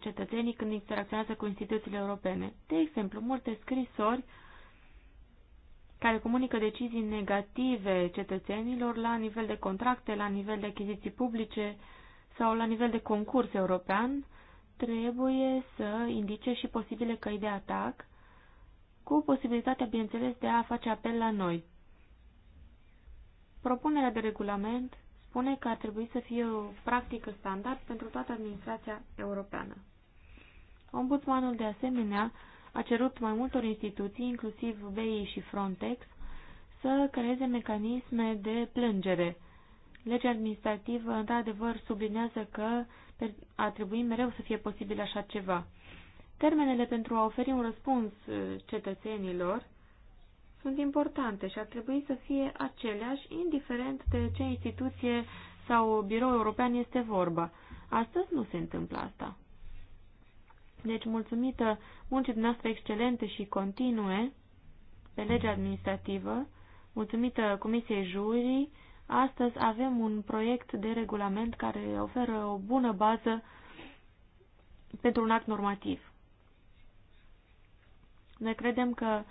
cetățenii când interacționează cu instituțiile europene. De exemplu, multe scrisori care comunică decizii negative cetățenilor la nivel de contracte, la nivel de achiziții publice sau la nivel de concurs european, trebuie să indice și posibile căi de atac, cu posibilitatea, bineînțeles, de a face apel la noi. Propunerea de regulament spune că ar trebui să fie o practică standard pentru toată administrația europeană. Ombudsmanul, de asemenea, a cerut mai multor instituții, inclusiv BI și Frontex, să creeze mecanisme de plângere. Legea administrativă, într-adevăr, sublinează că a trebui mereu să fie posibil așa ceva. Termenele pentru a oferi un răspuns uh, cetățenilor sunt importante și ar trebui să fie aceleași, indiferent de ce instituție sau birou european este vorba. Astăzi nu se întâmplă asta. Deci, mulțumită muncii noastre excelente și continue pe legea administrativă, mulțumită Comisiei Jurii, Astăzi avem un proiect de regulament care oferă o bună bază pentru un act normativ. Noi credem că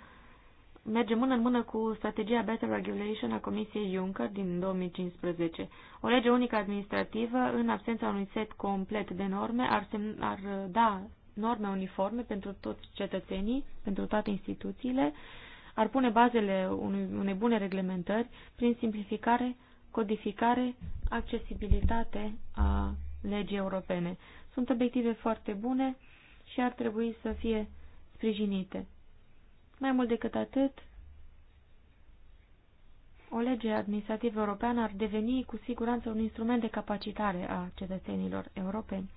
merge mână în mână cu strategia Better Regulation a Comisiei Juncker din 2015. O lege unică administrativă, în absența unui set complet de norme, ar, semn, ar uh, da norme uniforme pentru toți cetățenii, pentru toate instituțiile, ar pune bazele unei bune reglementări prin simplificare codificare, accesibilitate a legii europene. Sunt obiective foarte bune și ar trebui să fie sprijinite. Mai mult decât atât, o lege administrativă europeană ar deveni cu siguranță un instrument de capacitare a cetățenilor europeni.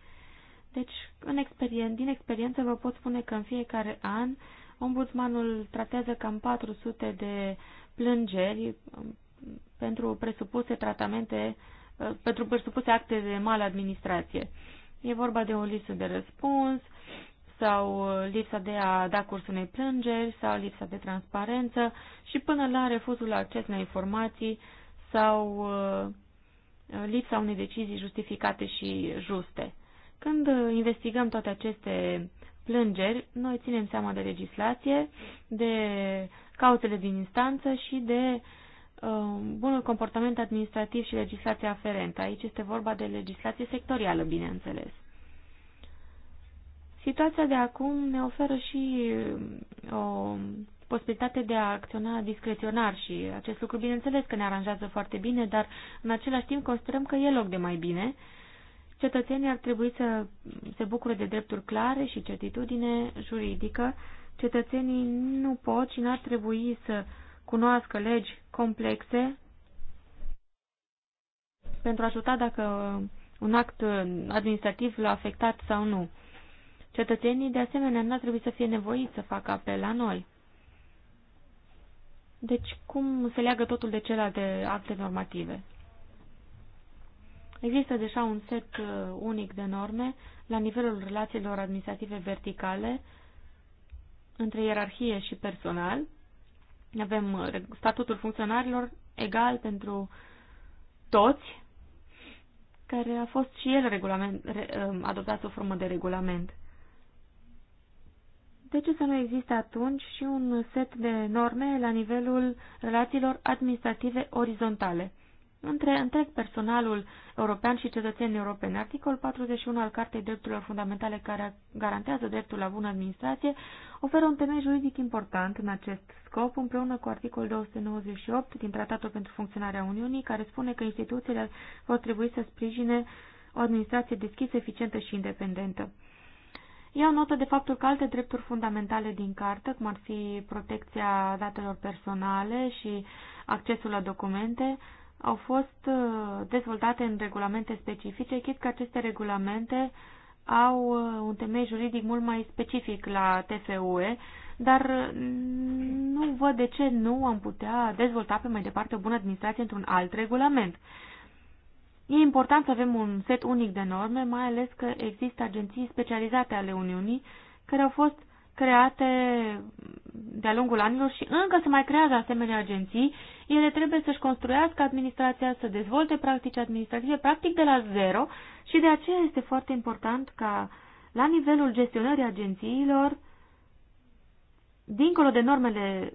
Deci, în experien din experiență vă pot spune că în fiecare an ombudsmanul tratează cam 400 de plângeri pentru presupuse tratamente, uh, pentru presupuse acte de maladministrație. E vorba de o lipsă de răspuns sau uh, lipsa de a da curs unei plângeri sau lipsa de transparență și până la refuzul la acces la informații sau uh, lipsa unei decizii justificate și juste. Când investigăm toate aceste plângeri, noi ținem seama de legislație, de cauzele din instanță și de uh, Um, bunul comportament administrativ și legislația aferentă. Aici este vorba de legislație sectorială, bineînțeles. Situația de acum ne oferă și um, o posibilitate de a acționa discreționar și acest lucru, bineînțeles, că ne aranjează foarte bine, dar în același timp considerăm că e loc de mai bine. Cetățenii ar trebui să se bucure de drepturi clare și certitudine juridică. Cetățenii nu pot și n-ar trebui să uh, cunoască legi complexe pentru a ajuta dacă un act administrativ l-a afectat sau nu. Cetățenii, de asemenea, nu ar trebui să fie nevoiți să facă apel la noi. Deci, cum se leagă totul de celelalte acte normative? Există deja un set uh, unic de norme la nivelul relațiilor administrative verticale între ierarhie și personal, avem uh, statutul funcționarilor egal pentru toți, care a fost și el regulament, um, adoptat sub formă de regulament. De ce să nu existe atunci și un set de norme la nivelul relațiilor administrative orizontale? între întreg personalul european și cetățenii europeni. Articol 41 al Cartei Drepturilor Fundamentale care garantează dreptul la bună administrație oferă un temei juridic important în acest scop împreună cu articolul 298 din Tratatul pentru Funcționarea Uniunii care spune că instituțiile vor trebui să sprijine o administrație deschisă, eficientă și independentă. Iau notă de faptul că alte drepturi fundamentale din carte, cum ar fi protecția datelor personale și accesul la documente, au fost uh, dezvoltate în regulamente specifice, chit că aceste regulamente au uh, un temei juridic mult mai specific la TFUE, dar mm, nu văd de ce nu am putea dezvolta pe mai departe o bună administrație într-un alt regulament. E important să avem un set unic de norme, mai ales că există agenții specializate ale Uniunii care au fost create de-a lungul anilor și încă se mai creează asemenea agenții, ele trebuie să-și construiască administrația, să dezvolte practici administrative, practic de la zero și de aceea este foarte important ca la nivelul gestionării agențiilor, dincolo de normele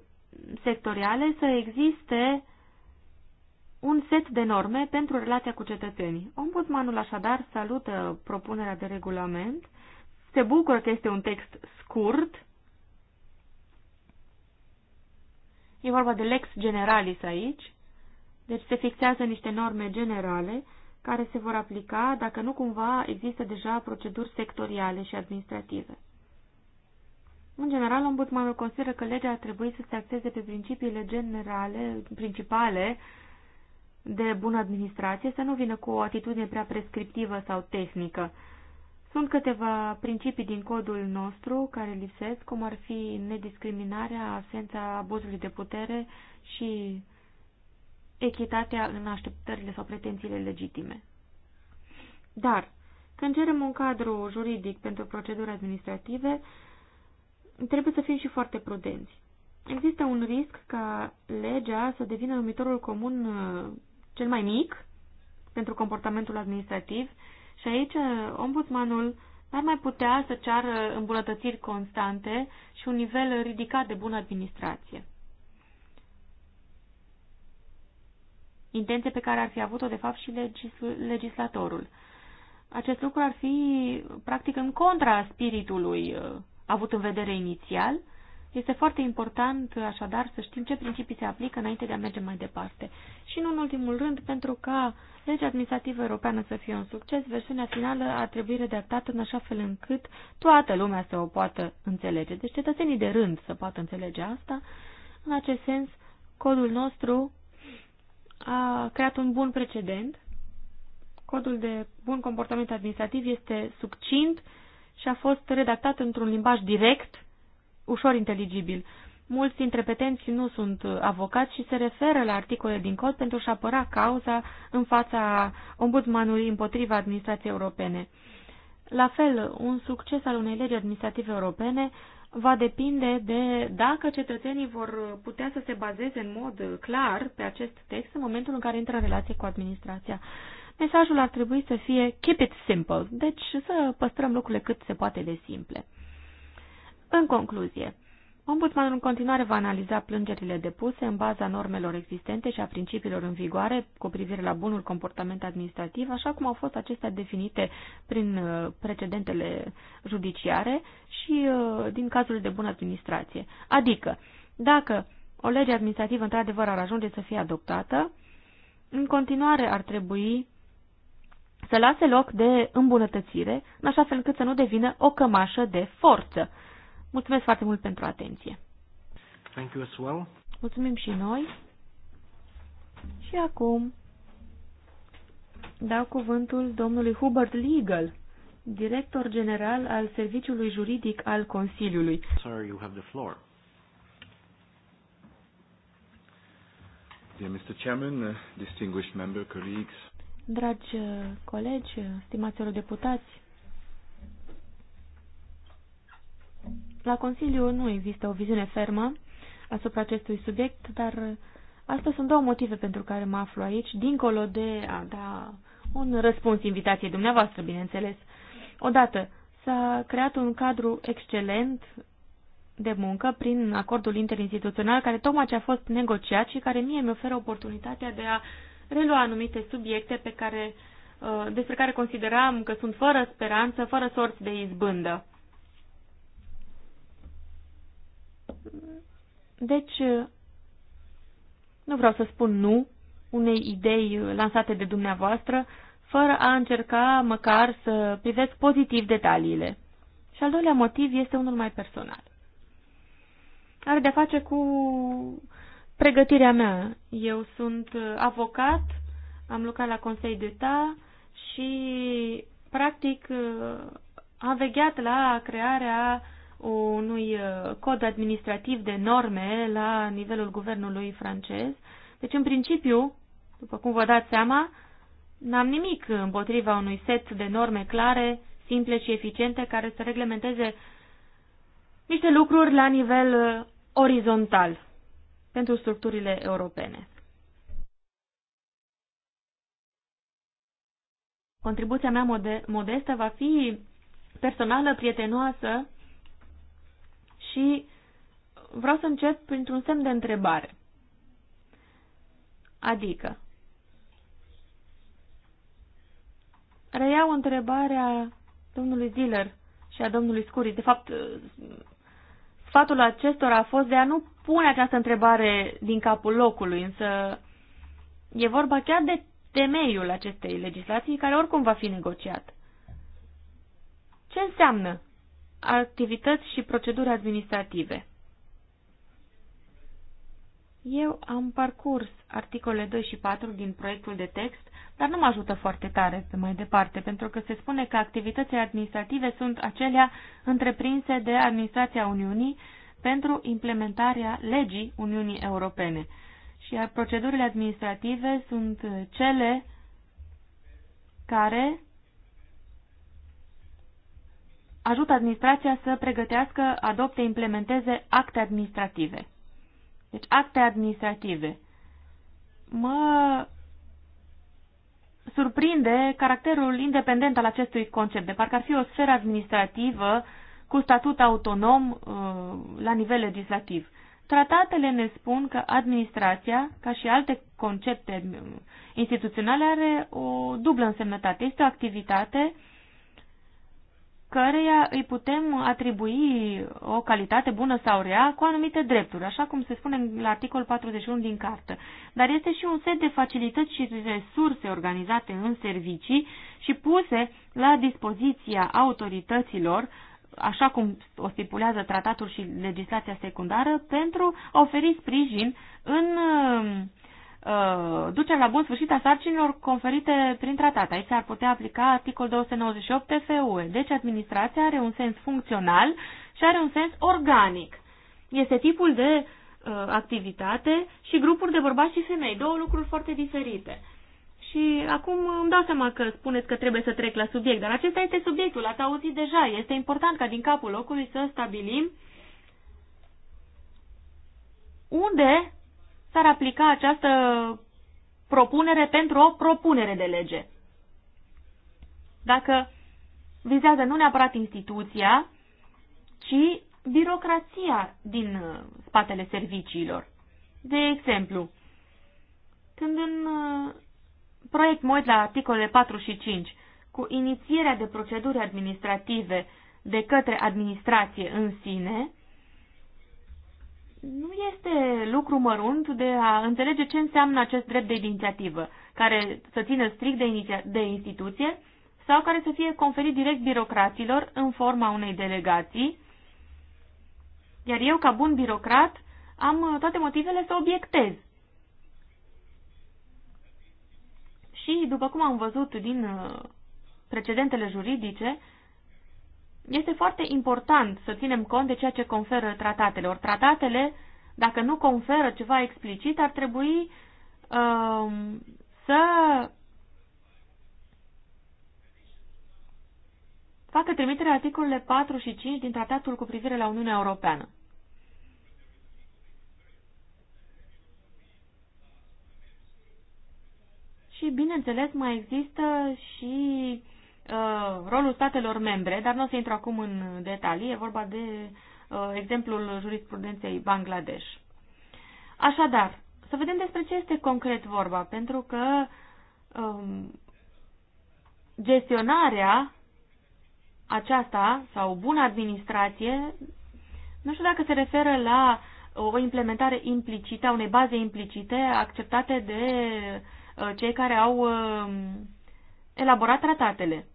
sectoriale, să existe un set de norme pentru relația cu cetățenii. Ombudsmanul așadar salută propunerea de regulament se bucură că este un text scurt. E vorba de lex generalis aici, deci se fixează niște norme generale care se vor aplica dacă nu cumva există deja proceduri sectoriale și administrative. În general, ombudsmanul consideră că legea ar trebui să se axeze pe principiile generale, principale de bună administrație, să nu vină cu o atitudine prea prescriptivă sau tehnică. Sunt câteva principii din codul nostru care lipsesc, cum ar fi nediscriminarea, absența abuzului de putere și echitatea în așteptările sau pretențiile legitime. Dar, când cerem un cadru juridic pentru proceduri administrative, trebuie să fim și foarte prudenți. Există un risc ca legea să devină numitorul comun uh, cel mai mic pentru comportamentul administrativ și aici uh, ombudsmanul n-ar mai putea să ceară îmbunătățiri constante și un nivel ridicat de bună administrație. Intenție pe care ar fi avut-o, de fapt, și legisl legislatorul. Acest lucru ar fi, practic, în contra spiritului uh, avut în vedere inițial, este foarte important, așadar, să știm ce principii se aplică înainte de a merge mai departe. Și, nu în ultimul rând, pentru ca legea administrativă europeană să fie un succes, versiunea finală ar trebui redactată în așa fel încât toată lumea să o poată înțelege. Deci cetățenii de rând să poată înțelege asta. În acest sens, codul nostru a creat un bun precedent. Codul de bun comportament administrativ este succint și a fost redactat într-un limbaj direct, ușor inteligibil. Mulți dintre petenți nu sunt avocați și se referă la articole din cod pentru a-și apăra cauza în fața ombudsmanului împotriva administrației europene. La fel, un succes al unei legi administrative europene va depinde de dacă cetățenii vor putea să se bazeze în mod clar pe acest text în momentul în care intră în relație cu administrația. Mesajul ar trebui să fie keep it simple, deci să păstrăm lucrurile cât se poate de simple. În concluzie, Ombudsmanul în continuare va analiza plângerile depuse în baza normelor existente și a principiilor în vigoare cu privire la bunul comportament administrativ, așa cum au fost acestea definite prin uh, precedentele judiciare și uh, din cazurile de bună administrație. Adică, dacă o lege administrativă într-adevăr ar ajunge să fie adoptată, în continuare ar trebui să lase loc de îmbunătățire, în așa fel încât să nu devină o cămașă de forță. Mulțumesc foarte mult pentru atenție. Thank you as well. Mulțumim și noi. Și acum dau cuvântul domnului Hubert Legal, director general al Serviciului Juridic al Consiliului. Sir, you have the floor. Dear Mr. Chairman, uh, distinguished member, colleagues. Dragi uh, colegi, uh, stimați deputați, La Consiliu nu există o viziune fermă asupra acestui subiect, dar astea sunt două motive pentru care mă aflu aici, dincolo de a da un răspuns invitației dumneavoastră, bineînțeles. Odată, s-a creat un cadru excelent de muncă prin acordul interinstituțional care tocmai ce a fost negociat și care mie mi oferă oportunitatea de a relua anumite subiecte pe care, uh, despre care consideram că sunt fără speranță, fără sorți de izbândă. Deci, nu vreau să spun nu unei idei lansate de dumneavoastră, fără a încerca măcar să privesc pozitiv detaliile. Și al doilea motiv este unul mai personal. Are de-a face cu pregătirea mea. Eu sunt avocat, am lucrat la Consei d'État și, practic, am vegheat la crearea uh, unui uh, cod administrativ de norme la nivelul guvernului francez. Deci, în principiu, după cum vă dați seama, n-am nimic împotriva unui set de norme clare, simple și eficiente care să reglementeze niște lucruri la nivel uh, orizontal pentru structurile europene. Contribuția mea modestă va fi personală, prietenoasă și vreau să încep printr-un semn de întrebare. Adică, reiau întrebarea domnului Ziller și a domnului Scuri. De fapt, sfatul acestora a fost de a nu pune această întrebare din capul locului, însă e vorba chiar de temeiul acestei legislații, care oricum va fi negociat. Ce înseamnă activități și proceduri administrative. Eu am parcurs articolele 2 și 4 din proiectul de text, dar nu mă ajută foarte tare pe mai departe, pentru că se spune că activitățile administrative sunt acelea întreprinse de administrația Uniunii pentru implementarea legii Uniunii Europene. Și procedurile administrative sunt cele care ajută administrația să pregătească, adopte, implementeze acte administrative. Deci acte administrative. Mă surprinde caracterul independent al acestui concept, de parcă ar fi o sferă administrativă cu statut autonom uh, la nivel legislativ. Tratatele ne spun că administrația, ca și alte concepte uh, instituționale, are o dublă însemnătate. Este o activitate uh, căreia îi putem atribui o calitate bună sau rea cu anumite drepturi, așa cum se spune la articol 41 din cartă. Dar este și un set de facilități și resurse organizate în servicii și puse la dispoziția autorităților, așa cum o stipulează tratatul și legislația secundară, pentru a oferi sprijin în Uh, duce la bun sfârșit a sarcinilor conferite prin tratat. Aici ar putea aplica articolul 298 TFUE. Deci administrația are un sens funcțional și are un sens organic. Este tipul de uh, activitate și grupuri de bărbați și femei, două lucruri foarte diferite. Și acum îmi dau seama că spuneți că trebuie să trec la subiect, dar acesta este subiectul, ați auzit deja. Este important ca din capul locului să stabilim unde s-ar aplica această propunere pentru o propunere de lege. Dacă vizează nu neapărat instituția, ci birocrația din uh, spatele serviciilor. De exemplu, când în uh, proiect mă uit la articolele 4 și 5, cu inițierea de proceduri administrative de către administrație în sine, nu este lucru mărunt de a înțelege ce înseamnă acest drept de inițiativă, care să țină strict de, de instituție sau care să fie conferit direct birocraților în forma unei delegații, iar eu, ca bun birocrat, am uh, toate motivele să obiectez. Și, după cum am văzut din uh, precedentele juridice, este foarte important să ținem cont de ceea ce conferă tratatele. Or tratatele, dacă nu conferă ceva explicit, ar trebui uh, să facă trimitere articolele 4 și 5 din tratatul cu privire la Uniunea Europeană. Și, bineînțeles, mai există și Uh, rolul statelor membre, dar nu o să intru acum în detalii, e vorba de uh, exemplul jurisprudenței Bangladesh. Așadar, să vedem despre ce este concret vorba, pentru că um, gestionarea aceasta sau bună administrație, nu știu dacă se referă la o implementare implicită, a unei baze implicite acceptate de uh, cei care au um, elaborat tratatele.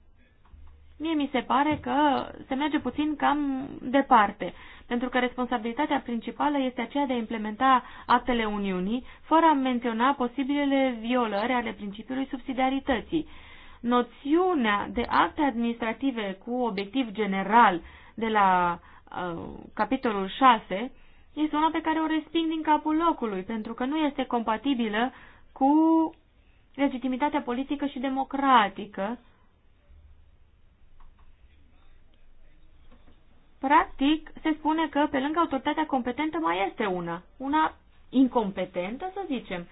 Mie mi se pare că se merge puțin cam departe, pentru că responsabilitatea principală este aceea de a implementa actele Uniunii, fără a menționa posibilele violări ale principiului subsidiarității. Noțiunea de acte administrative cu obiectiv general de la uh, capitolul 6 este una pe care o resping din capul locului, pentru că nu este compatibilă cu legitimitatea politică și democratică Practic, se spune că pe lângă autoritatea competentă mai este una, una incompetentă, să zicem.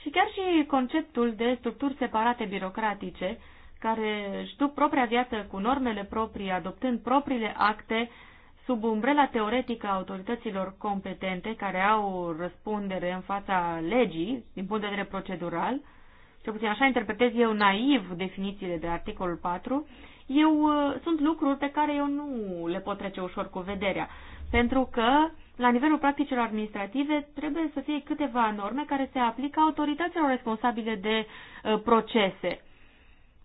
Și chiar și conceptul de structuri separate birocratice, care își duc propria viață cu normele proprii, adoptând propriile acte sub umbrela teoretică a autorităților competente care au răspundere în fața legii, din punct de vedere procedural, cel puțin așa interpretez eu naiv definițiile de articolul 4, eu uh, sunt lucruri pe care eu nu le pot trece ușor cu vederea, pentru că la nivelul practicilor administrative trebuie să fie câteva norme care se aplică autorităților responsabile de uh, procese,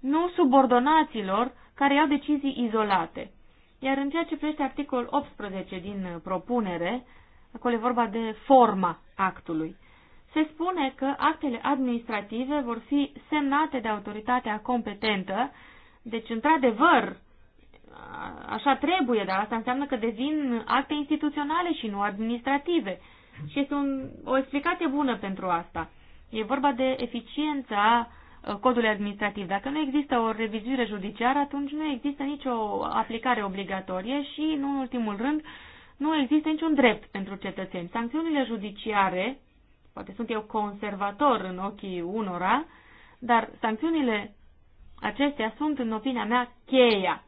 nu subordonaților care iau decizii izolate. Iar în ceea ce privește articolul 18 din uh, propunere, acolo e vorba de forma actului. Se spune că actele administrative vor fi semnate de autoritatea competentă deci, într-adevăr, așa trebuie, dar asta înseamnă că devin acte instituționale și nu administrative. Și este un, o explicație bună pentru asta. E vorba de eficiența uh, codului administrativ. Dacă nu există o revizuire judiciară, atunci nu există nicio aplicare obligatorie și, nu în ultimul rând, nu există niciun drept pentru cetățeni. Sancțiunile judiciare, poate sunt eu conservator în ochii unora, dar sancțiunile Acestea sunt, în opinia mea, cheia.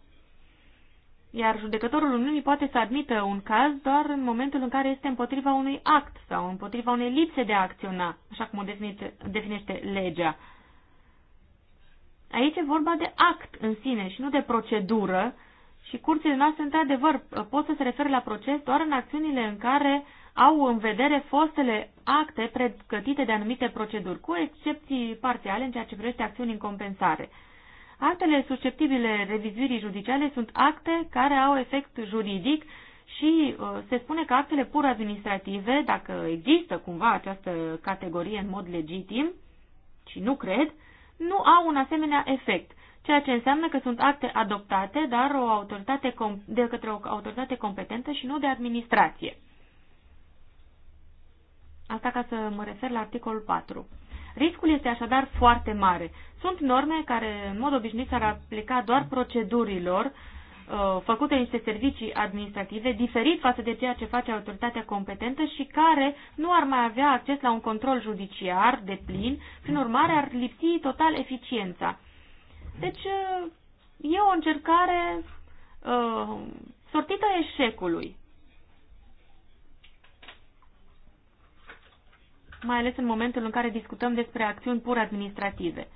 Iar judecătorul Uniunii poate să admită un caz doar în momentul în care este împotriva unui act sau împotriva unei lipse de a acționa, așa cum o definește legea. Aici e vorba de act în sine și nu de procedură și curțile noastre, într-adevăr, pot să se refere la proces doar în acțiunile în care au în vedere fostele acte pregătite de anumite proceduri, cu excepții parțiale în ceea ce privește acțiuni în compensare. Actele susceptibile revizuirii judiciale sunt acte care au efect juridic și uh, se spune că actele pur administrative, dacă există cumva această categorie în mod legitim, și nu cred, nu au un asemenea efect, ceea ce înseamnă că sunt acte adoptate, dar o autoritate de către o autoritate competentă și nu de administrație. Asta ca să mă refer la articolul 4. Riscul este așadar foarte mare. Sunt norme care, în mod obișnuit, s-ar aplica doar procedurilor uh, făcute niște servicii administrative, diferit față de ceea ce face autoritatea competentă și care nu ar mai avea acces la un control judiciar de plin, prin urmare ar lipsi total eficiența. Deci uh, e o încercare uh, sortită eșecului. mai ales în momentul în care discutăm despre acțiuni pur administrative.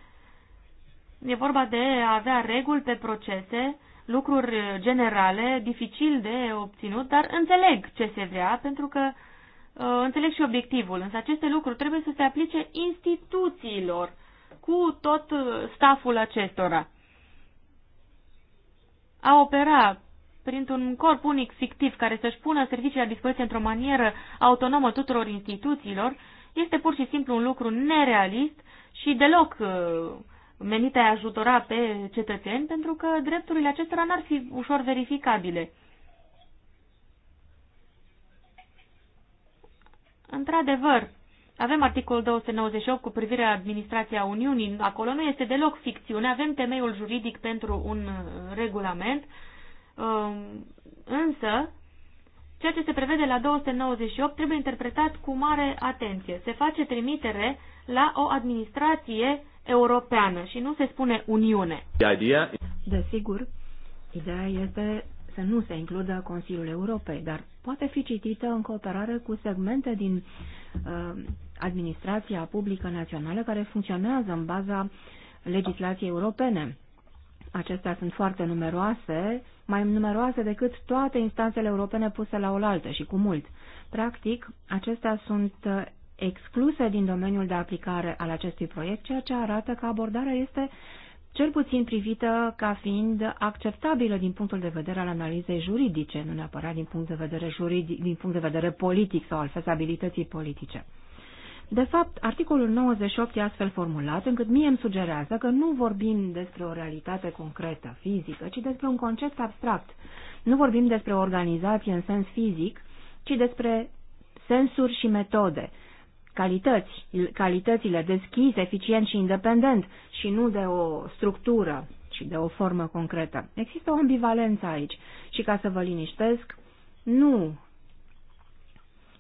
E vorba de a avea reguli pe procese, lucruri generale, dificil de obținut, dar înțeleg ce se vrea, pentru că uh, înțeleg și obiectivul. Însă aceste lucruri trebuie să se aplice instituțiilor, cu tot uh, staful acestora. A opera printr-un corp unic fictiv care să-și pună serviciile la dispoziție într-o manieră autonomă tuturor instituțiilor, este pur și simplu un lucru nerealist și deloc uh, menite a ajutora pe cetățeni, pentru că drepturile acestora n-ar fi ușor verificabile. Într-adevăr, avem articolul 298 cu privire la administrația Uniunii. Acolo nu este deloc ficțiune, avem temeiul juridic pentru un uh, regulament, uh, însă Ceea ce se prevede la 298 trebuie interpretat cu mare atenție. Se face trimitere la o administrație europeană și nu se spune Uniune. Desigur, ideea este să nu se includă Consiliul Europei, dar poate fi citită în cooperare cu segmente din uh, administrația publică națională care funcționează în baza legislației europene. Acestea sunt foarte numeroase, mai numeroase decât toate instanțele europene puse la oaltă și cu mult. Practic, acestea sunt uh, excluse din domeniul de aplicare al acestui proiect, ceea ce arată că abordarea este cel puțin privită ca fiind acceptabilă din punctul de vedere al analizei juridice, nu neapărat din punct de vedere, juridic, din punct de vedere politic sau al fezabilității politice. De fapt, articolul 98 e astfel formulat, încât mie îmi sugerează că nu vorbim despre o realitate concretă, fizică, ci despre un concept abstract. Nu vorbim despre o organizație în sens fizic, ci despre sensuri și metode, calități, calitățile deschis, eficient și independent, și nu de o structură și de o formă concretă. Există o ambivalență aici și, ca să vă liniștesc, nu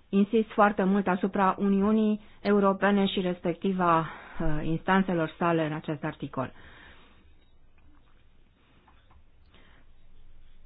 insist foarte mult asupra Uniunii Europene și respectiva ă, instanțelor sale în acest articol.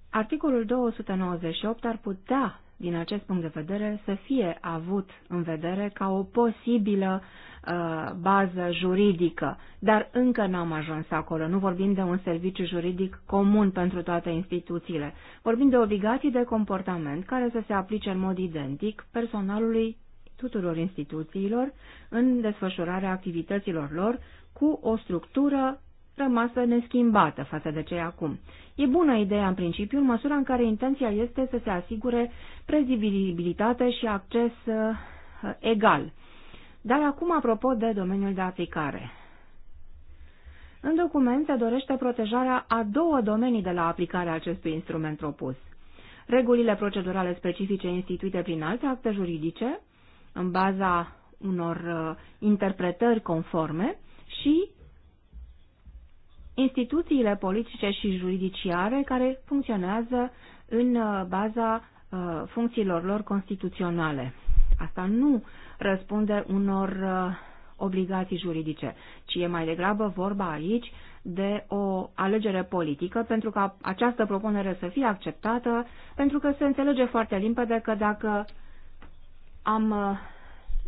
Articolul 298 ar putea din acest punct de vedere, să fie avut în vedere ca o posibilă uh, bază juridică. Dar încă n-am ajuns acolo. Nu vorbim de un serviciu juridic comun pentru toate instituțiile. Vorbim de obligații de comportament care să se aplice în mod identic personalului tuturor instituțiilor în desfășurarea activităților lor cu o structură rămasă neschimbată față de cei acum. E bună ideea în principiu, în măsura în care intenția este să se asigure prezibilitate și acces uh, egal. Dar acum, apropo de domeniul de aplicare. În document se dorește protejarea a două domenii de la aplicarea acestui instrument propus. Regulile procedurale specifice instituite prin alte acte juridice, în baza unor uh, interpretări conforme, și instituțiile politice și juridiciare care funcționează în uh, baza uh, funcțiilor lor constituționale. Asta nu răspunde unor uh, obligații juridice, ci e mai degrabă vorba aici de o alegere politică pentru ca această propunere să fie acceptată, pentru că se înțelege foarte limpede că dacă am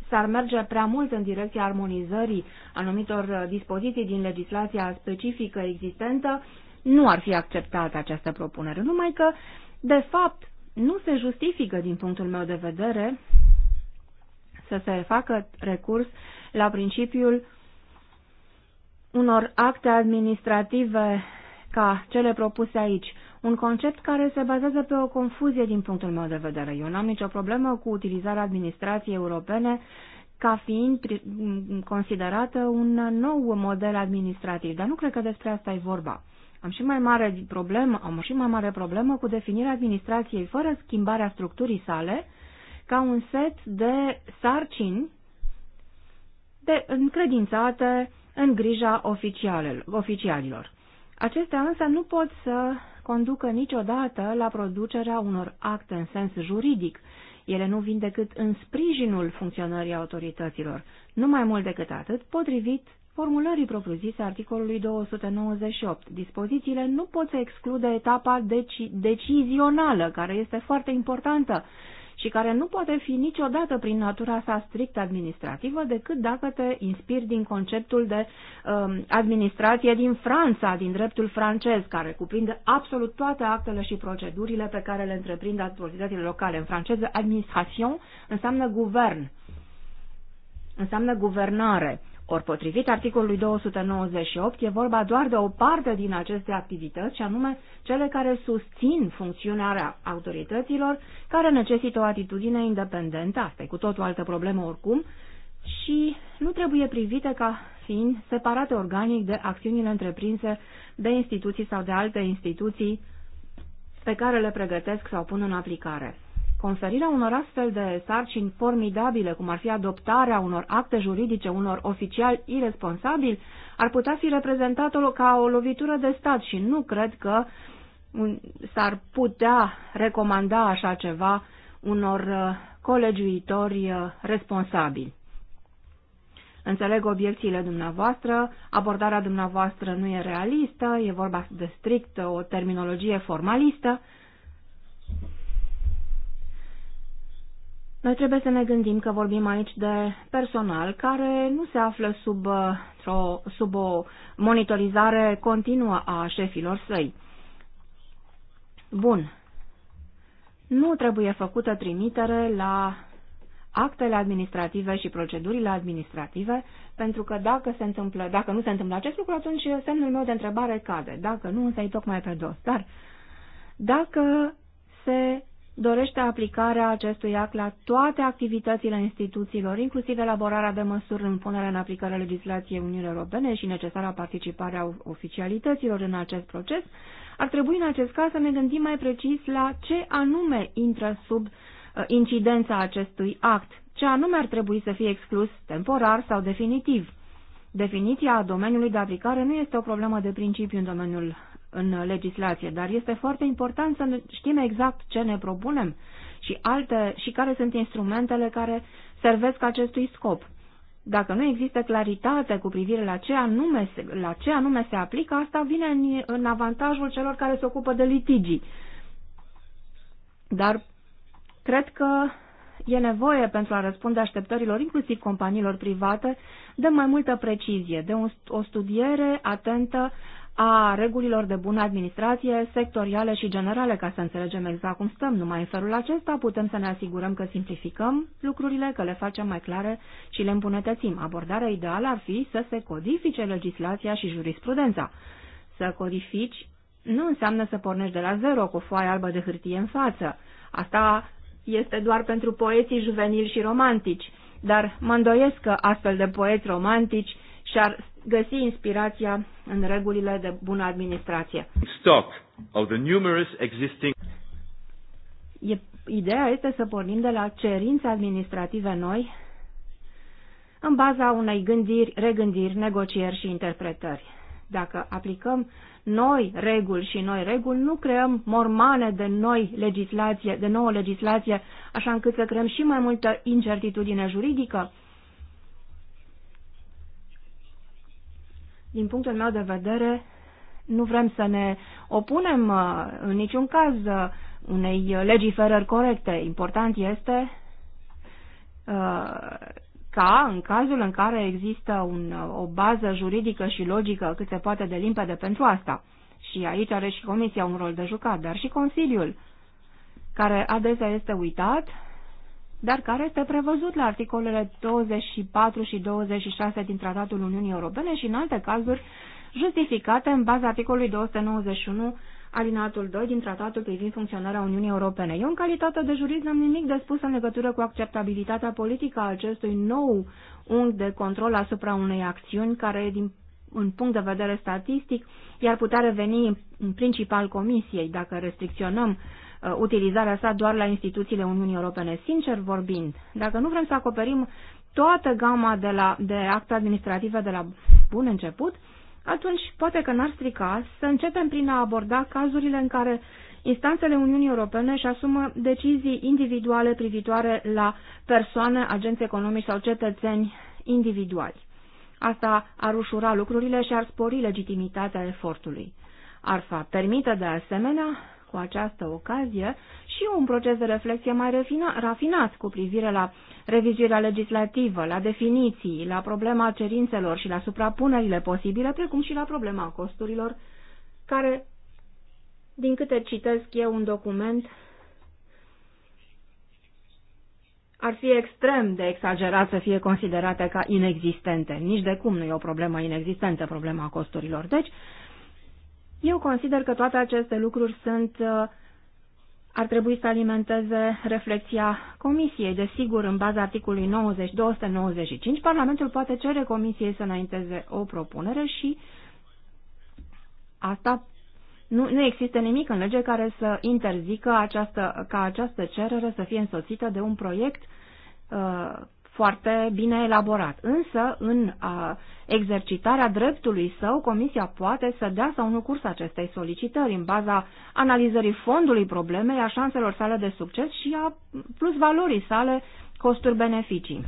s-ar merge prea mult în direcția armonizării anumitor uh, dispoziții din legislația specifică existentă, nu ar fi acceptată această propunere, numai că, de fapt, nu se justifică, din punctul meu de vedere, să se facă recurs la principiul unor acte administrative ca cele propuse aici. Un concept care se bazează pe o confuzie din punctul meu de vedere. Eu n-am nicio problemă cu utilizarea administrației europene ca fiind considerată un nou model administrativ, dar nu cred că despre asta e vorba. Am și mai mare problemă, am și mai mare problemă cu definirea administrației fără schimbarea structurii sale ca un set de sarcini de încredințate în grija oficialilor. Acestea însă nu pot să conducă niciodată la producerea unor acte în sens juridic. Ele nu vin decât în sprijinul funcționării autorităților. Nu mai mult decât atât, potrivit formulării propriu-zise articolului 298. Dispozițiile nu pot să exclude etapa deci decizională, care este foarte importantă și care nu poate fi niciodată prin natura sa strict administrativă decât dacă te inspiri din conceptul de um, administrație din Franța, din dreptul francez, care cuprinde absolut toate actele și procedurile pe care le întreprind autoritățile locale. În franceză, administration înseamnă guvern, înseamnă guvernare. Ori potrivit articolului 298 e vorba doar de o parte din aceste activități, și anume cele care susțin funcționarea autorităților, care necesită o atitudine independentă, asta e cu totul altă problemă oricum, și nu trebuie privite ca fiind separate organic de acțiunile întreprinse de instituții sau de alte instituții pe care le pregătesc sau pun în aplicare. Conferirea unor astfel de sarcini formidabile, cum ar fi adoptarea unor acte juridice unor oficiali irresponsabili, ar putea fi reprezentată ca o lovitură de stat și nu cred că s-ar putea recomanda așa ceva unor uh, colegiuitori uh, responsabili. Înțeleg obiecțiile dumneavoastră, abordarea dumneavoastră nu e realistă, e vorba de strict o terminologie formalistă, Noi trebuie să ne gândim că vorbim aici de personal care nu se află sub, uh, sub o monitorizare continuă a șefilor săi. Bun. Nu trebuie făcută trimitere la actele administrative și procedurile administrative, pentru că dacă, se întâmplă, dacă nu se întâmplă acest lucru, atunci semnul meu de întrebare cade. Dacă nu, însă e tocmai pe dos. Dar dacă se dorește aplicarea acestui act la toate activitățile instituțiilor, inclusiv elaborarea de măsuri în punerea în aplicare legislației Uniunii Europene și necesara participarea oficialităților în acest proces, ar trebui în acest caz să ne gândim mai precis la ce anume intră sub uh, incidența acestui act, ce anume ar trebui să fie exclus temporar sau definitiv. Definiția domeniului de aplicare nu este o problemă de principiu în domeniul în legislație, dar este foarte important să știm exact ce ne propunem și, alte, și care sunt instrumentele care servesc acestui scop. Dacă nu există claritate cu privire la ce anume, la ce anume se aplică, asta vine în, în avantajul celor care se ocupă de litigii. Dar cred că e nevoie pentru a răspunde așteptărilor, inclusiv companiilor private, de mai multă precizie, de un, o studiere atentă a regulilor de bună administrație, sectoriale și generale, ca să înțelegem exact cum stăm. Numai în felul acesta putem să ne asigurăm că simplificăm lucrurile, că le facem mai clare și le îmbunătățim. Abordarea ideală ar fi să se codifice legislația și jurisprudența. Să codifici nu înseamnă să pornești de la zero cu foaia albă de hârtie în față. Asta este doar pentru poeții juvenili și romantici, dar mă îndoiesc că astfel de poeți romantici și-ar găsi inspirația în regulile de bună administrație. Stock of the numerous existing... E, ideea este să pornim de la cerințe administrative noi în baza unei gândiri, regândiri, negocieri și interpretări. Dacă aplicăm noi reguli și noi reguli, nu creăm mormane de noi legislație, de nouă legislație, așa încât să creăm și mai multă incertitudine juridică, Din punctul meu de vedere, nu vrem să ne opunem uh, în niciun caz uh, unei legiferări corecte. Important este uh, ca, în cazul în care există un, o bază juridică și logică cât se poate de limpede pentru asta, și aici are și Comisia un rol de jucat, dar și Consiliul, care adesea este uitat dar care este prevăzut la articolele 24 și 26 din Tratatul Uniunii Europene și în alte cazuri justificate în baza articolului 291 alinatul 2 din tratatul privind funcționarea Uniunii Europene. Eu, în calitate de jurist, n-am nimic de spus în legătură cu acceptabilitatea politică a acestui nou unghi de control asupra unei acțiuni care, din, un punct de vedere statistic, iar putea reveni în principal comisiei dacă restricționăm Uh, utilizarea sa doar la instituțiile Uniunii Europene. Sincer vorbind, dacă nu vrem să acoperim toată gama de, la, de acte administrative de la bun început, atunci poate că n-ar strica să începem prin a aborda cazurile în care instanțele Uniunii Europene și asumă decizii individuale privitoare la persoane, agenți economici sau cetățeni individuali. Asta ar ușura lucrurile și ar spori legitimitatea efortului. Ar permite de asemenea cu această ocazie și un proces de reflexie mai refina, rafinat cu privire la revizuirea legislativă, la definiții, la problema cerințelor și la suprapunerile posibile, precum și la problema costurilor, care, din câte citesc eu un document, ar fi extrem de exagerat să fie considerate ca inexistente. Nici de cum nu e o problemă inexistentă problema costurilor. Deci, eu consider că toate aceste lucruri sunt, uh, ar trebui să alimenteze reflexia Comisiei. Desigur, în baza articolului 90-295, Parlamentul poate cere Comisiei să înainteze o propunere și asta nu, nu există nimic în lege care să interzică această, ca această cerere să fie însoțită de un proiect uh, foarte bine elaborat. Însă, în a, exercitarea dreptului său, Comisia poate să dea sau nu curs acestei solicitări în baza analizării fondului problemei, a șanselor sale de succes și a plus valorii sale costuri-beneficii.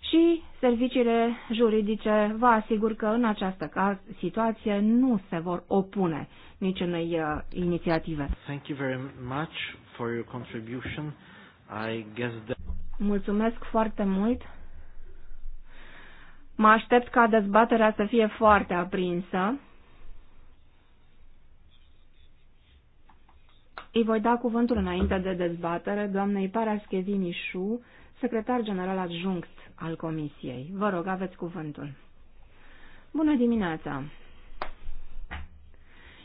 Și serviciile juridice vă asigur că în această caz, situație nu se vor opune nici unei uh, inițiative. Thank you very much for your contribution. I guess that... Mulțumesc foarte mult. Mă aștept ca dezbaterea să fie foarte aprinsă. Îi voi da cuvântul înainte de dezbatere doamnei Paraschevini Șu, secretar general adjunct al Comisiei. Vă rog, aveți cuvântul. Bună dimineața!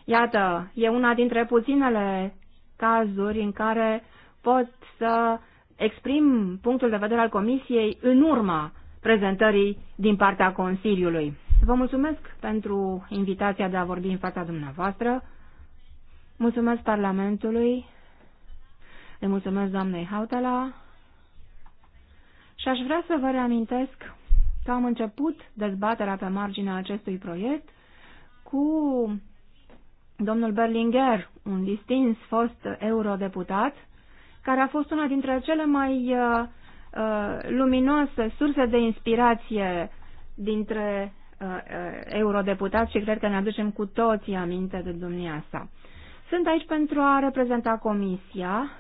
Iată, e una dintre puținele cazuri în care pot să exprim punctul de vedere al Comisiei în urma prezentării din partea Consiliului. Vă mulțumesc pentru invitația de a vorbi în fața dumneavoastră. Mulțumesc Parlamentului. Le mulțumesc doamnei Hautala. Și aș vrea să vă reamintesc că am început dezbaterea pe marginea acestui proiect cu domnul Berlinger, un distins fost eurodeputat, care a fost una dintre cele mai uh, uh, luminoase surse de inspirație dintre uh, eurodeputați și cred că ne aducem cu toții aminte de dumneasa. Sunt aici pentru a reprezenta comisia,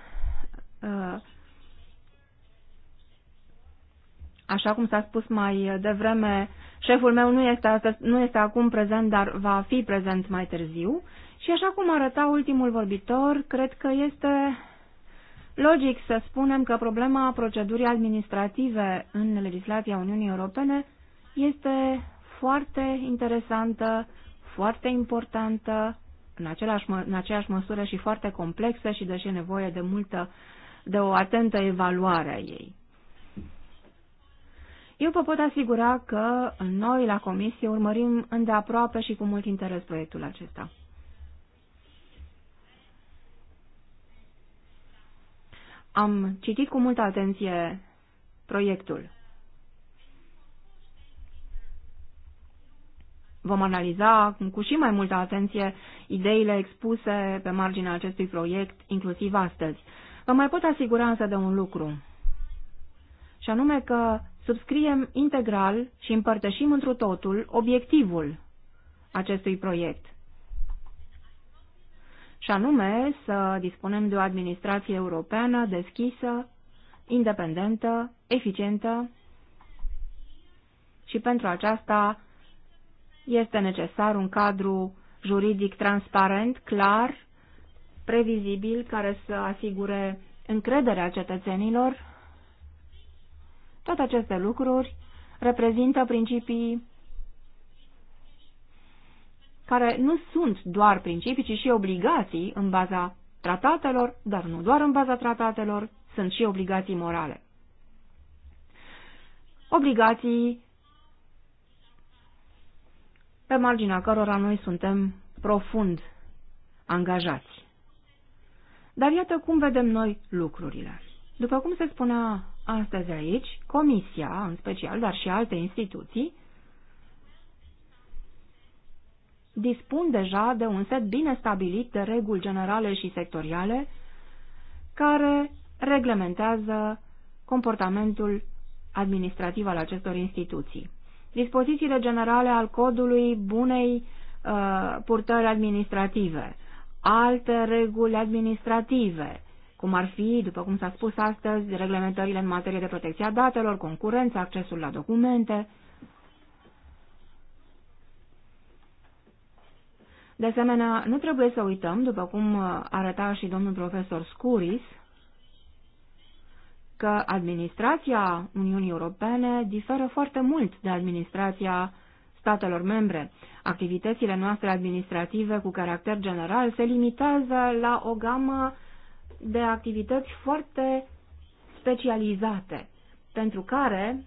așa cum s-a spus mai devreme, șeful meu nu este, astăzi, nu este acum prezent, dar va fi prezent mai târziu. Și așa cum arăta ultimul vorbitor, cred că este Logic să spunem că problema procedurii administrative în legislația Uniunii Europene este foarte interesantă, foarte importantă, în, același, în aceeași măsură și foarte complexă și deși nevoie de multă, de o atentă evaluare a ei. Eu vă pot asigura că noi la Comisie urmărim îndeaproape și cu mult interes proiectul acesta. Am citit cu multă atenție proiectul. Vom analiza cu și mai multă atenție ideile expuse pe marginea acestui proiect, inclusiv astăzi. Vă mai pot asigura însă de un lucru, și anume că subscriem integral și împărtășim întru totul obiectivul acestui proiect și anume să dispunem de o administrație europeană deschisă, independentă, eficientă și pentru aceasta este necesar un cadru juridic transparent, clar, previzibil, care să asigure încrederea cetățenilor. Toate aceste lucruri reprezintă principii care nu sunt doar principii, ci și obligații în baza tratatelor, dar nu doar în baza tratatelor, sunt și obligații morale. Obligații pe marginea cărora noi suntem profund angajați. Dar iată cum vedem noi lucrurile. După cum se spunea astăzi aici, Comisia, în special, dar și alte instituții, dispun deja de un set bine stabilit de reguli generale și sectoriale care reglementează comportamentul administrativ al acestor instituții. Dispozițiile generale al codului bunei uh, purtări administrative, alte reguli administrative, cum ar fi, după cum s-a spus astăzi, reglementările în materie de protecția datelor, concurență, accesul la documente, De asemenea, nu trebuie să uităm, după cum uh, arăta și domnul profesor Scuris, că administrația Uniunii Europene diferă foarte mult de administrația statelor membre. Activitățile noastre administrative cu caracter general se limitează la o gamă de activități foarte specializate, pentru care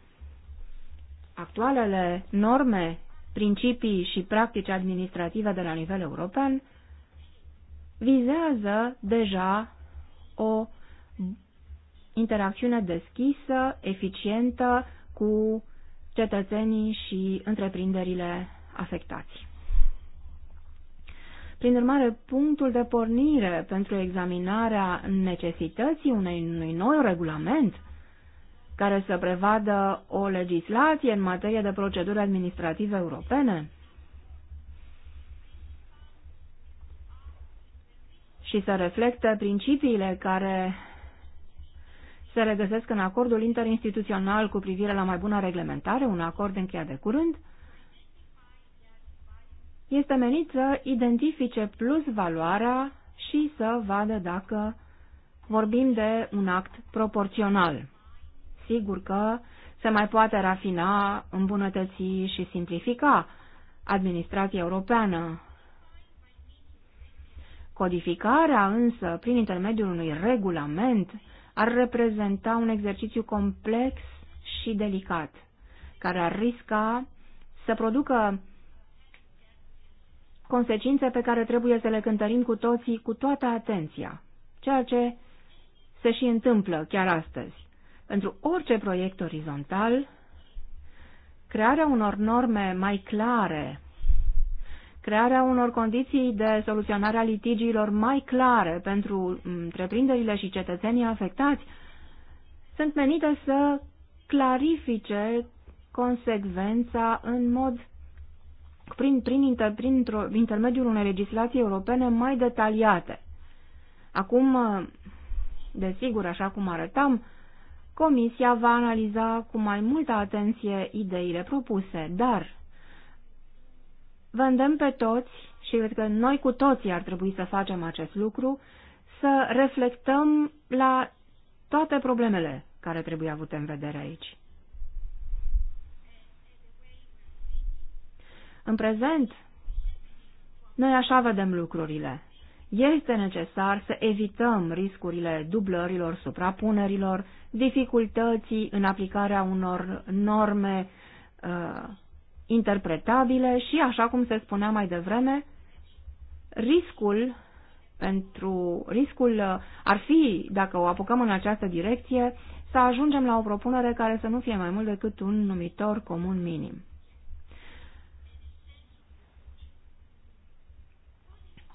actualele norme principii și practici administrative de la nivel european, vizează deja o interacțiune deschisă, eficientă cu cetățenii și întreprinderile afectați. Prin urmare, punctul de pornire pentru examinarea necesității unei, unui nou regulament care să prevadă o legislație în materie de proceduri administrative europene? și să reflecte principiile care se regăsesc în acordul interinstituțional cu privire la mai bună reglementare, un acord încheiat de curând, este menit să identifice plus valoarea și să vadă dacă vorbim de un act proporțional sigur că se mai poate rafina, îmbunătăți și simplifica administrația europeană. Codificarea însă, prin intermediul unui regulament, ar reprezenta un exercițiu complex și delicat, care ar risca să producă consecințe pe care trebuie să le cântărim cu toții cu toată atenția, ceea ce se și întâmplă chiar astăzi pentru orice proiect orizontal, crearea unor norme mai clare, crearea unor condiții de soluționare a litigiilor mai clare pentru întreprinderile și cetățenii afectați, sunt menite să clarifice consecvența în mod prin, prin, inter, prin intermediul unei legislații europene mai detaliate. Acum, desigur, așa cum arătam, Comisia va analiza cu mai multă atenție ideile propuse, dar vândem pe toți, și cred că noi cu toții ar trebui să facem acest lucru, să reflectăm la toate problemele care trebuie avute în vedere aici. În prezent, noi așa vedem lucrurile este necesar să evităm riscurile dublărilor, suprapunerilor, dificultății în aplicarea unor norme uh, interpretabile și, așa cum se spunea mai devreme, riscul pentru riscul uh, ar fi, dacă o apucăm în această direcție, să ajungem la o propunere care să nu fie mai mult decât un numitor comun minim.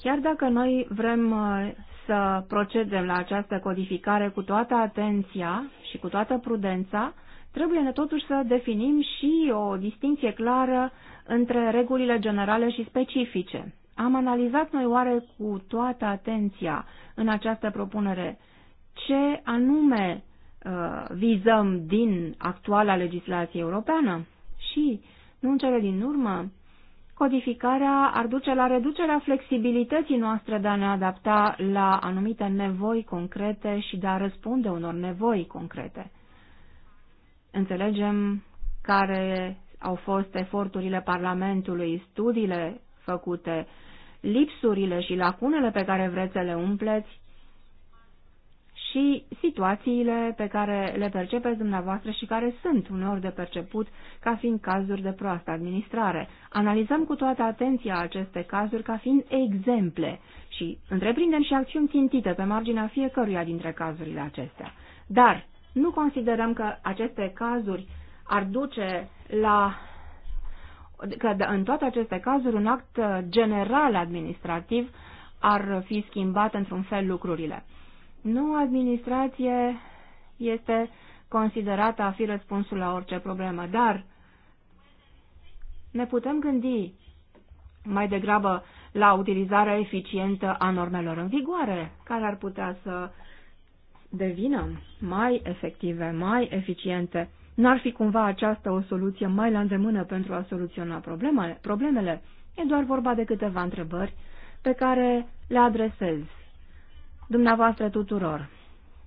Chiar dacă noi vrem uh, să procedem la această codificare cu toată atenția și cu toată prudența, trebuie ne totuși să definim și o distinție clară între regulile generale și specifice. Am analizat noi oare cu toată atenția în această propunere ce anume uh, vizăm din actuala legislație europeană și, nu în cele din urmă, codificarea ar duce la reducerea flexibilității noastre de a ne adapta la anumite nevoi concrete și de a răspunde unor nevoi concrete. Înțelegem care au fost eforturile Parlamentului, studiile făcute, lipsurile și lacunele pe care vreți să le umpleți și situațiile pe care le percepeți dumneavoastră și care sunt uneori de perceput ca fiind cazuri de proastă administrare. Analizăm cu toată atenția aceste cazuri ca fiind exemple și întreprindem și acțiuni țintite pe marginea fiecăruia dintre cazurile acestea. Dar nu considerăm că aceste cazuri ar duce la că în toate aceste cazuri un act uh, general administrativ ar fi schimbat într-un fel lucrurile. Noua administrație este considerată a fi răspunsul la orice problemă, dar ne putem gândi mai degrabă la utilizarea eficientă a normelor în vigoare, care ar putea să devină mai efective, mai eficiente. N-ar fi cumva aceasta o soluție mai la îndemână pentru a soluționa problemele? problemele? E doar vorba de câteva întrebări pe care le adresez dumneavoastră tuturor.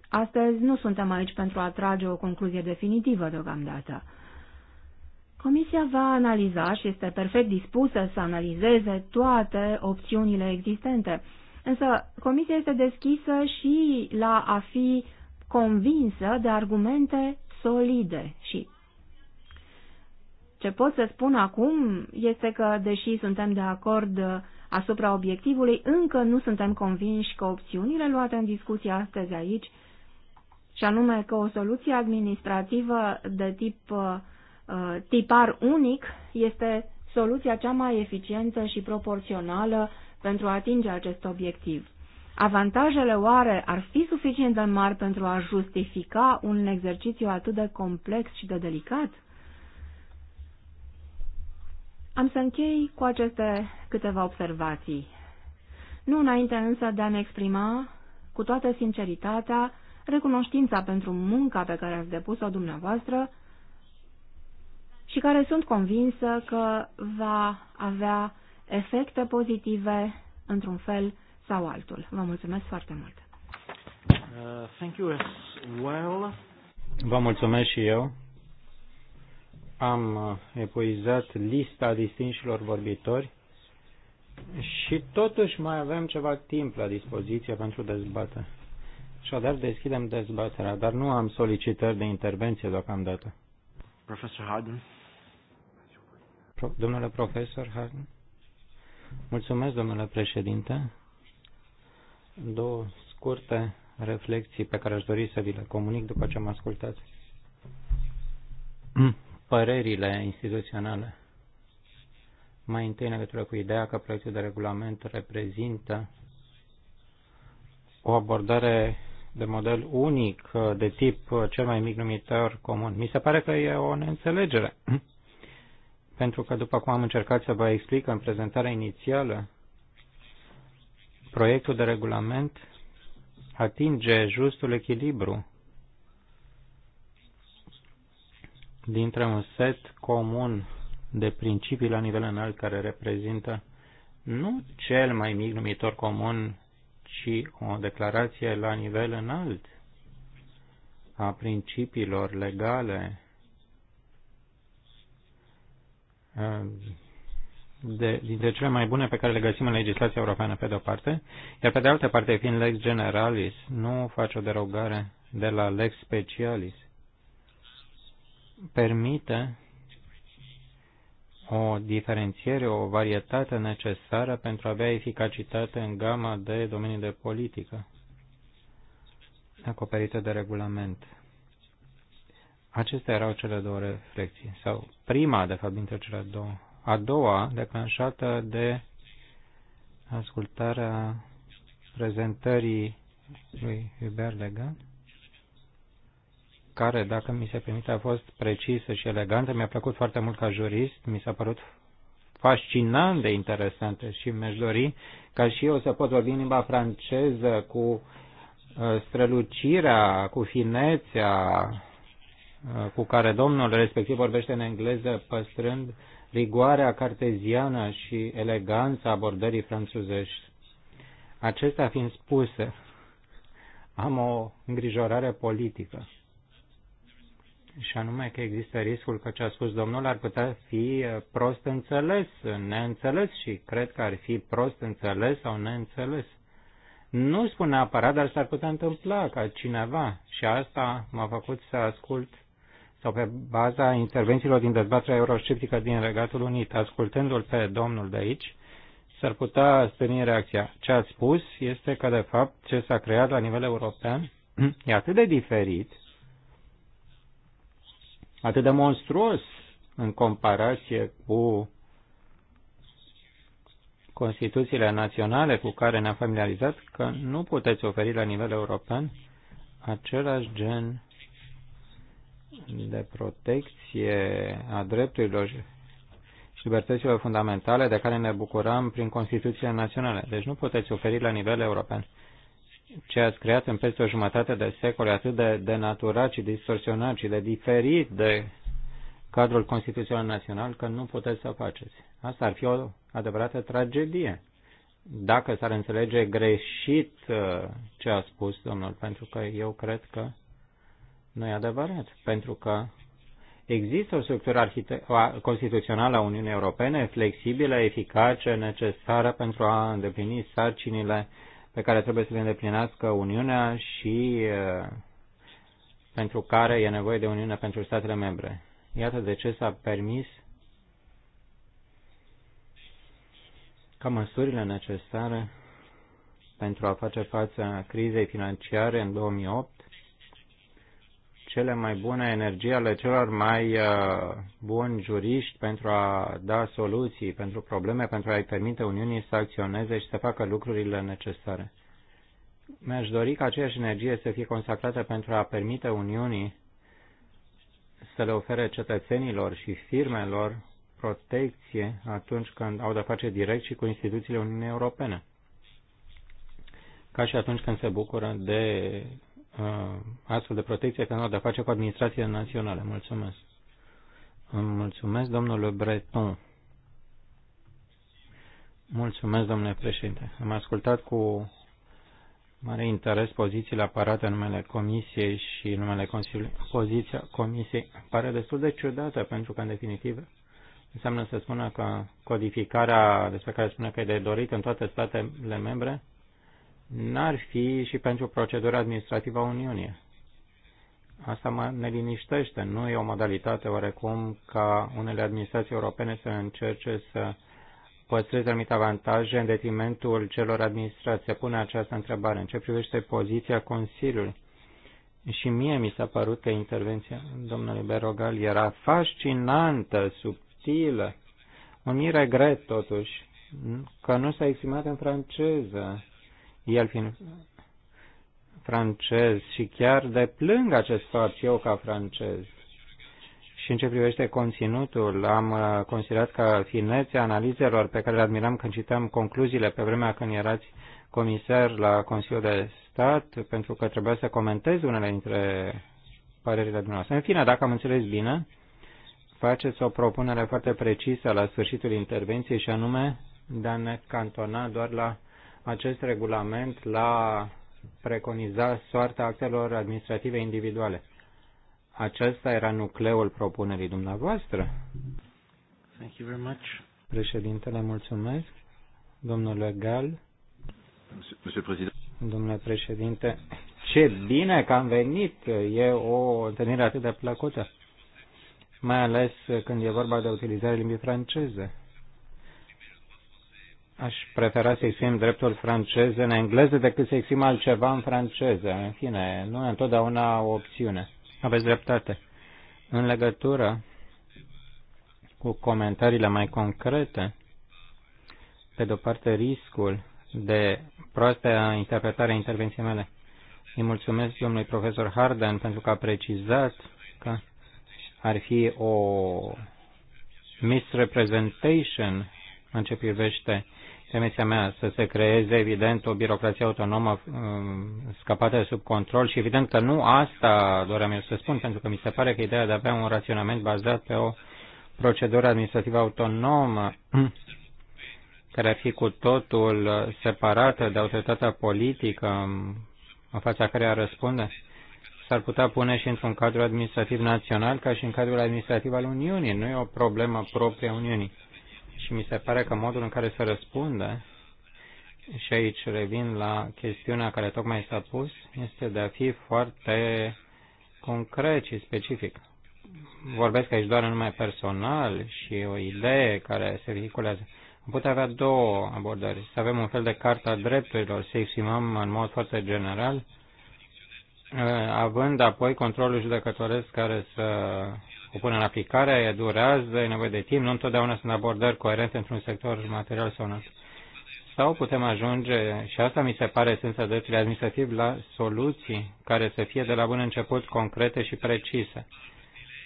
Astăzi nu suntem aici pentru a trage o concluzie definitivă deocamdată. Comisia va analiza și este perfect dispusă să analizeze toate opțiunile existente, însă Comisia este deschisă și la a fi convinsă de argumente solide și ce pot să spun acum este că, deși suntem de acord asupra obiectivului, încă nu suntem convinși că opțiunile luate în discuție astăzi aici, și anume că o soluție administrativă de tip uh, uh, tipar unic este soluția cea mai eficientă și proporțională pentru a atinge acest obiectiv. Avantajele oare ar fi suficient de mari pentru a justifica un exercițiu atât de complex și de delicat? Am să închei cu aceste câteva observații. Nu înainte însă de a-mi exprima, cu toată sinceritatea, recunoștința pentru munca pe care ați depus-o dumneavoastră și care sunt convinsă că va avea efecte pozitive într-un fel sau altul. Vă mulțumesc foarte mult! Uh, thank you as well. Vă mulțumesc și eu am uh, epuizat lista distinșilor vorbitori și totuși mai avem ceva timp la dispoziție pentru dezbatere. adar deschidem dezbaterea, dar nu am solicitări de intervenție deocamdată. Profesor Harden. Pro- domnule profesor Harden. Mulțumesc, domnule președinte. Două scurte reflexii pe care aș dori să vi le comunic după ce am ascultat. părerile instituționale. Mai întâi, în legătură cu ideea că proiectul de regulament reprezintă o abordare de model unic, de tip cel mai mic numitor comun. Mi se pare că e o neînțelegere. Pentru că, după cum am încercat să vă explic în prezentarea inițială, proiectul de regulament atinge justul echilibru dintre un set comun de principii la nivel înalt care reprezintă nu cel mai mic numitor comun, ci o declarație la nivel înalt a principiilor legale de, dintre cele mai bune pe care le găsim în legislația europeană, pe de-o parte, iar pe de altă parte, fiind lex generalis, nu face o derogare de la lex specialis permite o diferențiere, o varietate necesară pentru a avea eficacitate în gama de domenii de politică acoperite de regulament. Acestea erau cele două reflexii, sau prima, de fapt, dintre cele două. A doua, declanșată de ascultarea prezentării lui Hubert Legan, care, dacă mi se permite, a fost precisă și elegantă. Mi-a plăcut foarte mult ca jurist, mi s-a părut fascinant de interesantă și mi-aș dori ca și eu să pot vorbi în limba franceză cu uh, strălucirea, cu finețea uh, cu care domnul respectiv vorbește în engleză, păstrând rigoarea carteziană și eleganța abordării franțuzești. Acestea fiind spuse, am o îngrijorare politică și anume că există riscul că ce a spus domnul ar putea fi uh, prost înțeles, neînțeles și cred că ar fi prost înțeles sau neînțeles. Nu spun neapărat, dar s-ar putea întâmpla ca cineva și asta m-a făcut să ascult sau pe baza intervențiilor din dezbaterea eurosceptică din Regatul Unit, ascultându-l pe domnul de aici, s-ar putea stârni reacția. Ce a spus este că, de fapt, ce s-a creat la nivel european e atât de diferit atât de monstruos în comparație cu Constituțiile naționale cu care ne-am familiarizat, că nu puteți oferi la nivel european același gen de protecție a drepturilor și libertăților fundamentale de care ne bucurăm prin constituțiile naționale, Deci nu puteți oferi la nivel european ce ați creat în peste o jumătate de secole atât de denaturat și distorsionat și de diferit de cadrul constituțional național că nu puteți să faceți. Asta ar fi o adevărată tragedie. Dacă s-ar înțelege greșit uh, ce a spus domnul, pentru că eu cred că nu e adevărat, pentru că există o structură constituțională a Uniunii Europene flexibilă, eficace, necesară pentru a îndeplini sarcinile uh, pe care trebuie să le îndeplinească Uniunea și uh, pentru care e nevoie de Uniune pentru statele membre. Iată de ce s-a permis ca măsurile necesare pentru a face față crizei financiare în 2008 cele mai bune energii ale celor mai uh, buni juriști pentru a da soluții pentru probleme, pentru a-i permite Uniunii să acționeze și să facă lucrurile necesare. Mi-aș dori ca aceeași energie să fie consacrată pentru a permite Uniunii să le ofere cetățenilor și firmelor protecție atunci când au de-a face direct și cu instituțiile Uniunii Europene ca și atunci când se bucură de Uh, astfel de protecție că nu au de face cu administrația națională. Mulțumesc. Mulțumesc, domnule Breton. Mulțumesc, domnule președinte. Am ascultat cu mare interes pozițiile aparate în numele Comisiei și în numele Consiliului. Poziția Comisiei pare destul de ciudată, pentru că, în definitiv, înseamnă să spună că codificarea despre care spune că e de dorit în toate statele membre n-ar fi și pentru procedura administrativă a Uniunii. Asta mă ne liniștește. Nu e o modalitate oarecum ca unele administrații europene să încerce să păstreze anumite avantaje în detrimentul celor administrații. Se pune această întrebare în ce privește poziția Consiliului. Și mie mi s-a părut că intervenția domnului Berogal era fascinantă, subtilă. Un regret, totuși, că nu s-a exprimat în franceză el fiind francez și chiar plâng acest fapt eu ca francez. Și în ce privește conținutul, am uh, considerat că finețe analizelor pe care le admiram când citeam concluziile pe vremea când erați comisar la Consiliul de Stat, pentru că trebuia să comentez unele dintre părerile dumneavoastră. În fine, dacă am înțeles bine, faceți o propunere foarte precisă la sfârșitul intervenției și anume de a ne cantona doar la acest regulament la preconiza soarta actelor administrative individuale. Acesta era nucleul propunerii dumneavoastră? Thank you very much. Președintele, mulțumesc. Domnule Gal. Domnule președinte, ce bine că am venit. E o întâlnire atât de plăcută. Mai ales când e vorba de utilizarea limbii franceze. Aș prefera să exprim dreptul francez în engleză decât să exprim altceva în franceză. În fine, nu e întotdeauna o opțiune. Aveți dreptate. În legătură cu comentariile mai concrete, pe de-o parte riscul de proastă interpretare a intervenției mele. Îi mulțumesc domnului profesor Harden pentru că a precizat că ar fi o misrepresentation în ce privește emisia mea, să se creeze, evident, o birocrație autonomă um, scăpată de sub control și evident că nu asta doream eu să spun, pentru că mi se pare că ideea de a avea un raționament bazat pe o procedură administrativă autonomă care ar fi cu totul separată de autoritatea politică um, în fața care ar răspunde, s-ar putea pune și într-un cadru administrativ național ca și în cadrul administrativ al Uniunii. Nu e o problemă proprie a Uniunii și mi se pare că modul în care se răspunde, și aici revin la chestiunea care tocmai s-a pus, este de a fi foarte concret și specific. Vorbesc aici doar în nume personal și o idee care se vehiculează. Am putea avea două abordări. Să avem un fel de carta drepturilor, să exprimăm în mod foarte general, având apoi controlul judecătoresc care să o pune în aplicare, e durează, e nevoie de timp, nu întotdeauna sunt abordări coerente într-un sector material sau nu. Sau putem ajunge, și asta mi se pare esența dreptului administrativ, la soluții care să fie de la bun început concrete și precise.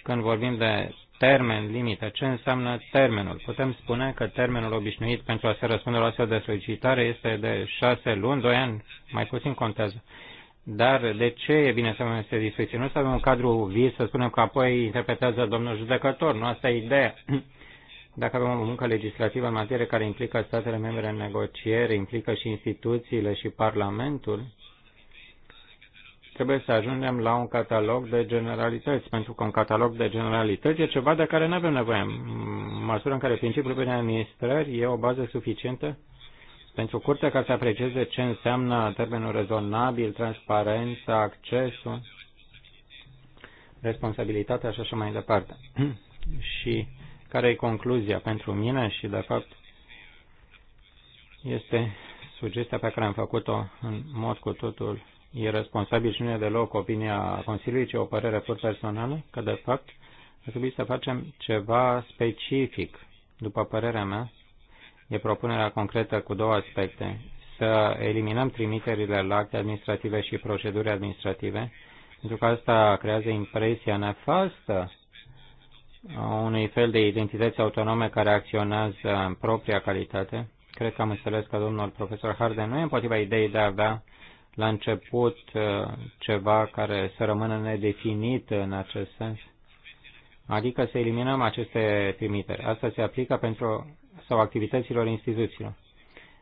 Când vorbim de termen limită, ce înseamnă termenul? Putem spune că termenul obișnuit pentru a se răspunde la astfel de solicitare este de șase luni, doi ani, mai puțin contează. Dar de ce e bine să avem aceste discuții? Nu să avem un cadru vis, să spunem că apoi interpretează domnul judecător. Nu asta e ideea. Dacă avem o muncă legislativă în materie care implică statele membre în negociere, implică și instituțiile și Parlamentul, trebuie să ajungem la un catalog de generalități, pentru că un catalog de generalități e ceva de care nu avem nevoie. În măsură în care principiul de administrări e o bază suficientă pentru curtea ca să aprecieze ce înseamnă termenul rezonabil, transparență, accesul, responsabilitatea și așa mai departe. și care e concluzia pentru mine și, de fapt, este sugestia pe care am făcut-o în mod cu totul irresponsabil și nu e deloc opinia Consiliului, ci o părere pur personală, că, de fapt, ar trebui să facem ceva specific, după părerea mea, e propunerea concretă cu două aspecte. Să eliminăm trimiterile la acte administrative și proceduri administrative, pentru că asta creează impresia nefastă unui fel de identități autonome care acționează în propria calitate. Cred că am înțeles că domnul profesor Harden nu e împotriva ideii de a avea la început uh, ceva care să rămână nedefinit în acest sens adică să eliminăm aceste trimiteri. Asta se aplică pentru sau activităților instituțiilor.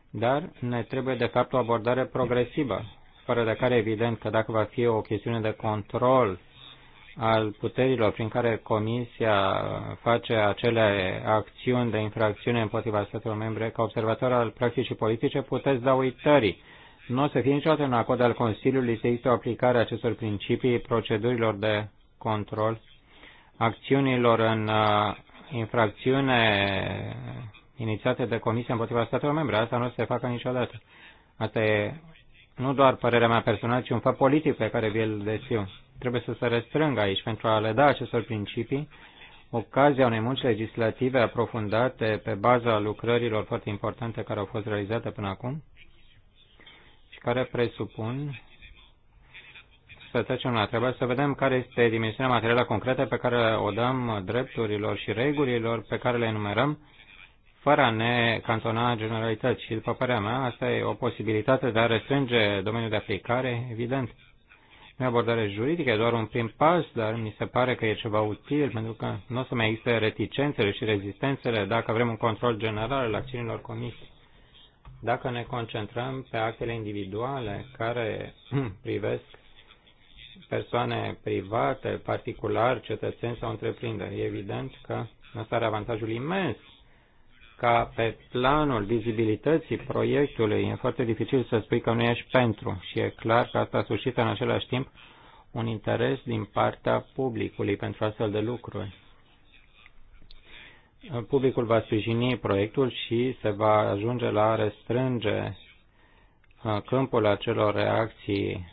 Dar ne trebuie de fapt o abordare progresivă, fără de care evident că dacă va fi o chestiune de control al puterilor prin care Comisia face acele acțiuni de infracțiune împotriva statelor membre, ca observator al practicii politice, puteți da uitării. Nu o să fie niciodată în acord al Consiliului să există o aplicare a acestor principii procedurilor de control acțiunilor în uh, infracțiune inițiate de Comisie împotriva statelor membre. Asta nu se facă niciodată. Asta e nu doar părerea mea personală, ci un fapt politic pe care vi-l descriu. Trebuie să se restrângă aici pentru a le da acestor principii ocazia unei munci legislative aprofundate pe baza lucrărilor foarte importante care au fost realizate până acum și care presupun să trecem la întrebare, să vedem care este dimensiunea materială concretă pe care o dăm drepturilor și regulilor pe care le enumerăm, fără a ne cantona generalități. Și după părerea mea, asta e o posibilitate de a restrânge domeniul de aplicare, evident. Nu e abordare juridică, e doar un prim pas, dar mi se pare că e ceva util, pentru că nu o să mai existe reticențele și rezistențele dacă vrem un control general al acțiunilor comisiei dacă ne concentrăm pe actele individuale care privesc persoane private, particular, cetățeni sau întreprinderi. E evident că asta are avantajul imens ca pe planul vizibilității proiectului e foarte dificil să spui că nu ești pentru și e clar că asta suscită în același timp un interes din partea publicului pentru astfel de lucruri. Publicul va sprijini proiectul și se va ajunge la restrânge uh, câmpul acelor reacții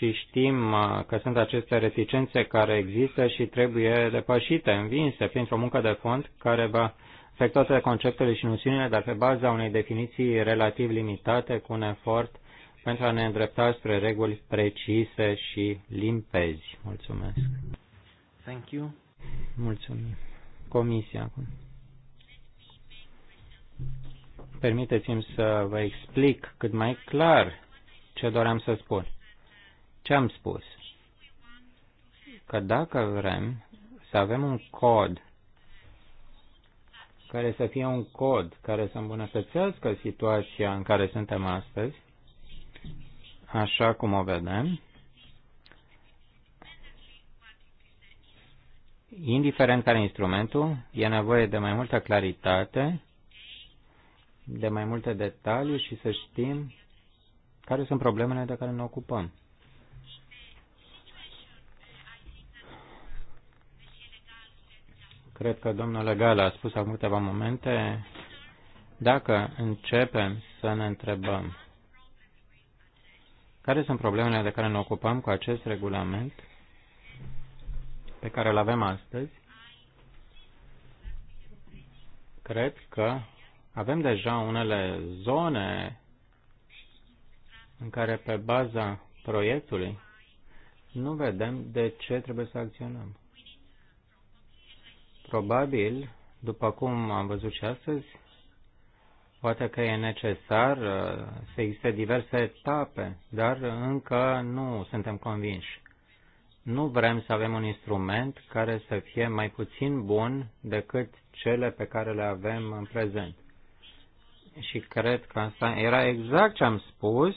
și știm uh, că sunt aceste reticențe care există și trebuie depășite, învinse printr-o muncă de fond care va afecta toate conceptele și noțiunile, dar pe baza unei definiții relativ limitate, cu un efort pentru a ne îndrepta spre reguli precise și limpezi. Mulțumesc. Thank you. Mulțumim. Comisia acum. Permiteți-mi să vă explic cât mai clar ce doream să spun. Ce am spus? Că dacă vrem să avem un cod care să fie un cod care să îmbunătățească situația în care suntem astăzi, așa cum o vedem, indiferent care instrumentul, e nevoie de mai multă claritate, de mai multe detalii și să știm care sunt problemele de care ne ocupăm. cred că domnul Legal a spus acum câteva momente, dacă începem să ne întrebăm care sunt problemele de care ne ocupăm cu acest regulament pe care îl avem astăzi, cred că avem deja unele zone în care pe baza proiectului nu vedem de ce trebuie să acționăm. Probabil, după cum am văzut și astăzi, poate că e necesar uh, să existe diverse etape, dar încă nu suntem convinși. Nu vrem să avem un instrument care să fie mai puțin bun decât cele pe care le avem în prezent. Și cred că asta era exact ce am spus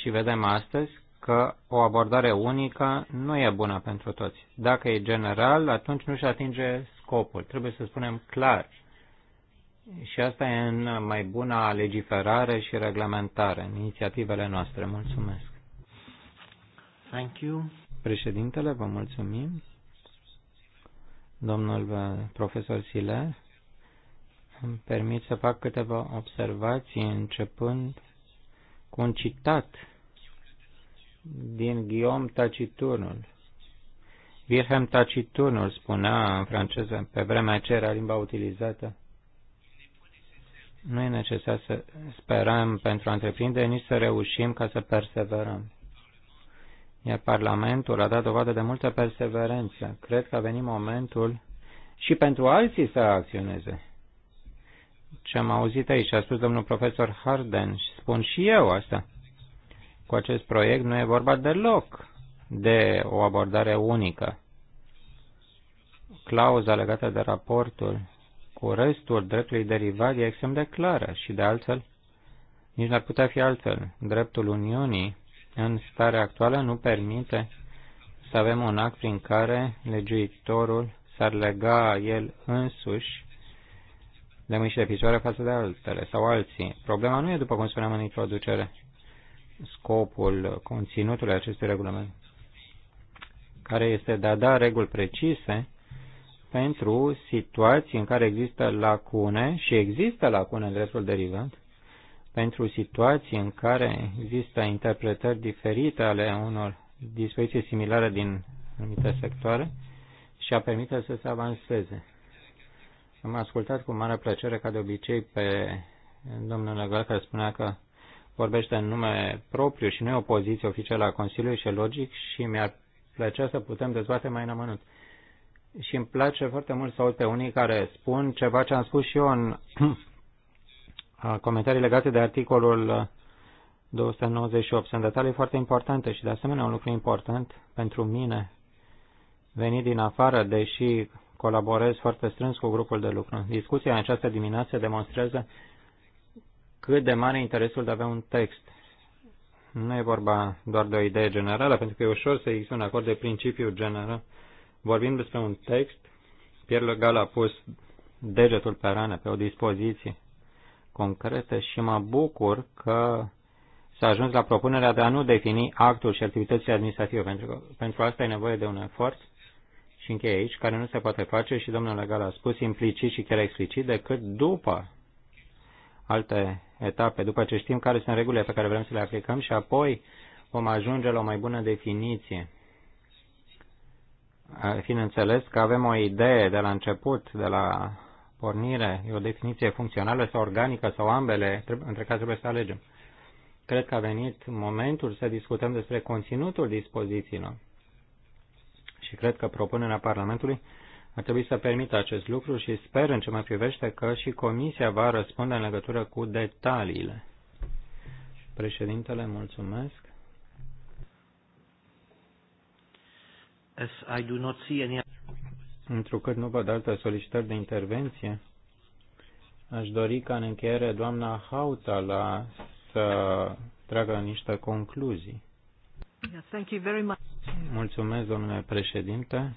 și vedem astăzi că o abordare unică nu e bună pentru toți. Dacă e general, atunci nu-și atinge scopul. Trebuie să spunem clar. Și asta e în mai bună legiferare și reglementare, în inițiativele noastre. Mulțumesc. Thank you. Președintele, vă mulțumim. Domnul profesor Sile, îmi permit să fac câteva observații, începând cu un citat din Guillaume Taciturnul. Wilhelm Taciturnul spunea în franceză, pe vremea aceea era limba utilizată. Nu e necesar să sperăm pentru a întreprinde, nici să reușim ca să perseverăm. Iar Parlamentul a dat dovadă de multă perseverență. Cred că a venit momentul și pentru alții să acționeze. Ce am auzit aici, a spus domnul profesor Harden și spun și eu asta cu acest proiect nu e vorba deloc de o abordare unică. Clauza legată de raportul cu restul dreptului derivat e extrem de clară și de altfel nici n-ar putea fi altfel. Dreptul Uniunii în starea actuală nu permite să avem un act prin care legiuitorul s-ar lega el însuși de mâini și de picioare față de altele sau alții. Problema nu e, după cum spuneam în introducere, scopul, conținutului acestui regulament, care este de a da reguli precise pentru situații în care există lacune și există lacune în dreptul derivat, pentru situații în care există interpretări diferite ale unor dispoziții similare din anumite sectoare și a permite să se avanseze. Am ascultat cu mare plăcere, ca de obicei, pe domnul Legal, care spunea că vorbește în nume propriu și nu e o poziție oficială a Consiliului și e logic și mi-ar plăcea să putem dezbate mai în amănunt. Și îmi place foarte mult să aud pe unii care spun ceva ce am spus și eu în comentarii legate de articolul 298. Sunt detalii foarte importante și de asemenea un lucru important pentru mine venit din afară, deși colaborez foarte strâns cu grupul de lucru. Discuția în această dimineață demonstrează cât de mare interesul de a avea un text. Nu e vorba doar de o idee generală, pentru că e ușor să există un acord de principiu general. Vorbim despre un text, Pierre Legal a pus degetul pe rană, pe o dispoziție concretă și mă bucur că s-a ajuns la propunerea de a nu defini actul și activitățile administrative, pentru că pentru asta e nevoie de un efort și încheie aici, care nu se poate face și domnul legal a spus implicit și chiar explicit decât după alte etape după ce știm care sunt regulile pe care vrem să le aplicăm și apoi vom ajunge la o mai bună definiție. Fiind înțeles că avem o idee de la început, de la pornire, e o definiție funcțională sau organică sau ambele, între care trebuie să alegem. Cred că a venit momentul să discutăm despre conținutul dispozițiilor. Și cred că propunerea Parlamentului ar trebui să permită acest lucru și sper în ce mă privește că și Comisia va răspunde în legătură cu detaliile. Președintele, mulțumesc. As I do not see any... Întrucât nu văd alte solicitări de intervenție, aș dori ca în încheiere doamna Hautala să tragă niște concluzii. Mulțumesc, domnule președinte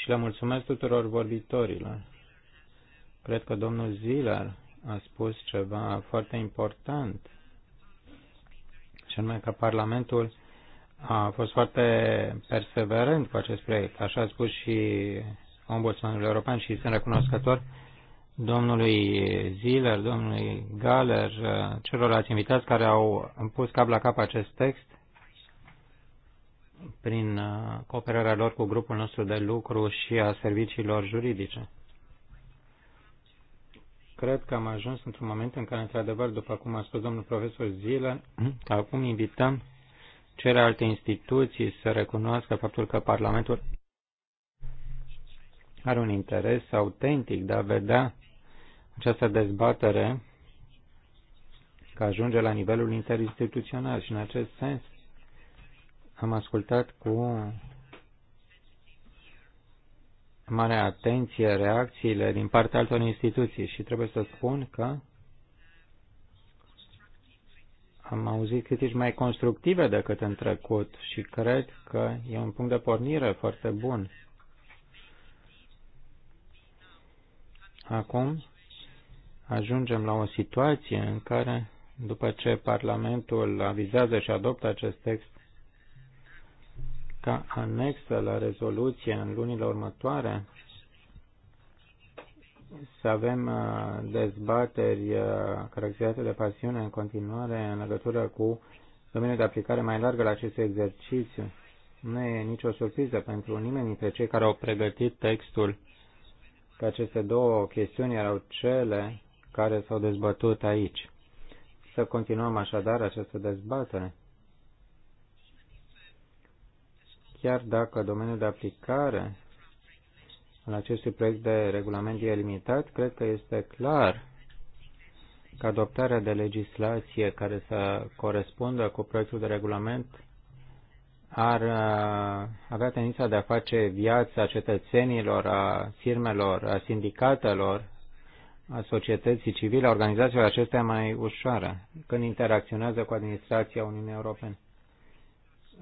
și le mulțumesc tuturor vorbitorilor. Cred că domnul Ziller a spus ceva foarte important, și anume că Parlamentul a fost foarte perseverent cu acest proiect. Așa a spus și Ombudsmanul European și sunt recunoscător domnului Ziller, domnului Galer, celorlalți invitați care au pus cap la cap acest text prin uh, cooperarea lor cu grupul nostru de lucru și a serviciilor juridice. Cred că am ajuns într-un moment în care, într-adevăr, după cum a spus domnul profesor Zilă, că acum invităm celelalte instituții să recunoască faptul că Parlamentul are un interes autentic de a vedea această dezbatere că ajunge la nivelul interinstituțional și în acest sens am ascultat cu mare atenție reacțiile din partea altor instituții și trebuie să spun că am auzit critici mai constructive decât în trecut și cred că e un punct de pornire foarte bun. Acum ajungem la o situație în care, după ce Parlamentul avizează și adoptă acest text, ca anexă la rezoluție în lunile următoare să avem uh, dezbateri uh, caracterizate de pasiune în continuare în legătură cu domeniul de aplicare mai largă la acest exercițiu. Nu e nicio surpriză pentru nimeni dintre cei care au pregătit textul că aceste două chestiuni erau cele care s-au dezbătut aici. Să continuăm așadar această dezbatere. chiar dacă domeniul de aplicare al acestui proiect de regulament e limitat, cred că este clar că adoptarea de legislație care să corespundă cu proiectul de regulament ar uh, avea tendința de a face viața cetățenilor, a firmelor, a sindicatelor, a societății civile, a organizațiilor acestea mai ușoară când interacționează cu administrația Uniunii Europene.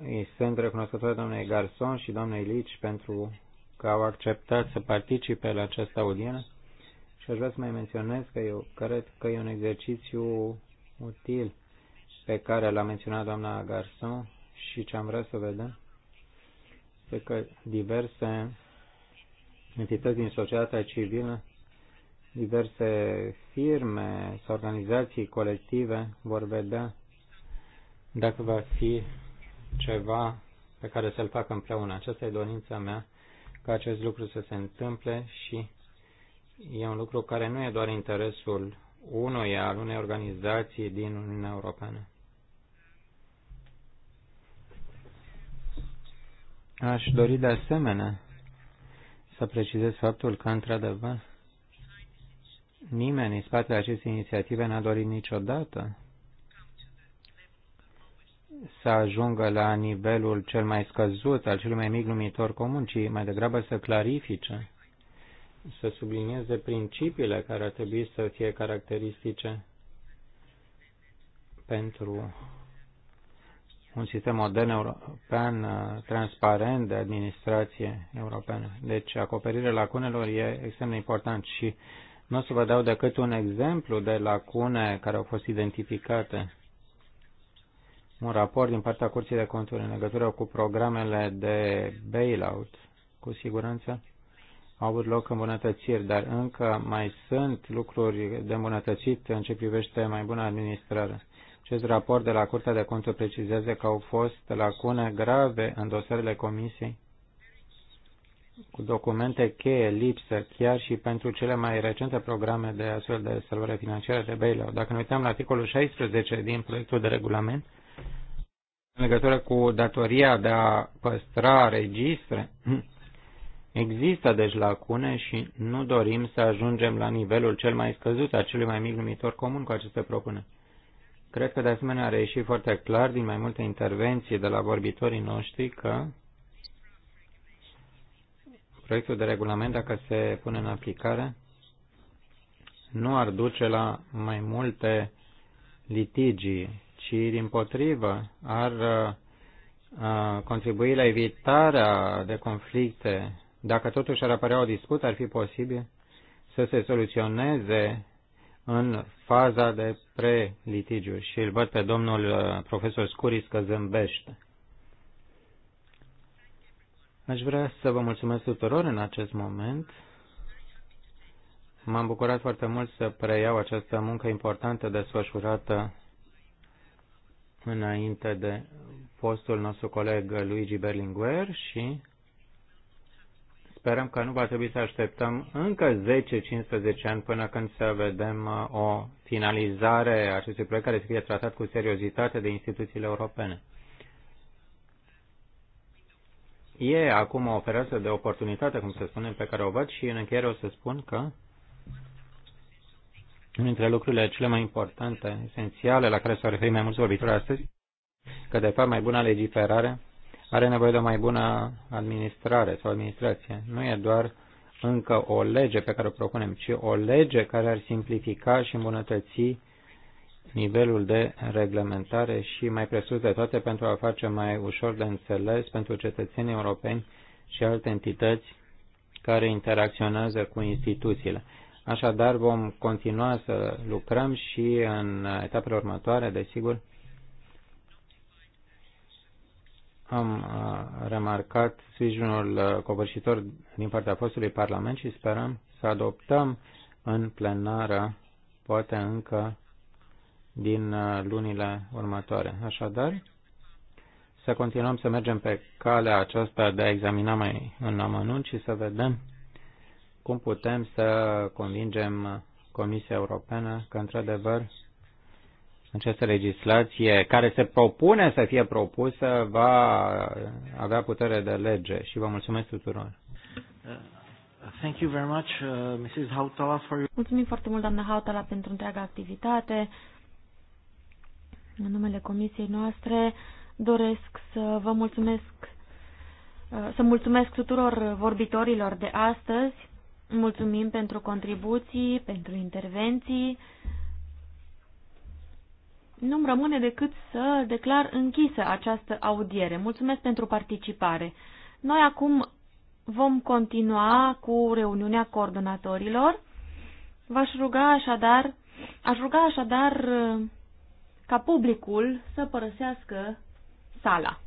Îi sunt recunoscători doamnei Garson și doamnei Lici pentru că au acceptat să participe la această audiență și aș vrea să mai menționez că eu cred că e un exercițiu util pe care l-a menționat doamna Garson și ce am vrea să vedem este că diverse entități din societatea civilă, diverse firme sau organizații colective vor vedea dacă va fi ceva pe care să-l fac împreună. Aceasta e dorința mea ca acest lucru să se întâmple și e un lucru care nu e doar interesul unuia al unei organizații din Uniunea Europeană. Aș dori de asemenea să precizez faptul că, într-adevăr, nimeni în spatele acestei inițiative n-a dorit niciodată să ajungă la nivelul cel mai scăzut, al celui mai mic numitor comun, ci mai degrabă să clarifice, să sublinieze principiile care ar trebui să fie caracteristice pentru un sistem modern european uh, transparent de administrație europeană. Deci acoperirea lacunelor e extrem de important și nu o să vă dau decât un exemplu de lacune care au fost identificate un raport din partea Curții de Conturi în legătură cu programele de bailout. Cu siguranță au avut loc îmbunătățiri, dar încă mai sunt lucruri de îmbunătățit în ce privește mai bună administrare. Acest raport de la Curtea de Conturi precizează că au fost lacune grave în dosarele Comisiei cu documente cheie lipsă chiar și pentru cele mai recente programe de astfel de salvare financiară de bailout. Dacă ne uităm la articolul 16 din proiectul de regulament, în legătură cu datoria de a păstra registre, există deci lacune și nu dorim să ajungem la nivelul cel mai scăzut a celui mai mic numitor comun cu aceste propuneri. Cred că de asemenea a reieșit foarte clar din mai multe intervenții de la vorbitorii noștri că proiectul de regulament, dacă se pune în aplicare, nu ar duce la mai multe litigii ci din potrivă ar uh, uh, contribui la evitarea de conflicte. Dacă totuși ar apărea o dispută, ar fi posibil să se soluționeze în faza de pre-litigiu. Și îl văd pe domnul uh, profesor Scuris că zâmbește. Aș vrea să vă mulțumesc tuturor în acest moment. M-am bucurat foarte mult să preiau această muncă importantă desfășurată înainte de fostul nostru coleg Luigi Berlinguer și sperăm că nu va trebui să așteptăm încă 10-15 ani până când să vedem uh, o finalizare a acestui proiect care să fie tratat cu seriozitate de instituțiile europene. E acum o fereastră de oportunitate, cum se spune pe care o văd și în încheiere o să spun că unul dintre lucrurile cele mai importante, esențiale, la care s-au referit mai mulți vorbitori astăzi, că de fapt mai bună legiferare are nevoie de o mai bună administrare sau administrație. Nu e doar încă o lege pe care o propunem, ci o lege care ar simplifica și îmbunătăți nivelul de reglementare și mai presus de toate pentru a face mai ușor de înțeles pentru cetățenii europeni și alte entități care interacționează cu instituțiile. Așadar, vom continua să lucrăm și în etapele următoare, desigur. Am uh, remarcat sprijinul uh, covârșitor din partea fostului Parlament și sperăm să adoptăm în plenară, poate încă din uh, lunile următoare. Așadar, să continuăm să mergem pe calea aceasta de a examina mai în amănunt și să vedem cum putem să convingem Comisia Europeană că, într-adevăr, această legislație care se propune să fie propusă va avea putere de lege și vă mulțumesc tuturor. Uh, thank you very much, uh, Mrs. Hautala, for your... Mulțumim foarte mult, doamna Hautala, pentru întreaga activitate. În numele comisiei noastre doresc să vă mulțumesc, uh, să mulțumesc tuturor vorbitorilor de astăzi. Mulțumim pentru contribuții, pentru intervenții. Nu-mi rămâne decât să declar închisă această audiere. Mulțumesc pentru participare. Noi acum vom continua cu reuniunea coordonatorilor. V-aș ruga așadar, aș ruga așadar ca publicul să părăsească sala.